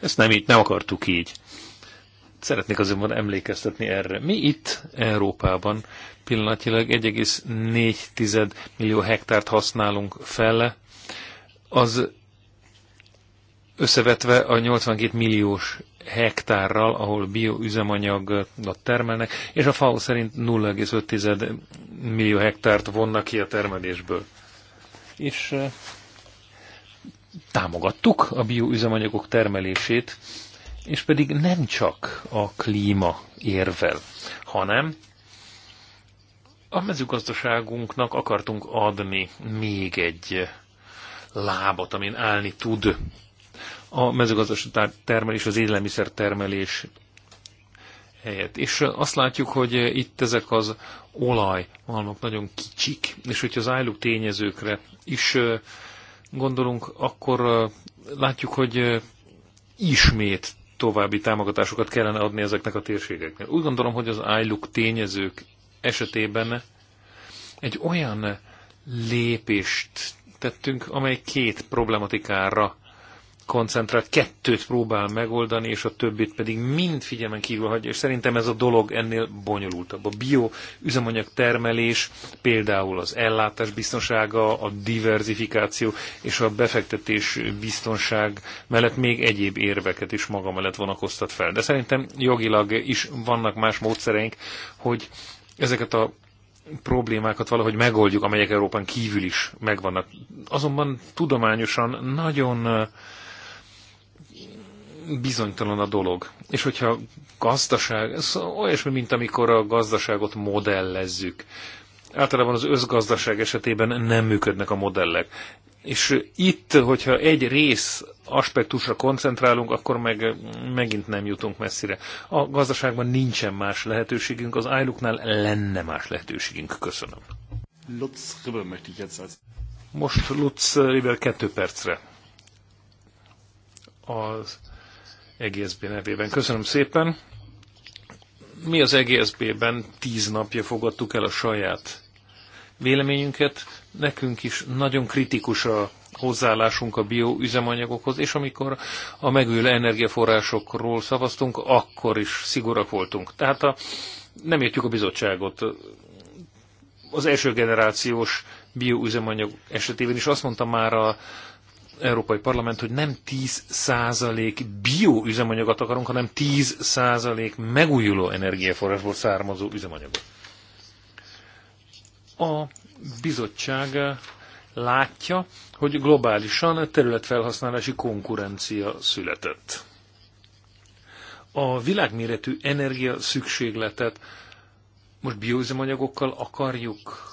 Ezt nem így, nem akartuk így. Szeretnék azonban emlékeztetni erre. Mi itt Európában pillanatilag 1,4 millió hektárt használunk fel, az összevetve a 82 milliós hektárral, ahol bioüzemanyagot termelnek, és a FAO szerint 0,5 millió hektárt vonnak ki a termelésből. És eh, támogattuk a bioüzemanyagok termelését, és pedig nem csak a klíma érvel, hanem a mezőgazdaságunknak akartunk adni még egy lábat, amin állni tud. A mezőgazdaság termelés, az élelmiszer termelés helyett. És azt látjuk, hogy itt ezek az olajmalmok nagyon kicsik, és hogyha az ájluk tényezőkre is gondolunk, akkor látjuk, hogy ismét további támogatásokat kellene adni ezeknek a térségeknek. Úgy gondolom, hogy az ILUK tényezők esetében egy olyan lépést tettünk, amely két problematikára koncentrált, kettőt próbál megoldani, és a többit pedig mind figyelmen kívül hagyja, és szerintem ez a dolog ennél bonyolultabb. A bio üzemanyag termelés, például az ellátás biztonsága, a diversifikáció és a befektetés biztonság mellett még egyéb érveket is maga mellett vonakoztat fel. De szerintem jogilag is vannak más módszereink, hogy ezeket a problémákat valahogy megoldjuk, amelyek Európán kívül is megvannak. Azonban tudományosan nagyon bizonytalan a dolog. És hogyha gazdaság, ez olyasmi, mint amikor a gazdaságot modellezzük. Általában az özgazdaság esetében nem működnek a modellek. És itt, hogyha egy rész aspektusra koncentrálunk, akkor meg megint nem jutunk messzire. A gazdaságban nincsen más lehetőségünk, az ájluknál lenne más lehetőségünk. Köszönöm. Lutz Most Lutz Ribber kettő percre. Az EGSB nevében. Köszönöm szépen. Mi az EGSB-ben tíz napja fogadtuk el a saját véleményünket. Nekünk is nagyon kritikus a hozzáállásunk a bioüzemanyagokhoz, és amikor a megülő energiaforrásokról szavaztunk, akkor is szigorak voltunk. Tehát a, nem értjük a bizottságot. Az első generációs bioüzemanyag esetében is azt mondta már a Európai Parlament, hogy nem 10% bioüzemanyagot akarunk, hanem 10% megújuló energiaforrásból származó üzemanyagot. A bizottság látja, hogy globálisan területfelhasználási konkurencia született. A világméretű energia szükségletet most bioüzemanyagokkal akarjuk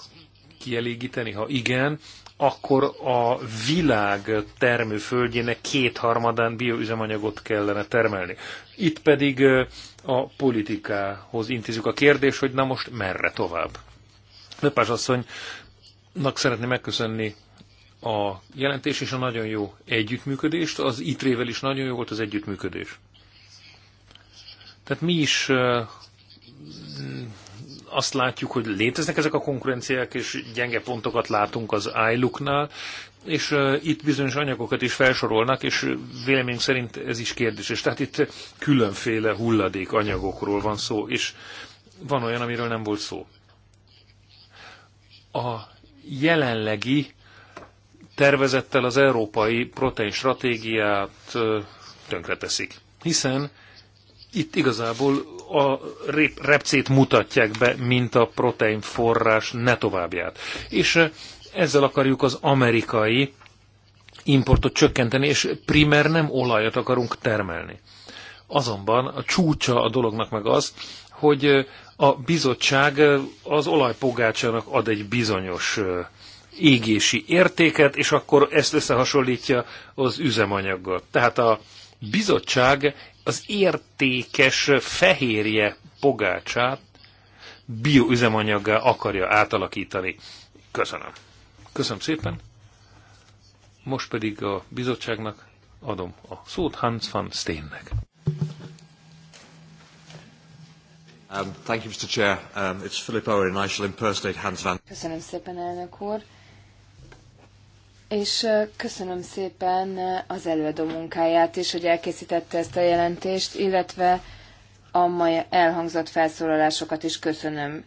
kielégíteni? Ha igen, akkor a világ termőföldjének kétharmadán bioüzemanyagot kellene termelni. Itt pedig a politikához intézzük a kérdés, hogy na most merre tovább. Löpás asszonynak szeretném megköszönni a jelentés és a nagyon jó együttműködést. Az ITRÉ-vel is nagyon jó volt az együttműködés. Tehát mi is azt látjuk, hogy léteznek ezek a konkurenciák, és gyenge pontokat látunk az iLook-nál, és itt bizonyos anyagokat is felsorolnak, és vélemény szerint ez is kérdéses. Tehát itt különféle hulladék anyagokról van szó, és van olyan, amiről nem volt szó. A jelenlegi tervezettel az európai protein stratégiát tönkreteszik, hiszen itt igazából a repcét mutatják be, mint a protein forrás, ne továbbját. És eh, ezzel akarjuk az amerikai importot csökkenteni, és primer nem olajat akarunk termelni. Azonban a csúcsa a dolognak meg az, hogy eh, a bizottság eh, az olajpogácsának ad egy bizonyos égési értéket, és akkor ezt összehasonlítja az üzemanyaggal. Tehát a bizottság az értékes fehérje pogácsát bioüzemanyaggá akarja átalakítani. Köszönöm. Köszönöm szépen. Most pedig a bizottságnak adom a szót Hans van Steennek. Um, thank you, Mr. Chair. Um, it's Philip Owen and I shall impersonate Hans van. Köszönöm szépen, elnök úr és köszönöm szépen az előadó munkáját is, hogy elkészítette ezt a jelentést, illetve a mai elhangzott felszólalásokat is köszönöm.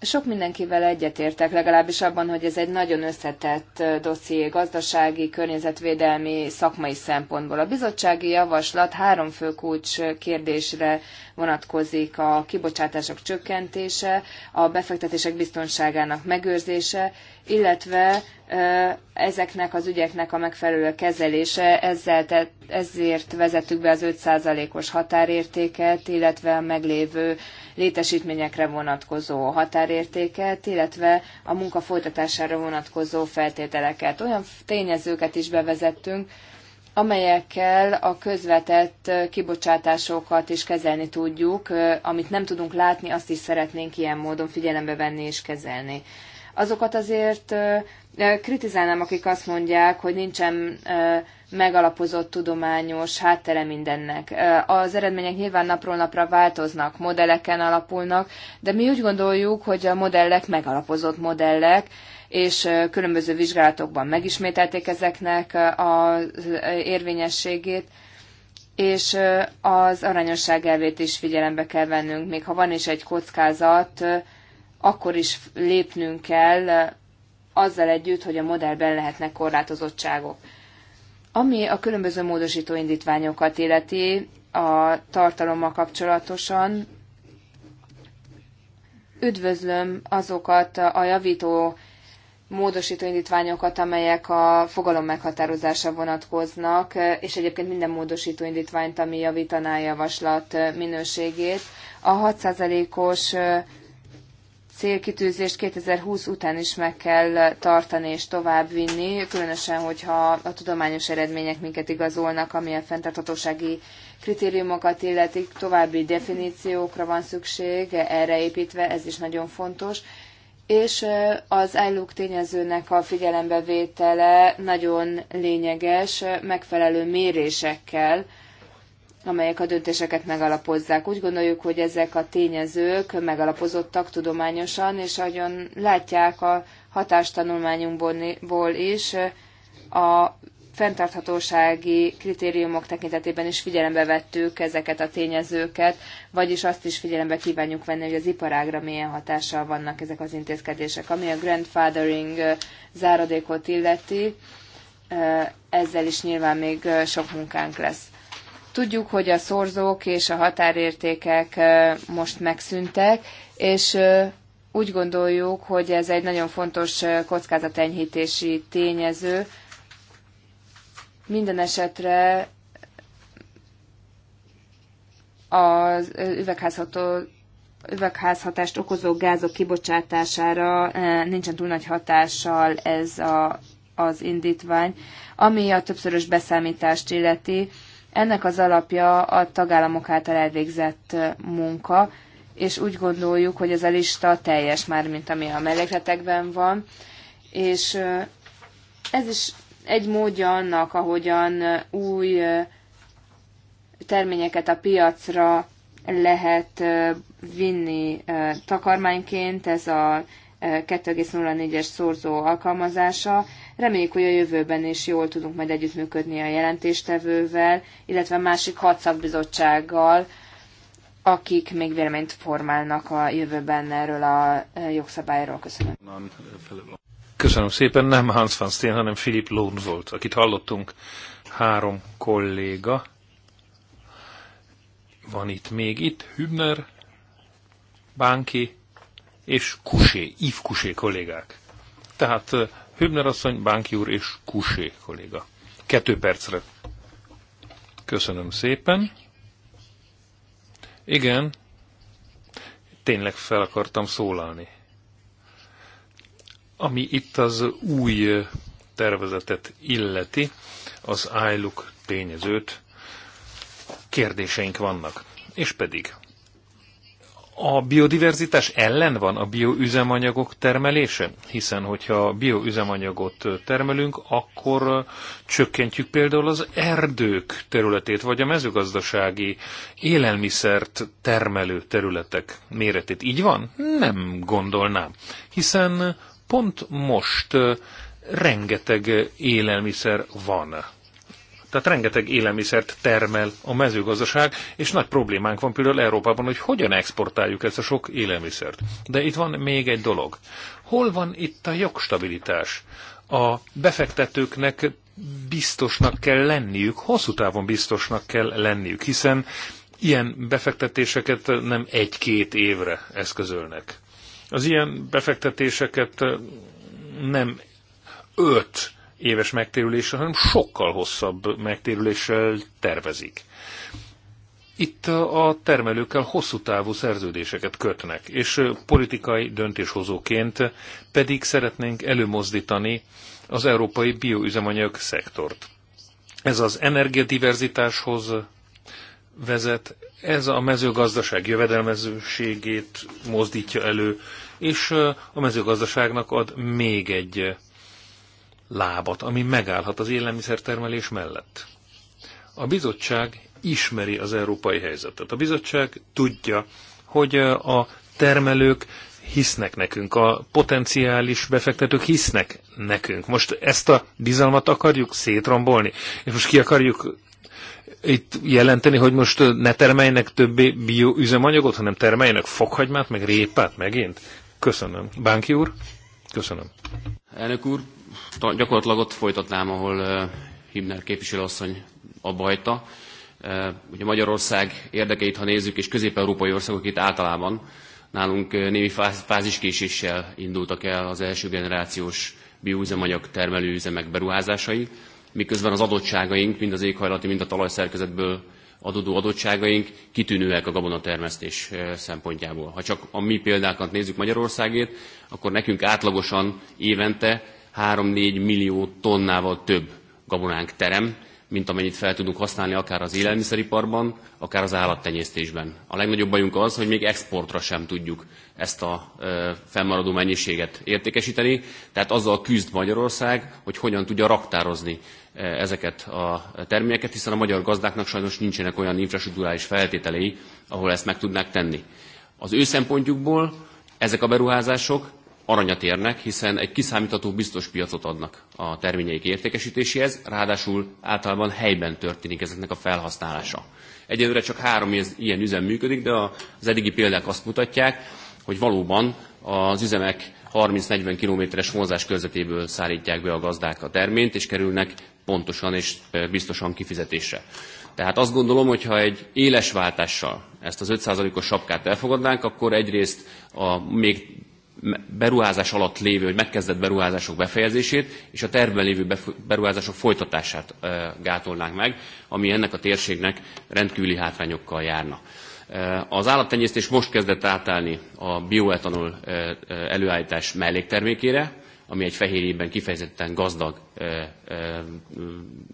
Sok mindenkivel egyetértek, legalábbis abban, hogy ez egy nagyon összetett dosszié gazdasági, környezetvédelmi, szakmai szempontból. A bizottsági javaslat három fő kulcs kérdésre vonatkozik a kibocsátások csökkentése, a befektetések biztonságának megőrzése, illetve ezeknek az ügyeknek a megfelelő kezelése, ezzel ezért vezettük be az 5%-os határértéket, illetve a meglévő létesítményekre vonatkozó határértéket, illetve a munka folytatására vonatkozó feltételeket. Olyan tényezőket is bevezettünk, amelyekkel a közvetett kibocsátásokat is kezelni tudjuk, amit nem tudunk látni, azt is szeretnénk ilyen módon figyelembe venni és kezelni azokat azért kritizálnám, akik azt mondják, hogy nincsen megalapozott tudományos háttere mindennek. Az eredmények nyilván napról napra változnak, modelleken alapulnak, de mi úgy gondoljuk, hogy a modellek megalapozott modellek, és különböző vizsgálatokban megismételték ezeknek az érvényességét, és az arányosság elvét is figyelembe kell vennünk, még ha van is egy kockázat, akkor is lépnünk kell eh, azzal együtt, hogy a modellben lehetnek korlátozottságok. Ami a különböző módosító indítványokat illeti, a tartalommal kapcsolatosan üdvözlöm azokat a javító módosító indítványokat, amelyek a fogalom meghatározása vonatkoznak, eh, és egyébként minden módosító indítványt, ami javítaná a javaslat eh, minőségét. A 6%-os célkitűzést 2020 után is meg kell tartani és továbbvinni, különösen, hogyha a tudományos eredmények minket igazolnak, ami a fenntarthatósági kritériumokat illeti, további definíciókra van szükség, erre építve, ez is nagyon fontos. És az állók tényezőnek a figyelembevétele nagyon lényeges, megfelelő mérésekkel, amelyek a döntéseket megalapozzák. Úgy gondoljuk, hogy ezek a tényezők megalapozottak tudományosan, és ahogyan látják a hatástanulmányunkból is, a fenntarthatósági kritériumok tekintetében is figyelembe vettük ezeket a tényezőket, vagyis azt is figyelembe kívánjuk venni, hogy az iparágra milyen hatással vannak ezek az intézkedések. Ami a grandfathering záradékot illeti, ezzel is nyilván még sok munkánk lesz. Tudjuk, hogy a szorzók és a határértékek most megszűntek, és úgy gondoljuk, hogy ez egy nagyon fontos kockázatenyhítési tényező. Minden esetre az üvegházható üvegházhatást okozó gázok kibocsátására nincsen túl nagy hatással ez a, az indítvány. Ami a többszörös beszámítást illeti, ennek az alapja a tagállamok által elvégzett munka, és úgy gondoljuk, hogy ez a lista teljes már, mint ami a mellékletekben van, és ez is egy módja annak, ahogyan új terményeket a piacra lehet vinni takarmányként, ez a 2,04-es szorzó alkalmazása. Reméljük, hogy a jövőben is jól tudunk majd együttműködni a jelentéstevővel, illetve a másik hat szakbizottsággal, akik még véleményt formálnak a jövőben erről a eh, jogszabályról. Köszönöm. Köszönöm szépen. Nem Hans van Steen, hanem Philip Lund volt, akit hallottunk. Három kolléga. Van itt még itt Hübner, Bánki és Kusé, Yves Kusé kollégák. Tehát eh, Hübner asszony, Bánki úr és Kusé kolléga. Kettő percre. Köszönöm szépen. Igen, tényleg fel akartam szólalni. Ami itt az új tervezetet illeti, az ILUK tényezőt, kérdéseink vannak. És pedig a biodiverzitás ellen van a bioüzemanyagok termelése? Hiszen, hogyha bioüzemanyagot termelünk, akkor csökkentjük például az erdők területét, vagy a mezőgazdasági élelmiszert termelő területek méretét. Így van? Nem gondolnám. Hiszen pont most rengeteg élelmiszer van tehát rengeteg élelmiszert termel a mezőgazdaság, és nagy problémánk van például Európában, hogy hogyan exportáljuk ezt a sok élelmiszert. De itt van még egy dolog. Hol van itt a jogstabilitás? A befektetőknek biztosnak kell lenniük, hosszú távon biztosnak kell lenniük, hiszen ilyen befektetéseket nem egy-két évre eszközölnek. Az ilyen befektetéseket nem öt éves megtérüléssel, hanem sokkal hosszabb megtérüléssel tervezik. Itt a termelőkkel hosszú távú szerződéseket kötnek, és politikai döntéshozóként pedig szeretnénk előmozdítani az európai bioüzemanyag szektort. Ez az energiadiverzitáshoz vezet, ez a mezőgazdaság jövedelmezőségét mozdítja elő, és a mezőgazdaságnak ad még egy lábat, ami megállhat az élelmiszertermelés mellett. A bizottság ismeri az európai helyzetet. A bizottság tudja, hogy a termelők hisznek nekünk, a potenciális befektetők hisznek nekünk. Most ezt a bizalmat akarjuk szétrombolni, és most ki akarjuk itt jelenteni, hogy most ne termeljenek többé bioüzemanyagot, hanem termeljenek fokhagymát, meg répát megint? Köszönöm. Bánki úr? Köszönöm. Elnök úr, gyakorlatilag ott folytatnám, ahol Himner képviselőasszony a, bajta. Ugye Magyarország érdekeit, ha nézzük, és közép-európai országok itt általában, nálunk némi fáziskéséssel indultak el az első generációs bioüzemanyag termelőüzemek beruházásai, miközben az adottságaink, mind az éghajlati, mind a talajszerkezetből adódó adottságaink kitűnőek a gabonatermesztés szempontjából. Ha csak a mi példákat nézzük Magyarországét, akkor nekünk átlagosan évente 3-4 millió tonnával több gabonánk terem, mint amennyit fel tudunk használni akár az élelmiszeriparban, akár az állattenyésztésben. A legnagyobb bajunk az, hogy még exportra sem tudjuk ezt a fennmaradó mennyiséget értékesíteni, tehát azzal küzd Magyarország, hogy hogyan tudja raktározni ezeket a termékeket, hiszen a magyar gazdáknak sajnos nincsenek olyan infrastruktúrális feltételei, ahol ezt meg tudnák tenni. Az ő szempontjukból ezek a beruházások aranyat érnek, hiszen egy kiszámítható biztos piacot adnak a terményeik értékesítéséhez, ráadásul általában helyben történik ezeknek a felhasználása. Egyelőre csak három ilyen üzem működik, de az eddigi példák azt mutatják, hogy valóban az üzemek 30-40 kilométeres vonzás körzetéből szállítják be a gazdák a terményt, és kerülnek pontosan és biztosan kifizetésre. Tehát azt gondolom, hogy ha egy éles váltással ezt az 5%-os sapkát elfogadnánk, akkor egyrészt a még beruházás alatt lévő, vagy megkezdett beruházások befejezését és a tervben lévő beruházások folytatását gátolnánk meg, ami ennek a térségnek rendkívüli hátrányokkal járna. Az állattenyésztés most kezdett átállni a bioetanol előállítás melléktermékére, ami egy fehérjében kifejezetten gazdag ö, ö,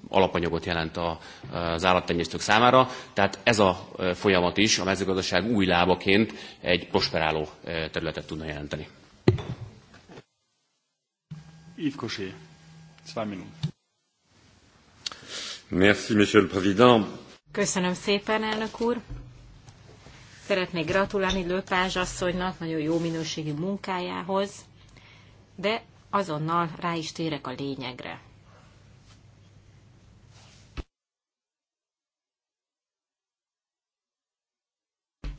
alapanyagot jelent a, az állattenyésztők számára. Tehát ez a folyamat is a mezőgazdaság új lábaként egy prosperáló területet tudna jelenteni. Yves Cochet, zwei Minuten. Merci, Monsieur le Président. Köszönöm szépen, elnök úr. Szeretnék gratulálni Lőpázs asszonynak nagyon jó minőségű munkájához, de azonnal rá is térek a lényegre.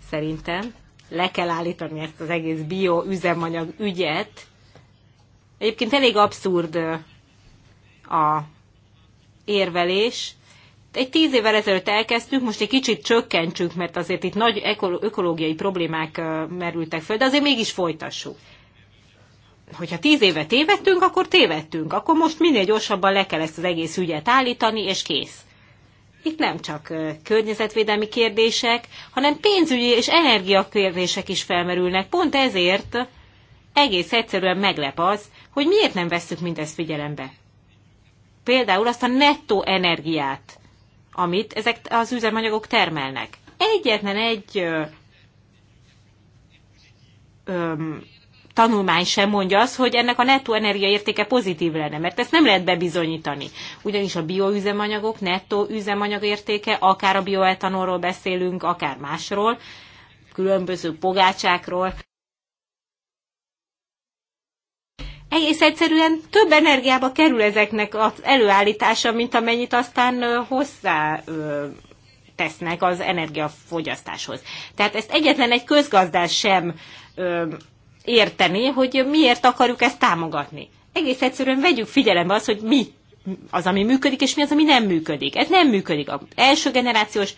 Szerintem le kell állítani ezt az egész bioüzemanyag ügyet. Egyébként elég abszurd a érvelés. Egy tíz évvel ezelőtt elkezdtük, most egy kicsit csökkentsük, mert azért itt nagy ökológiai problémák merültek föl, de azért mégis folytassuk. Hogyha tíz éve tévedtünk, akkor tévedtünk, akkor most minél gyorsabban le kell ezt az egész ügyet állítani, és kész. Itt nem csak környezetvédelmi kérdések, hanem pénzügyi és energiakérdések is felmerülnek. Pont ezért egész egyszerűen meglep az, hogy miért nem vesszük mindezt figyelembe. Például azt a nettó energiát, amit ezek az üzemanyagok termelnek. Egyetlen egy ö, tanulmány sem mondja azt, hogy ennek a nettó energiaértéke pozitív lenne, mert ezt nem lehet bebizonyítani. Ugyanis a bioüzemanyagok nettó üzemanyagértéke, akár a bioetanolról beszélünk, akár másról, különböző pogácsákról, egész egyszerűen több energiába kerül ezeknek az előállítása, mint amennyit aztán hozzá tesznek az energiafogyasztáshoz. Tehát ezt egyetlen egy közgazdás sem érteni, hogy miért akarjuk ezt támogatni. Egész egyszerűen vegyük figyelembe azt, hogy mi az, ami működik, és mi az, ami nem működik. Ez nem működik. Az első generációs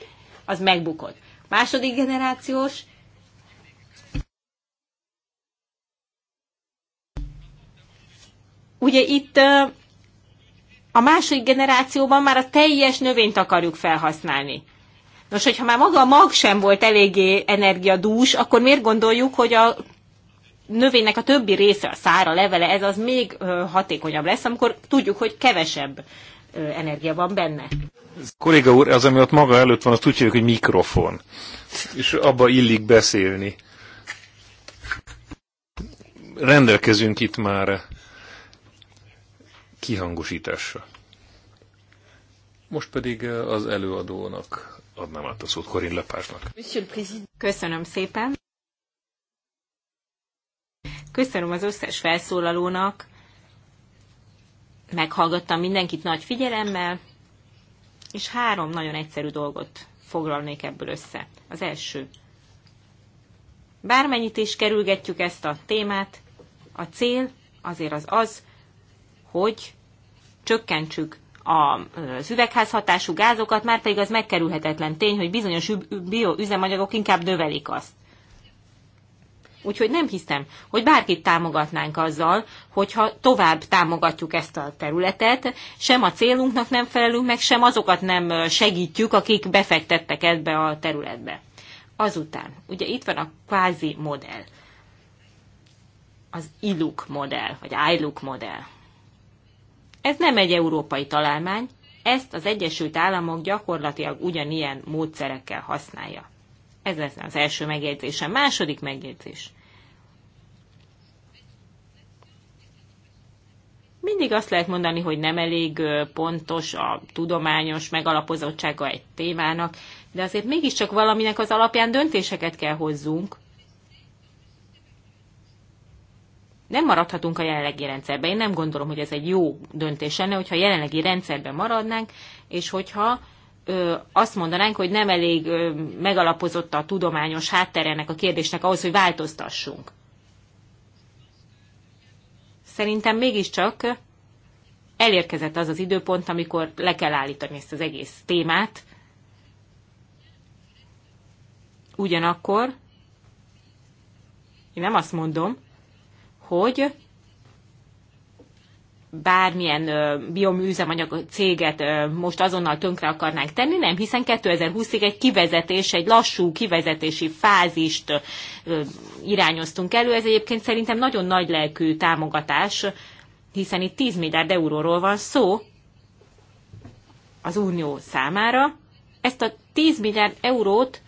az megbukott. Második generációs ugye itt a második generációban már a teljes növényt akarjuk felhasználni. Nos, hogyha már maga a mag sem volt eléggé energiadús, akkor miért gondoljuk, hogy a növénynek a többi része, a szára, levele, ez az még hatékonyabb lesz, amikor tudjuk, hogy kevesebb energia van benne. Kolléga úr, az, ami ott maga előtt van, azt úgy hívjuk, hogy mikrofon. És abba illik beszélni. Rendelkezünk itt már kihangosításra. Most pedig az előadónak adnám át a szót Korin Lepásnak. Köszönöm szépen. Köszönöm az összes felszólalónak, meghallgattam mindenkit nagy figyelemmel, és három nagyon egyszerű dolgot foglalnék ebből össze. Az első. Bármennyit is kerülgetjük ezt a témát, a cél azért az az, hogy csökkentsük az üvegházhatású gázokat, már pedig az megkerülhetetlen tény, hogy bizonyos bioüzemanyagok inkább növelik azt. Úgyhogy nem hiszem, hogy bárkit támogatnánk azzal, hogyha tovább támogatjuk ezt a területet, sem a célunknak nem felelünk meg, sem azokat nem segítjük, akik befektettek ebbe a területbe. Azután, ugye itt van a kvázi modell, az ILUK modell, vagy ILUK modell. Ez nem egy európai találmány, ezt az Egyesült Államok gyakorlatilag ugyanilyen módszerekkel használja. Ez lesz az első megjegyzésem. Második megjegyzés. Mindig azt lehet mondani, hogy nem elég pontos a tudományos megalapozottsága egy témának, de azért mégiscsak valaminek az alapján döntéseket kell hozzunk. Nem maradhatunk a jelenlegi rendszerben. Én nem gondolom, hogy ez egy jó döntés lenne, hogyha a jelenlegi rendszerben maradnánk, és hogyha azt mondanánk, hogy nem elég megalapozott a tudományos háttere ennek a kérdésnek ahhoz, hogy változtassunk. Szerintem mégiscsak elérkezett az az időpont, amikor le kell állítani ezt az egész témát. Ugyanakkor én nem azt mondom, hogy bármilyen bioműzemanyag céget most azonnal tönkre akarnánk tenni, nem, hiszen 2020-ig egy kivezetés, egy lassú kivezetési fázist irányoztunk elő. Ez egyébként szerintem nagyon nagy lelkű támogatás, hiszen itt 10 milliárd euróról van szó az unió számára. Ezt a 10 milliárd eurót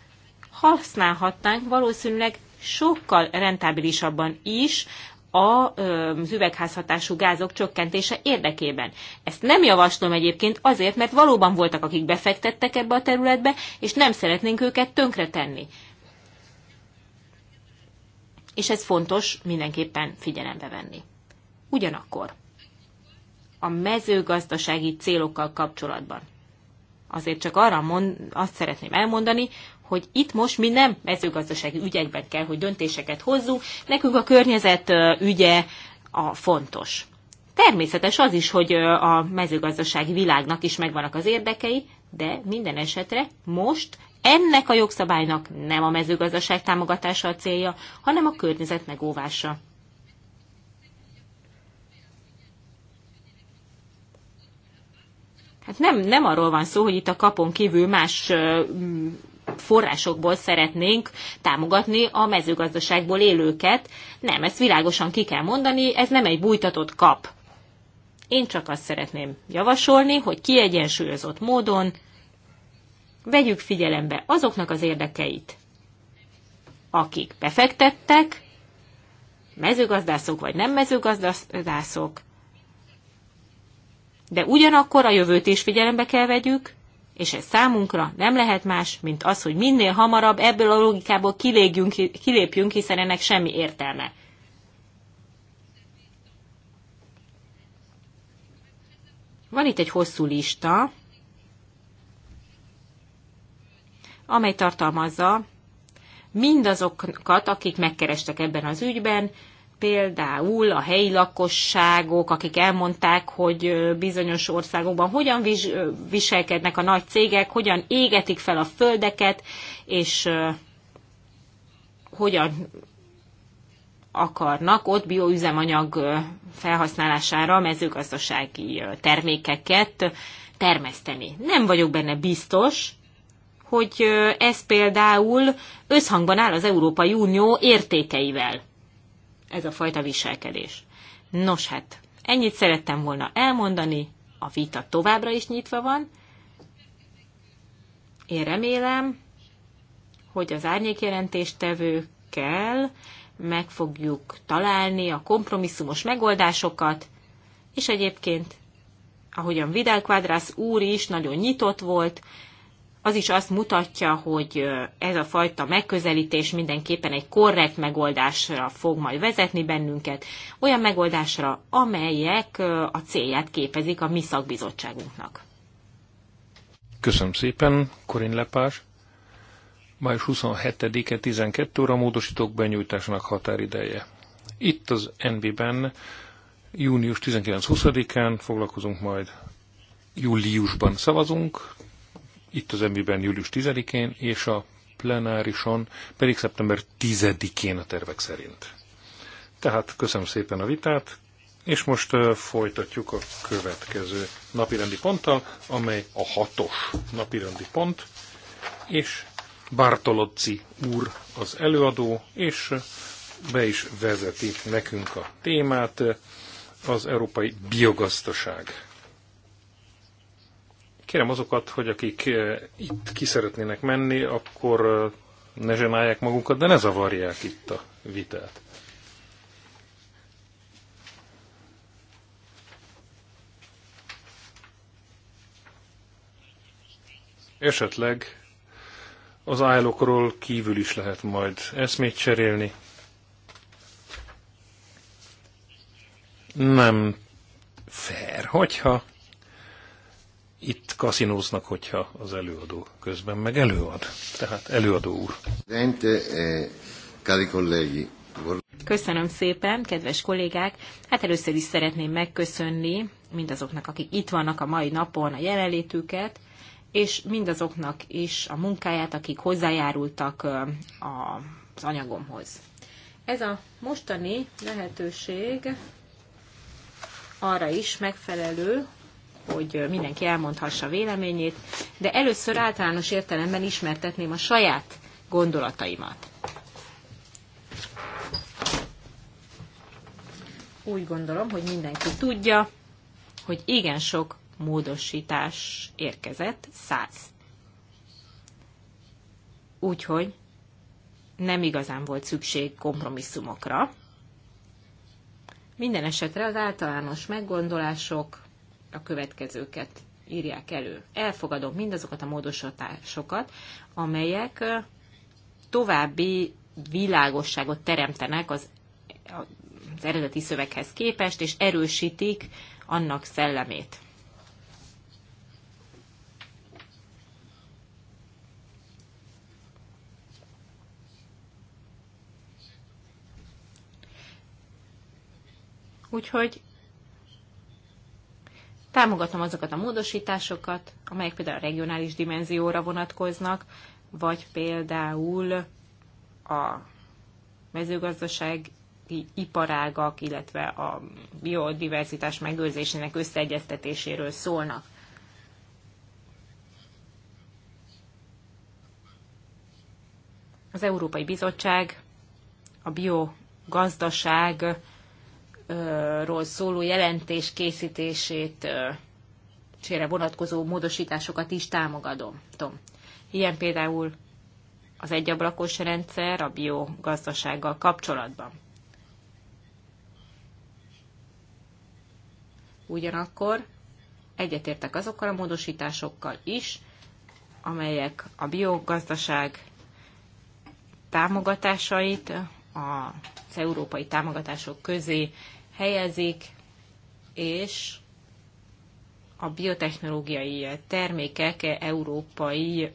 használhatnánk valószínűleg sokkal rentábilisabban is az üvegházhatású gázok csökkentése érdekében. Ezt nem javaslom egyébként azért, mert valóban voltak, akik befektettek ebbe a területbe, és nem szeretnénk őket tönkretenni. És ez fontos mindenképpen figyelembe venni. Ugyanakkor a mezőgazdasági célokkal kapcsolatban. Azért csak arra mond, azt szeretném elmondani, hogy itt most mi nem mezőgazdasági ügyekben kell, hogy döntéseket hozzunk, nekünk a környezet ügye a fontos. Természetes az is, hogy a mezőgazdasági világnak is megvannak az érdekei, de minden esetre most ennek a jogszabálynak nem a mezőgazdaság támogatása a célja, hanem a környezet megóvása. Hát nem, nem arról van szó, hogy itt a kapon kívül más forrásokból szeretnénk támogatni a mezőgazdaságból élőket. Nem, ezt világosan ki kell mondani, ez nem egy bújtatott kap. Én csak azt szeretném javasolni, hogy kiegyensúlyozott módon vegyük figyelembe azoknak az érdekeit, akik befektettek, mezőgazdászok vagy nem mezőgazdászok, de ugyanakkor a jövőt is figyelembe kell vegyük, és ez számunkra nem lehet más, mint az, hogy minél hamarabb ebből a logikából kilégjünk, kilépjünk, hiszen ennek semmi értelme. Van itt egy hosszú lista, amely tartalmazza mindazokat, akik megkerestek ebben az ügyben, például a helyi lakosságok, akik elmondták, hogy bizonyos országokban hogyan viselkednek a nagy cégek, hogyan égetik fel a földeket, és hogyan akarnak ott bioüzemanyag felhasználására mezőgazdasági termékeket termeszteni. Nem vagyok benne biztos, hogy ez például összhangban áll az Európai Unió értékeivel ez a fajta viselkedés. Nos hát, ennyit szerettem volna elmondani, a vita továbbra is nyitva van. Én remélem, hogy az árnyékjelentéstevőkkel meg fogjuk találni a kompromisszumos megoldásokat, és egyébként, ahogyan Vidal Quadras úr is nagyon nyitott volt, az is azt mutatja, hogy ez a fajta megközelítés mindenképpen egy korrekt megoldásra fog majd vezetni bennünket, olyan megoldásra, amelyek a célját képezik a mi szakbizottságunknak. Köszönöm szépen, Korin Lepás. Május 27-e 12 óra módosítók benyújtásának határideje. Itt az NB-ben június 19-20-án foglalkozunk majd júliusban szavazunk, itt az MB-ben július 10-én, és a plenárison pedig szeptember 10-én a tervek szerint. Tehát köszönöm szépen a vitát, és most folytatjuk a következő napirendi ponttal, amely a hatos napirendi pont, és Bartolozzi úr az előadó, és be is vezeti nekünk a témát, az európai biogazdaság. Kérem azokat, hogy akik eh, itt ki szeretnének menni, akkor eh, ne zsenálják magukat, de ne zavarják itt a vitát. Esetleg az állokról kívül is lehet majd eszmét cserélni. Nem fair, hogyha itt kaszinóznak, hogyha az előadó közben meg előad. Tehát előadó úr. Eh, Köszönöm szépen, kedves kollégák! Hát először is szeretném megköszönni mindazoknak, akik itt vannak a mai napon a jelenlétüket, és mindazoknak is a munkáját, akik hozzájárultak az anyagomhoz. Ez a mostani lehetőség arra is megfelelő, hogy mindenki elmondhassa véleményét, de először általános értelemben ismertetném a saját gondolataimat. Úgy gondolom, hogy mindenki tudja, hogy igen sok módosítás érkezett, száz. Úgyhogy nem igazán volt szükség kompromisszumokra. Minden esetre az általános meggondolások a következőket írják elő. Elfogadom mindazokat a módosításokat, amelyek további világosságot teremtenek az, az eredeti szöveghez képest, és erősítik annak szellemét. Úgyhogy Támogatom azokat a módosításokat, amelyek például a regionális dimenzióra vonatkoznak, vagy például a mezőgazdasági iparágak, illetve a biodiverzitás megőrzésének összeegyeztetéséről szólnak. Az Európai Bizottság a biogazdaság ról szóló jelentés készítését csére vonatkozó módosításokat is támogatom. Ilyen például az egyablakos rendszer a biogazdasággal kapcsolatban. Ugyanakkor egyetértek azokkal a módosításokkal is, amelyek a biogazdaság támogatásait az európai támogatások közé helyezik, és a biotechnológiai termékek európai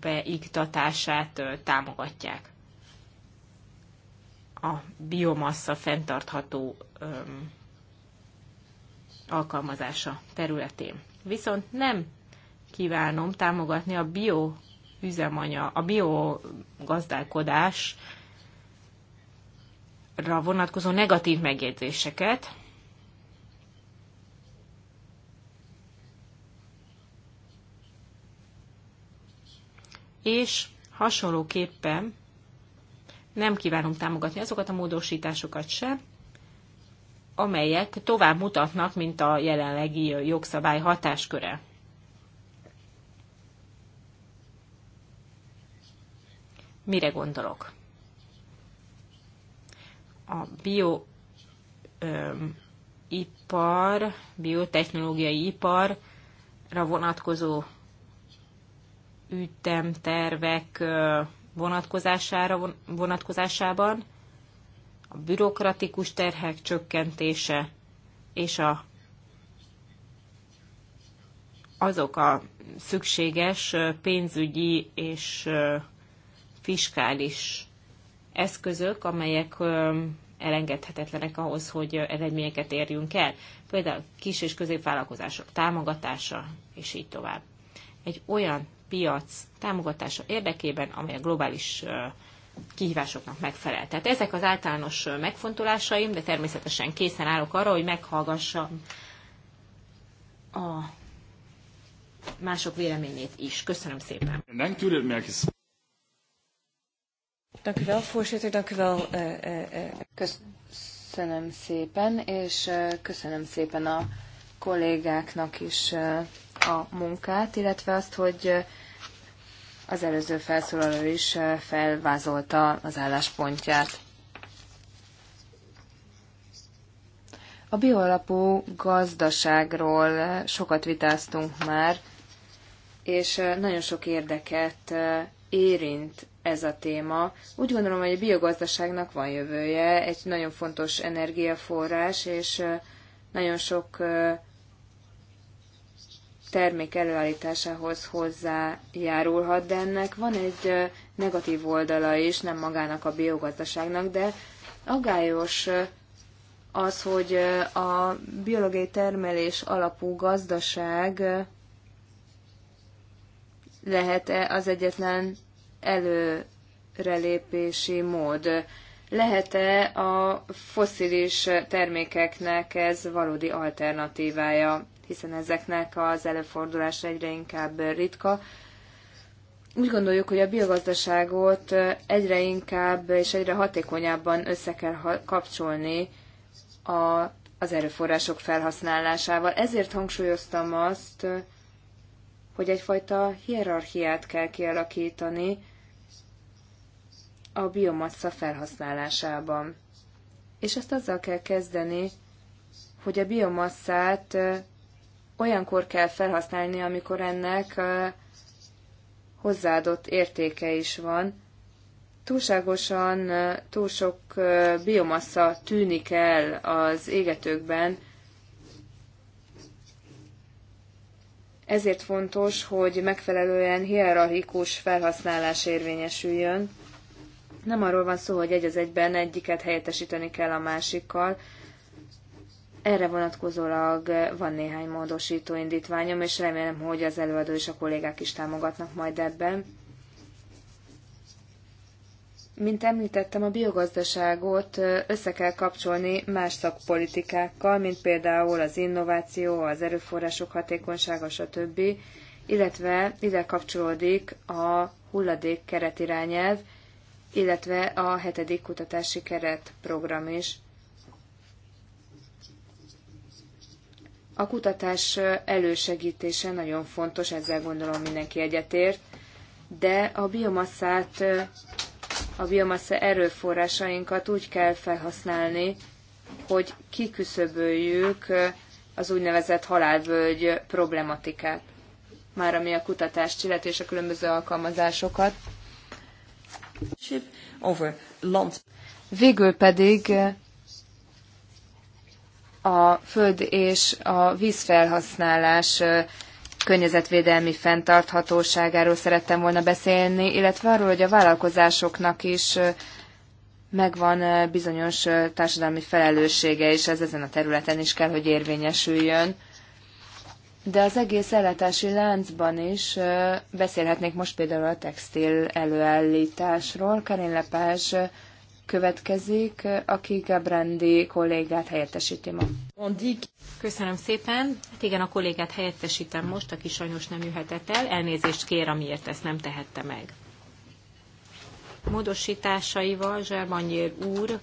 beiktatását támogatják. A biomassa fenntartható alkalmazása területén. Viszont nem kívánom támogatni a bio üzemanya, a biogazdálkodás vonatkozó negatív megjegyzéseket. És hasonlóképpen nem kívánunk támogatni azokat a módosításokat sem, amelyek tovább mutatnak, mint a jelenlegi jogszabály hatásköre. Mire gondolok? a bio öm, ipar, biotechnológiai iparra vonatkozó ütemtervek vonatkozására, vonatkozásában, a bürokratikus terhek csökkentése és a, azok a szükséges pénzügyi és fiskális eszközök, amelyek elengedhetetlenek ahhoz, hogy eredményeket érjünk el. Például kis és középvállalkozások támogatása, és így tovább. Egy olyan piac támogatása érdekében, amely a globális kihívásoknak megfelel. Tehát ezek az általános megfontolásaim, de természetesen készen állok arra, hogy meghallgassam a mások véleményét is. Köszönöm szépen. Dank u wel, voorzitter. Dank u wel. Eh, eh, eh. Köszönöm szépen, és köszönöm szépen a kollégáknak is a munkát, illetve azt, hogy az előző felszólaló is felvázolta az álláspontját. A bioalapú gazdaságról sokat vitáztunk már, és nagyon sok érdeket érint ez a téma. Úgy gondolom, hogy a biogazdaságnak van jövője, egy nagyon fontos energiaforrás, és nagyon sok termék előállításához hozzájárulhat, de ennek van egy negatív oldala is, nem magának a biogazdaságnak, de aggályos az, hogy a biológiai termelés alapú gazdaság lehet-e az egyetlen előrelépési mód. Lehet-e a foszilis termékeknek ez valódi alternatívája, hiszen ezeknek az előfordulása egyre inkább ritka. Úgy gondoljuk, hogy a biogazdaságot egyre inkább és egyre hatékonyabban össze kell kapcsolni a, az erőforrások felhasználásával. Ezért hangsúlyoztam azt, hogy egyfajta hierarchiát kell kialakítani, a biomassa felhasználásában. És ezt azzal kell kezdeni, hogy a biomasszát olyankor kell felhasználni, amikor ennek hozzáadott értéke is van. Túlságosan túl sok biomassa tűnik el az égetőkben, ezért fontos, hogy megfelelően hierarchikus felhasználás érvényesüljön. Nem arról van szó, hogy egy az egyben egyiket helyettesíteni kell a másikkal. Erre vonatkozólag van néhány módosító indítványom, és remélem, hogy az előadó és a kollégák is támogatnak majd ebben. Mint említettem, a biogazdaságot össze kell kapcsolni más szakpolitikákkal, mint például az innováció, az erőforrások hatékonysága, stb., illetve ide kapcsolódik a hulladék keretirányelv, illetve a hetedik kutatási keret program is. A kutatás elősegítése nagyon fontos, ezzel gondolom mindenki egyetért, de a biomasszát, a biomassa erőforrásainkat úgy kell felhasználni, hogy kiküszöböljük az úgynevezett halálvölgy problematikát, már ami a kutatást illeti és a különböző alkalmazásokat. Végül pedig a föld és a vízfelhasználás környezetvédelmi fenntarthatóságáról szerettem volna beszélni, illetve arról, hogy a vállalkozásoknak is megvan bizonyos társadalmi felelőssége, és ez ezen a területen is kell, hogy érvényesüljön de az egész ellátási láncban is beszélhetnék most például a textil előállításról. Karin Lepázs következik, aki Gabrandi kollégát helyettesíti ma. Köszönöm szépen. Hát igen, a kollégát helyettesítem most, aki sajnos nem jöhetett el. Elnézést kér, amiért ezt nem tehette meg. Módosításaival Zsermanyér úr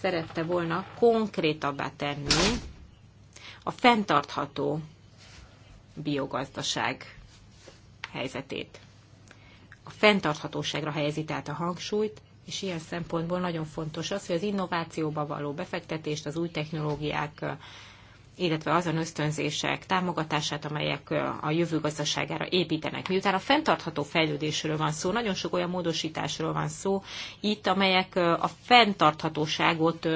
szerette volna konkrétabbá tenni a fenntartható biogazdaság helyzetét. A fenntarthatóságra helyezi tehát a hangsúlyt, és ilyen szempontból nagyon fontos az, hogy az innovációba való befektetést, az új technológiák, illetve azon ösztönzések támogatását, amelyek a jövő gazdaságára építenek. Miután a fenntartható fejlődésről van szó, nagyon sok olyan módosításról van szó itt, amelyek a fenntarthatóságot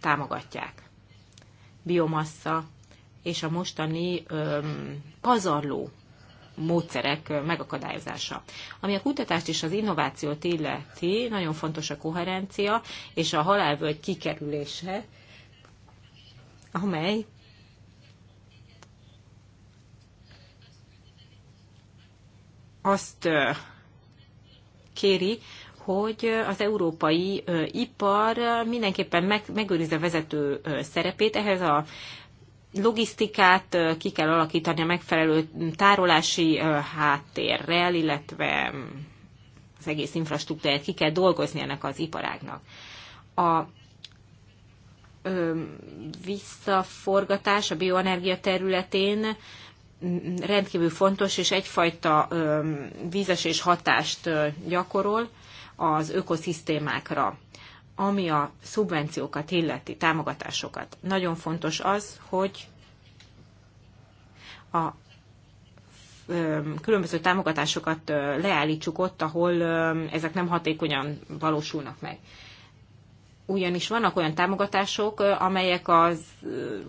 támogatják biomassa és a mostani öm, pazarló módszerek megakadályozása. Ami a kutatást és az innovációt illeti, nagyon fontos a koherencia és a halálvölgy kikerülése, amely azt kéri, hogy az európai ipar mindenképpen meg, megőrizze vezető szerepét, ehhez a logisztikát ki kell alakítani a megfelelő tárolási háttérrel, illetve az egész infrastruktúrát ki kell dolgozni ennek az iparágnak. A ö, visszaforgatás a bioenergia területén rendkívül fontos, és egyfajta vízesés hatást gyakorol az ökoszisztémákra. Ami a szubvenciókat illeti, támogatásokat, nagyon fontos az, hogy a különböző támogatásokat leállítsuk ott, ahol ezek nem hatékonyan valósulnak meg ugyanis vannak olyan támogatások, amelyek a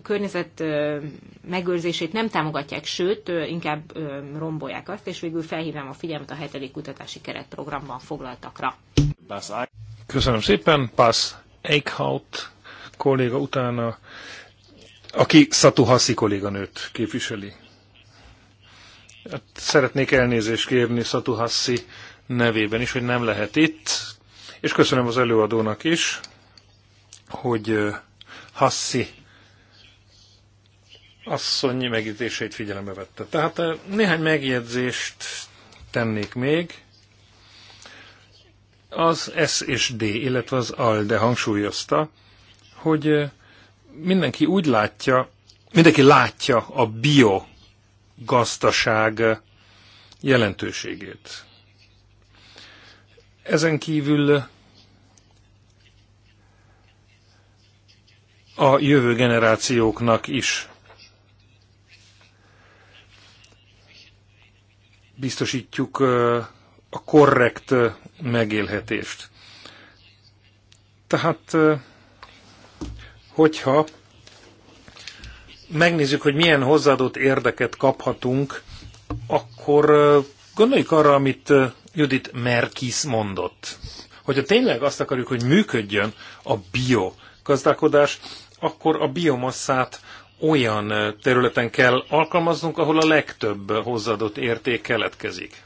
környezet megőrzését nem támogatják, sőt, inkább rombolják azt, és végül felhívnám a figyelmet a hetedik kutatási keretprogramban foglaltakra. Köszönöm szépen, Pász Eichhout kolléga utána, aki Szatu Haszi kolléganőt képviseli. Szeretnék elnézést kérni Szatu Hassi nevében is, hogy nem lehet itt, és köszönöm az előadónak is, hogy Hassi asszonyi megítését figyelembe vette. Tehát néhány megjegyzést tennék még. Az S és D, illetve az ALDE hangsúlyozta, hogy mindenki úgy látja, mindenki látja a bio gazdaság jelentőségét. Ezen kívül a jövő generációknak is biztosítjuk a korrekt megélhetést. Tehát, hogyha megnézzük, hogy milyen hozzáadott érdeket kaphatunk, akkor gondoljuk arra, amit Judit Merkis mondott. Hogyha tényleg azt akarjuk, hogy működjön a bio gazdálkodás, akkor a biomasszát olyan területen kell alkalmaznunk, ahol a legtöbb hozzáadott érték keletkezik.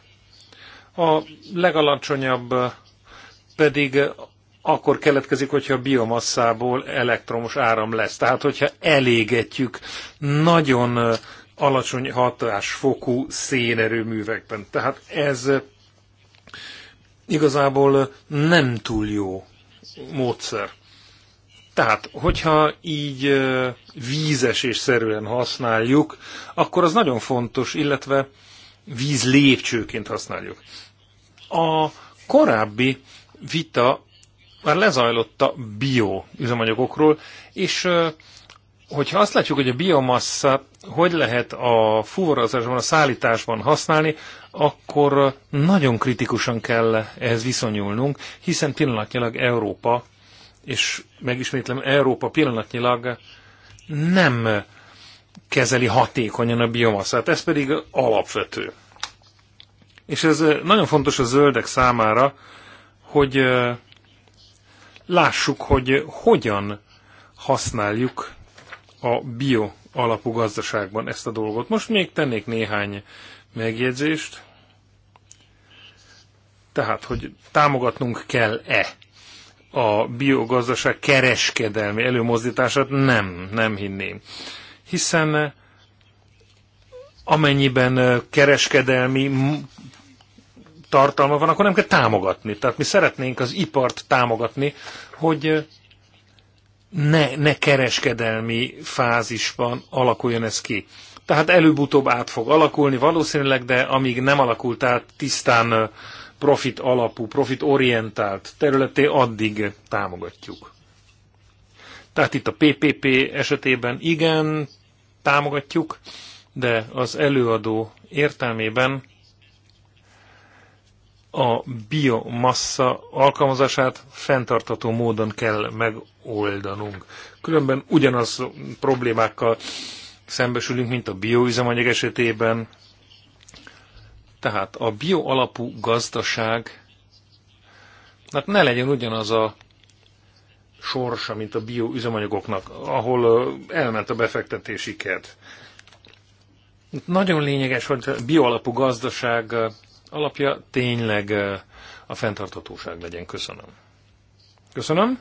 A legalacsonyabb pedig akkor keletkezik, hogyha a biomasszából elektromos áram lesz. Tehát, hogyha elégetjük nagyon alacsony hatásfokú szénerőművekben. Tehát ez igazából nem túl jó módszer. Tehát, hogyha így szerűen használjuk, akkor az nagyon fontos, illetve víz lépcsőként használjuk. A korábbi vita már lezajlott a bioüzemanyagokról, és hogyha azt látjuk, hogy a biomassa, hogy lehet a fuvarozásban, a szállításban használni, akkor nagyon kritikusan kell ehhez viszonyulnunk, hiszen pillanatnyilag Európa és megismétlem, Európa pillanatnyilag nem kezeli hatékonyan a biomaszát, ez pedig alapvető. És ez nagyon fontos a zöldek számára, hogy lássuk, hogy hogyan használjuk a bio alapú gazdaságban ezt a dolgot. Most még tennék néhány megjegyzést. Tehát, hogy támogatnunk kell-e a biogazdaság kereskedelmi előmozdítását nem, nem hinném. Hiszen eh, amennyiben eh, kereskedelmi tartalma van, akkor nem kell támogatni. Tehát mi szeretnénk az ipart támogatni, hogy eh, ne, ne kereskedelmi fázisban alakuljon ez ki. Tehát előbb-utóbb át fog alakulni valószínűleg, de amíg nem alakult át, tisztán profit alapú, profit orientált területé addig támogatjuk. Tehát itt a PPP esetében igen, támogatjuk, de az előadó értelmében a biomassa alkalmazását fenntartató módon kell megoldanunk. Különben ugyanaz problémákkal szembesülünk, mint a bioüzemanyag esetében, tehát a alapú gazdaság, hát ne legyen ugyanaz a sorsa, mint a bioüzemanyagoknak, ahol elment a befektetési kedv. Nagyon lényeges, hogy a bio alapú gazdaság alapja tényleg a fenntarthatóság legyen. Köszönöm. Köszönöm.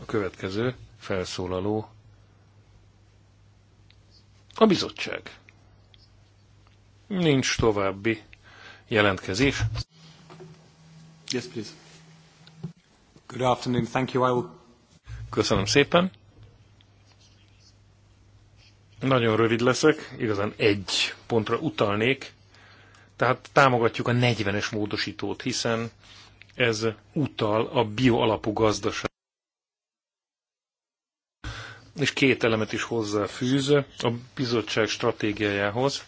A következő felszólaló a bizottság. Nincs további jelentkezés. Yes, please. Good afternoon. Thank you. I will... Köszönöm szépen. Nagyon rövid leszek, igazán egy pontra utalnék. Tehát támogatjuk a 40-es módosítót, hiszen ez utal a bioalapú gazdaság. És két elemet is hozzáfűz a bizottság stratégiájához.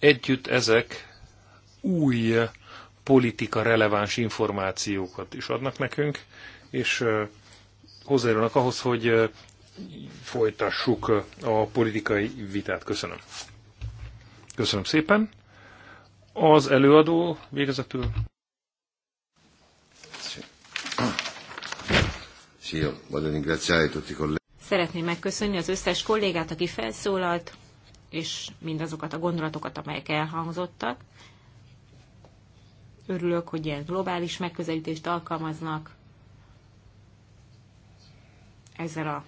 Együtt ezek új politika releváns információkat is adnak nekünk, és hozzájárulnak ahhoz, hogy folytassuk a politikai vitát. Köszönöm. Köszönöm szépen. Az előadó végezetül. Szeretném megköszönni az összes kollégát, aki felszólalt és mindazokat a gondolatokat, amelyek elhangzottak. Örülök, hogy ilyen globális megközelítést alkalmaznak ezzel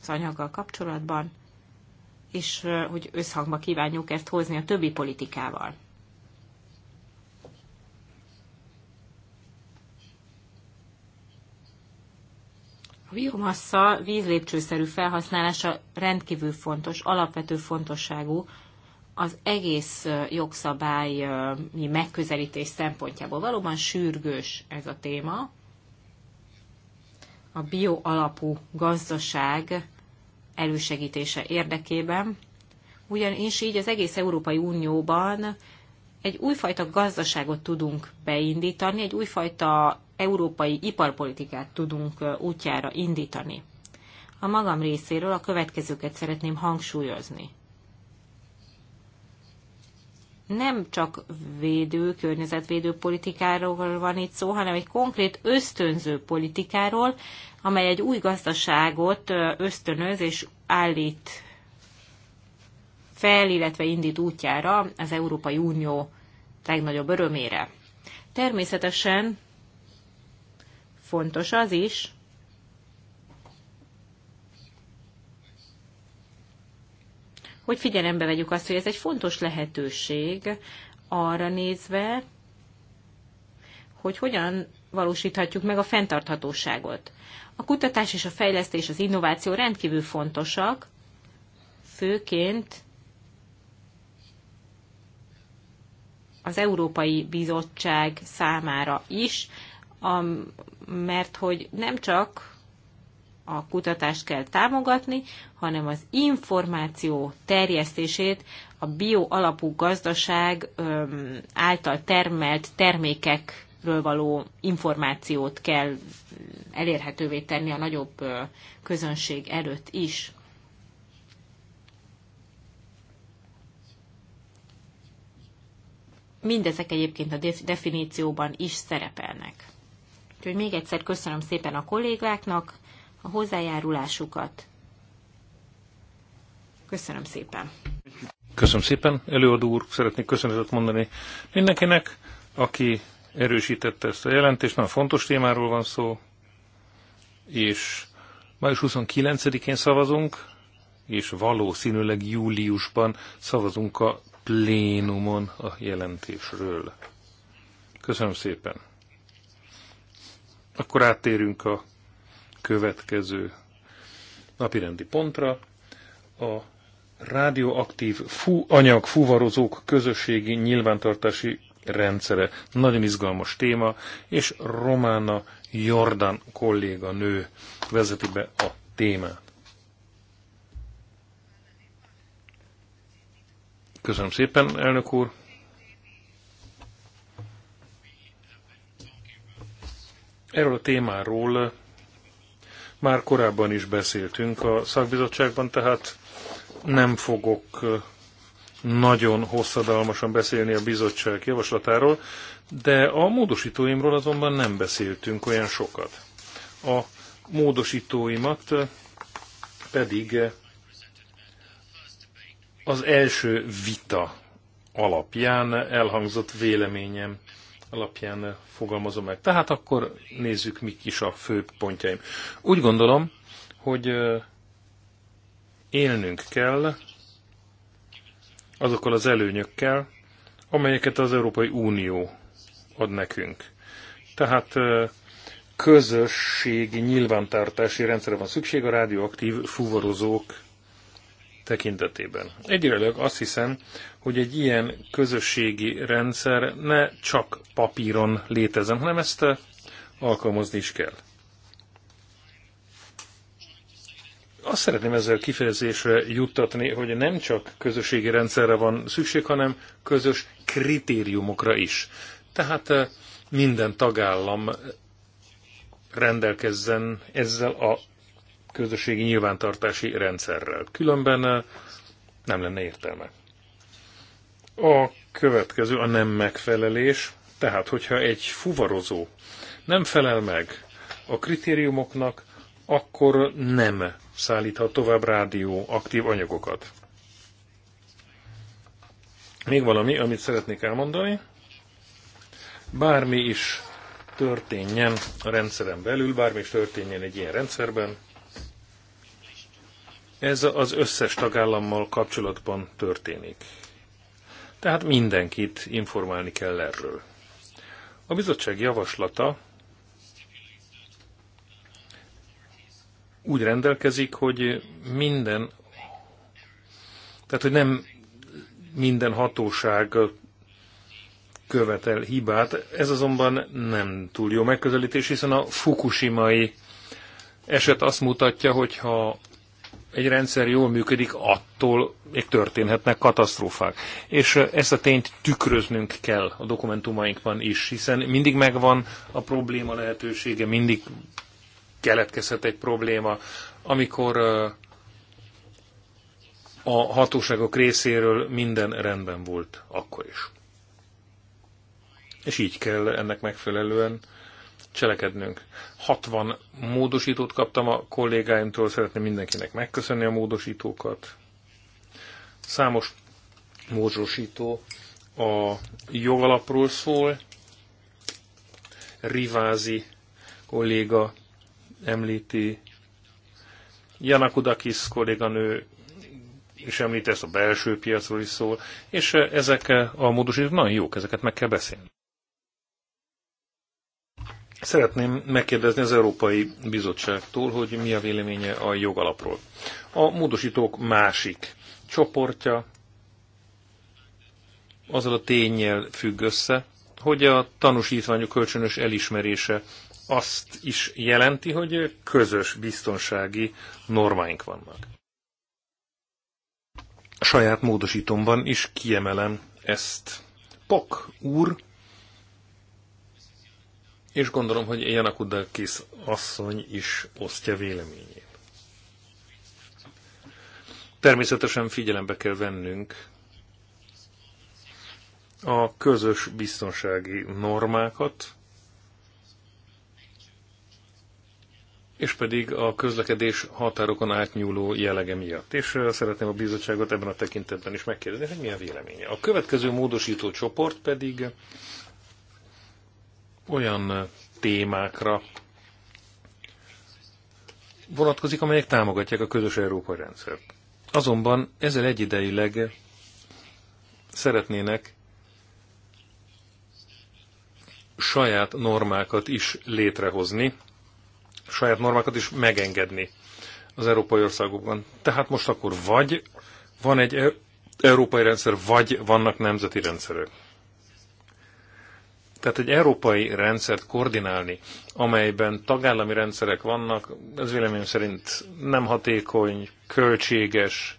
az anyaggal kapcsolatban, és hogy összhangba kívánjuk ezt hozni a többi politikával. A biomassa vízlépcsőszerű felhasználása rendkívül fontos, alapvető fontosságú az egész jogszabályi megközelítés szempontjából. Valóban sürgős ez a téma. A bioalapú gazdaság elősegítése érdekében, ugyanis így az egész Európai Unióban egy újfajta gazdaságot tudunk beindítani, egy újfajta európai iparpolitikát tudunk útjára indítani. A magam részéről a következőket szeretném hangsúlyozni. Nem csak védő, környezetvédő politikáról van itt szó, hanem egy konkrét ösztönző politikáról, amely egy új gazdaságot ösztönöz és állít fel, illetve indít útjára az Európai Unió legnagyobb örömére. Természetesen fontos az is, hogy figyelembe vegyük azt, hogy ez egy fontos lehetőség arra nézve, hogy hogyan valósíthatjuk meg a fenntarthatóságot. A kutatás és a fejlesztés, az innováció rendkívül fontosak, főként az Európai Bizottság számára is, a, mert hogy nem csak a kutatást kell támogatni, hanem az információ terjesztését a bio alapú gazdaság által termelt termékekről való információt kell elérhetővé tenni a nagyobb közönség előtt is. Mindezek egyébként a definícióban is szerepelnek. Úgyhogy még egyszer köszönöm szépen a kollégáknak a hozzájárulásukat. Köszönöm szépen. Köszönöm szépen. Előadó úr, szeretnék köszönetet mondani mindenkinek, aki erősítette ezt a jelentést. Nagyon fontos témáról van szó, és május 29-én szavazunk, és valószínűleg júliusban szavazunk a plénumon a jelentésről. Köszönöm szépen! Akkor áttérünk a következő napirendi pontra. A rádióaktív fu anyag fuvarozók közösségi nyilvántartási rendszere. Nagyon izgalmas téma, és Romána Jordan kolléga nő vezeti be a témát. Köszönöm szépen, elnök úr! Erről a témáról már korábban is beszéltünk a szakbizottságban, tehát nem fogok nagyon hosszadalmasan beszélni a bizottság javaslatáról, de a módosítóimról azonban nem beszéltünk olyan sokat. A módosítóimat pedig az első vita alapján elhangzott véleményem alapján fogalmazom meg. Tehát akkor nézzük, mik is a fő pontjaim. Úgy gondolom, hogy élnünk kell azokkal az előnyökkel, amelyeket az Európai Unió ad nekünk. Tehát közösségi nyilvántartási rendszerre van szükség a rádióaktív fuvarozók tekintetében. Egyelőleg azt hiszem, hogy egy ilyen közösségi rendszer ne csak papíron létezem, hanem ezt eh, alkalmazni is kell. Azt szeretném ezzel kifejezésre juttatni, hogy nem csak közösségi rendszerre van szükség, hanem közös kritériumokra is. Tehát eh, minden tagállam rendelkezzen ezzel a közösségi nyilvántartási rendszerrel. Különben eh, nem lenne értelme. A következő a nem megfelelés, tehát hogyha egy fuvarozó nem felel meg a kritériumoknak, akkor nem szállíthat tovább rádióaktív anyagokat. Még valami, amit szeretnék elmondani. Bármi is történjen a rendszeren belül, bármi is történjen egy ilyen rendszerben, ez az összes tagállammal kapcsolatban történik. Tehát mindenkit informálni kell erről. A bizottság javaslata úgy rendelkezik, hogy minden, tehát hogy nem minden hatóság követel hibát, ez azonban nem túl jó megközelítés, hiszen a fukushimai eset azt mutatja, hogy ha egy rendszer jól működik, attól még történhetnek katasztrófák. És ezt a tényt tükröznünk kell a dokumentumainkban is, hiszen mindig megvan a probléma lehetősége, mindig keletkezhet egy probléma, amikor a hatóságok részéről minden rendben volt akkor is. És így kell ennek megfelelően cselekednünk. 60 módosítót kaptam a kollégáimtól, szeretném mindenkinek megköszönni a módosítókat. Számos módosító a jogalapról szól, Rivázi kolléga említi, Janakudakis kolléganő és említi ezt a belső piacról is szól, és ezek a módosítók nagyon jók, ezeket meg kell beszélni. Szeretném megkérdezni az Európai Bizottságtól, hogy mi a véleménye a jogalapról. A módosítók másik csoportja azzal a tényel függ össze, hogy a tanúsítványok kölcsönös elismerése azt is jelenti, hogy közös biztonsági normáink vannak. A saját módosítomban is kiemelem ezt. Pok úr és gondolom, hogy kis asszony is osztja véleményét. Természetesen figyelembe kell vennünk a közös biztonsági normákat, és pedig a közlekedés határokon átnyúló jellege miatt. És szeretném a bizottságot ebben a tekintetben is megkérdezni, hogy mi a véleménye. A következő módosító csoport pedig olyan témákra vonatkozik, amelyek támogatják a közös európai rendszert. Azonban ezzel egyidejileg szeretnének saját normákat is létrehozni, saját normákat is megengedni az európai országokban. Tehát most akkor vagy van egy e- európai rendszer, vagy vannak nemzeti rendszerek. Tehát egy európai rendszert koordinálni, amelyben tagállami rendszerek vannak, ez véleményem szerint nem hatékony, költséges,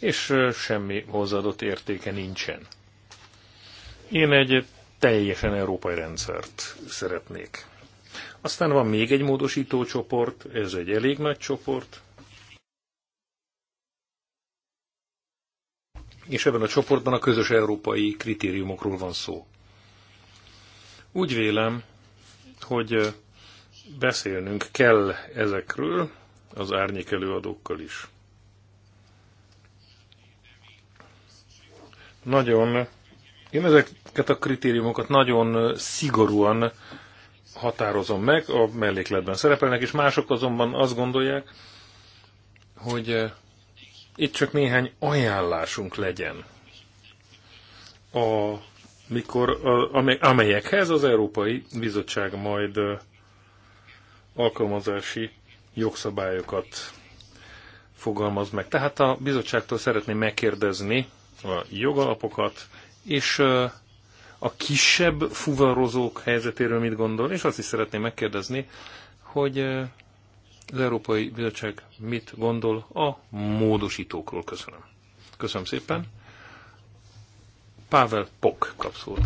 és semmi hozzáadott értéke nincsen. Én egy teljesen európai rendszert szeretnék. Aztán van még egy módosító csoport, ez egy elég nagy csoport, és ebben a csoportban a közös európai kritériumokról van szó. Úgy vélem, hogy beszélnünk kell ezekről az árnyék előadókkal is. Nagyon, én ezeket a kritériumokat nagyon szigorúan határozom meg, a mellékletben szerepelnek, és mások azonban azt gondolják, hogy itt csak néhány ajánlásunk legyen a mikor, amelyekhez az Európai Bizottság majd alkalmazási jogszabályokat fogalmaz meg. Tehát a bizottságtól szeretném megkérdezni a jogalapokat, és a kisebb fuvarozók helyzetéről mit gondol, és azt is szeretném megkérdezni, hogy az Európai Bizottság mit gondol a módosítókról. Köszönöm. Köszönöm szépen. Pavel Pok kap szót.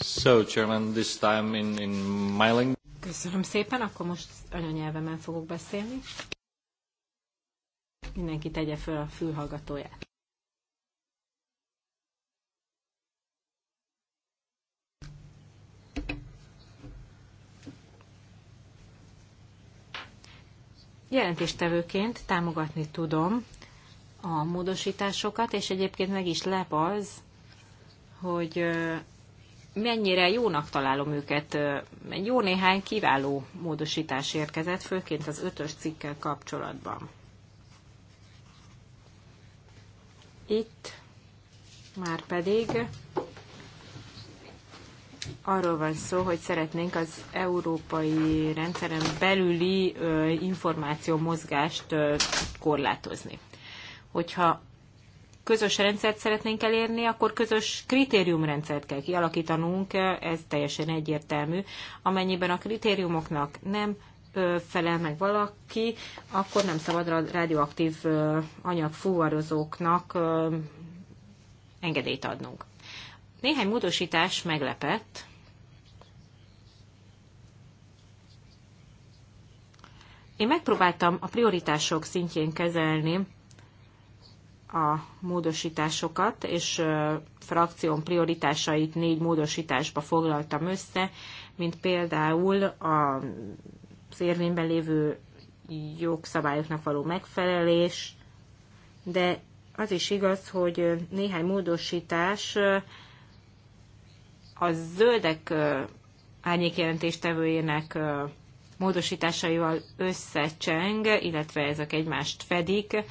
So, Chairman, this time in, in my language. Köszönöm szépen, akkor most anyanyelvemen fogok beszélni. Mindenki tegye föl a fülhallgatóját. Jelentéstevőként támogatni tudom a módosításokat, és egyébként meg is lep az, hogy mennyire jónak találom őket. Jó néhány kiváló módosítás érkezett, főként az ötös cikkel kapcsolatban. Itt már pedig arról van szó, hogy szeretnénk az európai rendszeren belüli információ mozgást korlátozni. Hogyha közös rendszert szeretnénk elérni, akkor közös kritériumrendszert kell kialakítanunk, ez teljesen egyértelmű. Amennyiben a kritériumoknak nem felel meg valaki, akkor nem szabad a radioaktív anyagfúvarozóknak engedélyt adnunk. Néhány módosítás meglepett. Én megpróbáltam a prioritások szintjén kezelni a módosításokat, és frakción prioritásait négy módosításba foglaltam össze, mint például a érvényben lévő jogszabályoknak való megfelelés, de az is igaz, hogy néhány módosítás a zöldek árnyékjelentéstevőjének módosításaival összecseng, illetve ezek egymást fedik,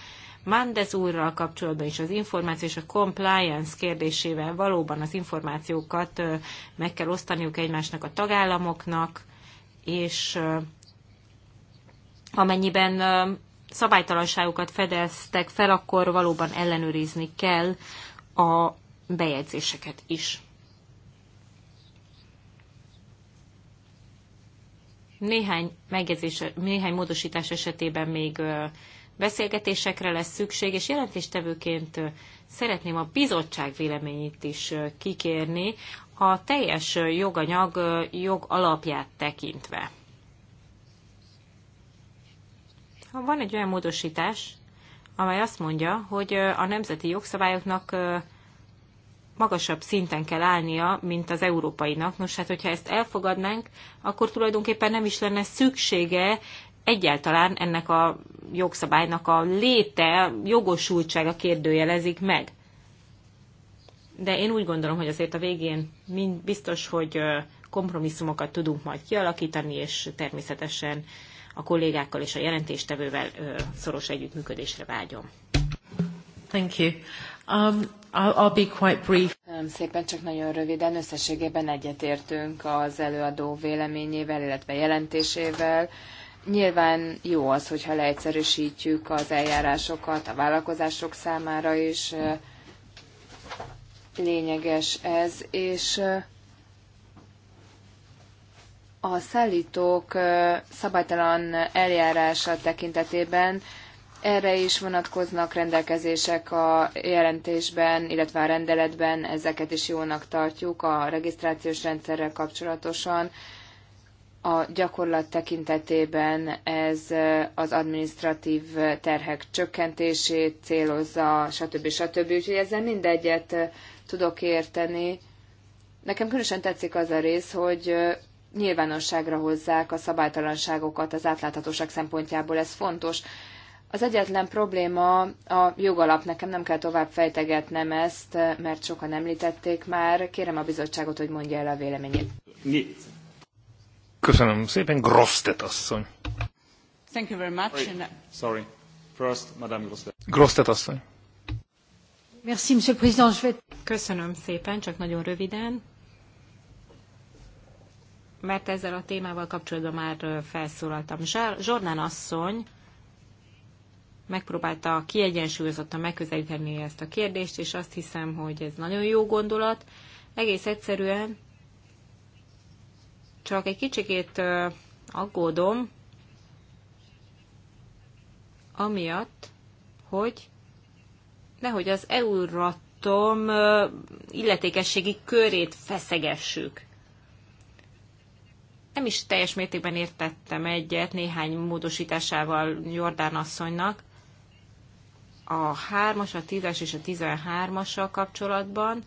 Mandez úrral kapcsolatban is az információ és a compliance kérdésével valóban az információkat meg kell osztaniuk egymásnak a tagállamoknak, és amennyiben szabálytalanságokat fedeztek fel, akkor valóban ellenőrizni kell a bejegyzéseket is. Néhány, megjegyzés, néhány módosítás esetében még beszélgetésekre lesz szükség, és jelentéstevőként szeretném a bizottság véleményét is kikérni a teljes joganyag jog alapját tekintve. Ha van egy olyan módosítás, amely azt mondja, hogy a nemzeti jogszabályoknak magasabb szinten kell állnia, mint az európainak. Nos, hát hogyha ezt elfogadnánk, akkor tulajdonképpen nem is lenne szüksége egyáltalán ennek a jogszabálynak a léte, jogosultsága kérdőjelezik meg. De én úgy gondolom, hogy azért a végén mind biztos, hogy kompromisszumokat tudunk majd kialakítani, és természetesen a kollégákkal és a jelentéstevővel szoros együttműködésre vágyom. Thank you. Um, I'll, I'll be quite brief. Szépen csak nagyon röviden, összességében egyetértünk az előadó véleményével, illetve jelentésével Nyilván jó az, hogyha leegyszerűsítjük az eljárásokat a vállalkozások számára is, lényeges ez, és a szállítók szabálytalan eljárása tekintetében erre is vonatkoznak rendelkezések a jelentésben, illetve a rendeletben, ezeket is jónak tartjuk a regisztrációs rendszerrel kapcsolatosan a gyakorlat tekintetében ez az administratív terhek csökkentését célozza, stb. stb. Úgyhogy ezzel mindegyet tudok érteni. Nekem különösen tetszik az a rész, hogy nyilvánosságra hozzák a szabálytalanságokat az átláthatóság szempontjából, ez fontos. Az egyetlen probléma a jogalap, nekem nem kell tovább fejtegetnem ezt, mert sokan említették már. Kérem a bizottságot, hogy mondja el a véleményét. Mi? Köszönöm szépen, Grosztet asszony. Thank you very much. And... Sorry. First, Madame Grosztet. Grosztet asszony. Merci, Monsieur le Président. Je vais... Köszönöm szépen, csak nagyon röviden. Mert ezzel a témával kapcsolatban már felszólaltam. Zsornán asszony megpróbálta kiegyensúlyozottan megközelíteni ezt a kérdést, és azt hiszem, hogy ez nagyon jó gondolat. Egész egyszerűen csak egy kicsikét aggódom, amiatt, hogy nehogy az Euratom illetékességi körét feszegessük. Nem is teljes mértékben értettem egyet néhány módosításával Jordán asszonynak, a 3-as, a 10-es és a 13-assal kapcsolatban,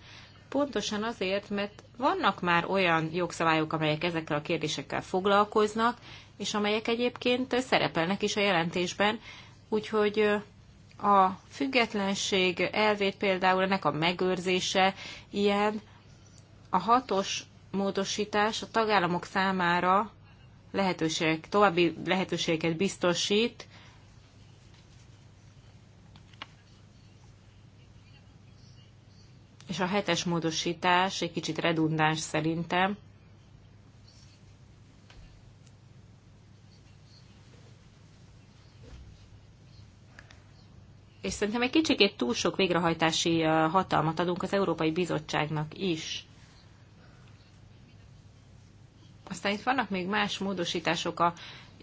Pontosan azért, mert vannak már olyan jogszabályok, amelyek ezekkel a kérdésekkel foglalkoznak, és amelyek egyébként szerepelnek is a jelentésben, úgyhogy a függetlenség elvét például ennek a megőrzése ilyen, a hatos módosítás a tagállamok számára lehetőség, további lehetőséget biztosít és a hetes módosítás egy kicsit redundáns szerintem. És szerintem egy kicsikét túl sok végrehajtási hatalmat adunk az Európai Bizottságnak is. Aztán itt vannak még más módosítások a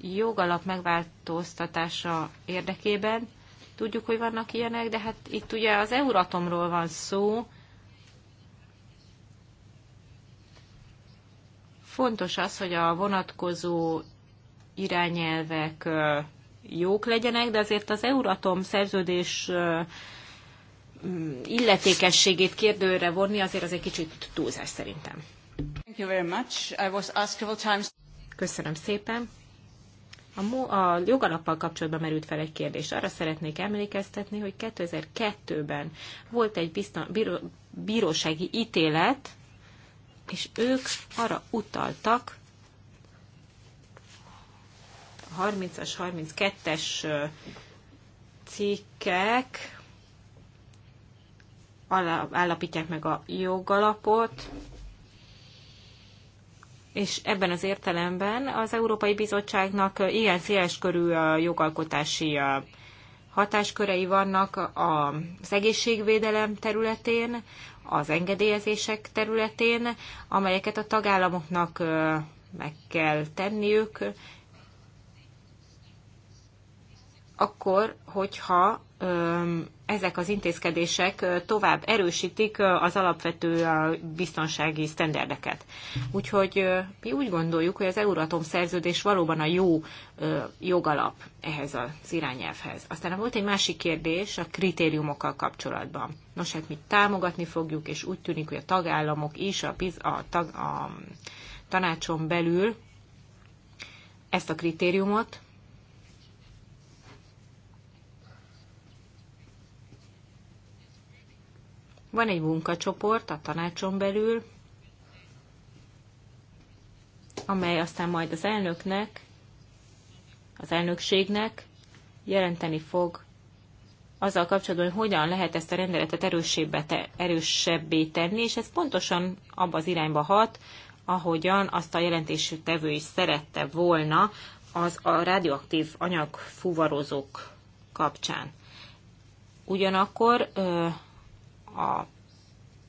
jogalap megváltoztatása érdekében. Tudjuk, hogy vannak ilyenek, de hát itt ugye az Euratomról van szó, Fontos az, hogy a vonatkozó irányelvek jók legyenek, de azért az Euratom szerződés illetékességét kérdőre vonni azért az egy kicsit túlzás szerintem. Thank you very much. I was asked times... Köszönöm szépen. A, mo- a jogalappal kapcsolatban merült fel egy kérdés. Arra szeretnék emlékeztetni, hogy 2002-ben volt egy bizton- bíró- bírósági ítélet, és ők arra utaltak, a 30-as, 32-es cikkek állapítják meg a jogalapot, és ebben az értelemben az Európai Bizottságnak igen széles körű a jogalkotási hatáskörei vannak az egészségvédelem területén, az engedélyezések területén, amelyeket a tagállamoknak meg kell tenniük, akkor, hogyha ezek az intézkedések tovább erősítik az alapvető biztonsági sztenderdeket. Úgyhogy mi úgy gondoljuk, hogy az Euratom szerződés valóban a jó jogalap ehhez az irányelvhez. Aztán volt egy másik kérdés a kritériumokkal kapcsolatban. Nos, hát mi támogatni fogjuk, és úgy tűnik, hogy a tagállamok is a, biz, a, tag, a tanácson belül ezt a kritériumot Van egy munkacsoport a tanácson belül, amely aztán majd az elnöknek, az elnökségnek jelenteni fog azzal kapcsolatban, hogy hogyan lehet ezt a rendeletet te, erősebbé tenni, és ez pontosan abba az irányba hat, ahogyan azt a jelentésű tevő is szerette volna az a radioaktív anyag fuvarozók kapcsán. Ugyanakkor a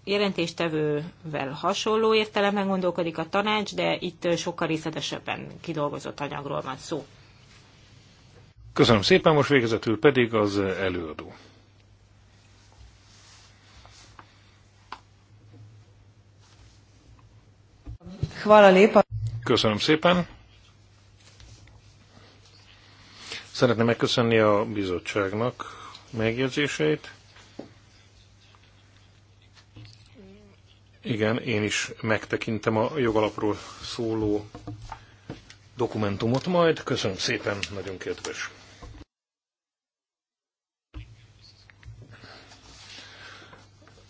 jelentéstevővel hasonló értelemben gondolkodik a tanács, de itt sokkal részletesebben kidolgozott anyagról van szó. Köszönöm szépen, most végezetül pedig az előadó. Köszönöm szépen. Szeretném megköszönni a bizottságnak megjegyzéseit. Igen, én is megtekintem a jogalapról szóló dokumentumot majd. Köszönöm szépen, nagyon kedves.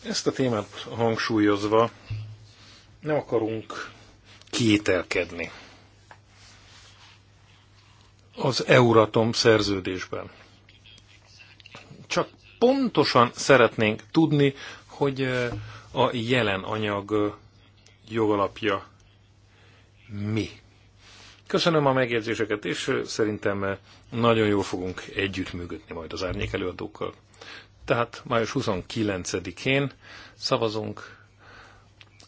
Ezt a témát hangsúlyozva nem akarunk kételkedni az Euratom szerződésben. Csak pontosan szeretnénk tudni, hogy eh, a jelen anyag jogalapja mi. Köszönöm a megjegyzéseket, és szerintem nagyon jól fogunk együttműködni majd az árnyék előadókkal. Tehát május 29-én szavazunk.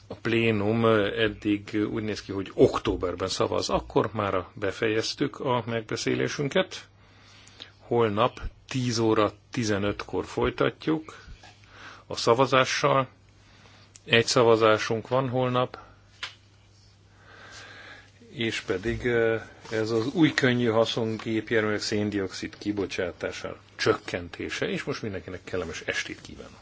A plénum eddig úgy néz ki, hogy októberben szavaz. Akkor már befejeztük a megbeszélésünket. Holnap 10 óra 15-kor folytatjuk a szavazással. Egy szavazásunk van holnap, és pedig ez az új könnyű haszon szén széndiokszid kibocsátására csökkentése, és most mindenkinek kellemes estét kívánok!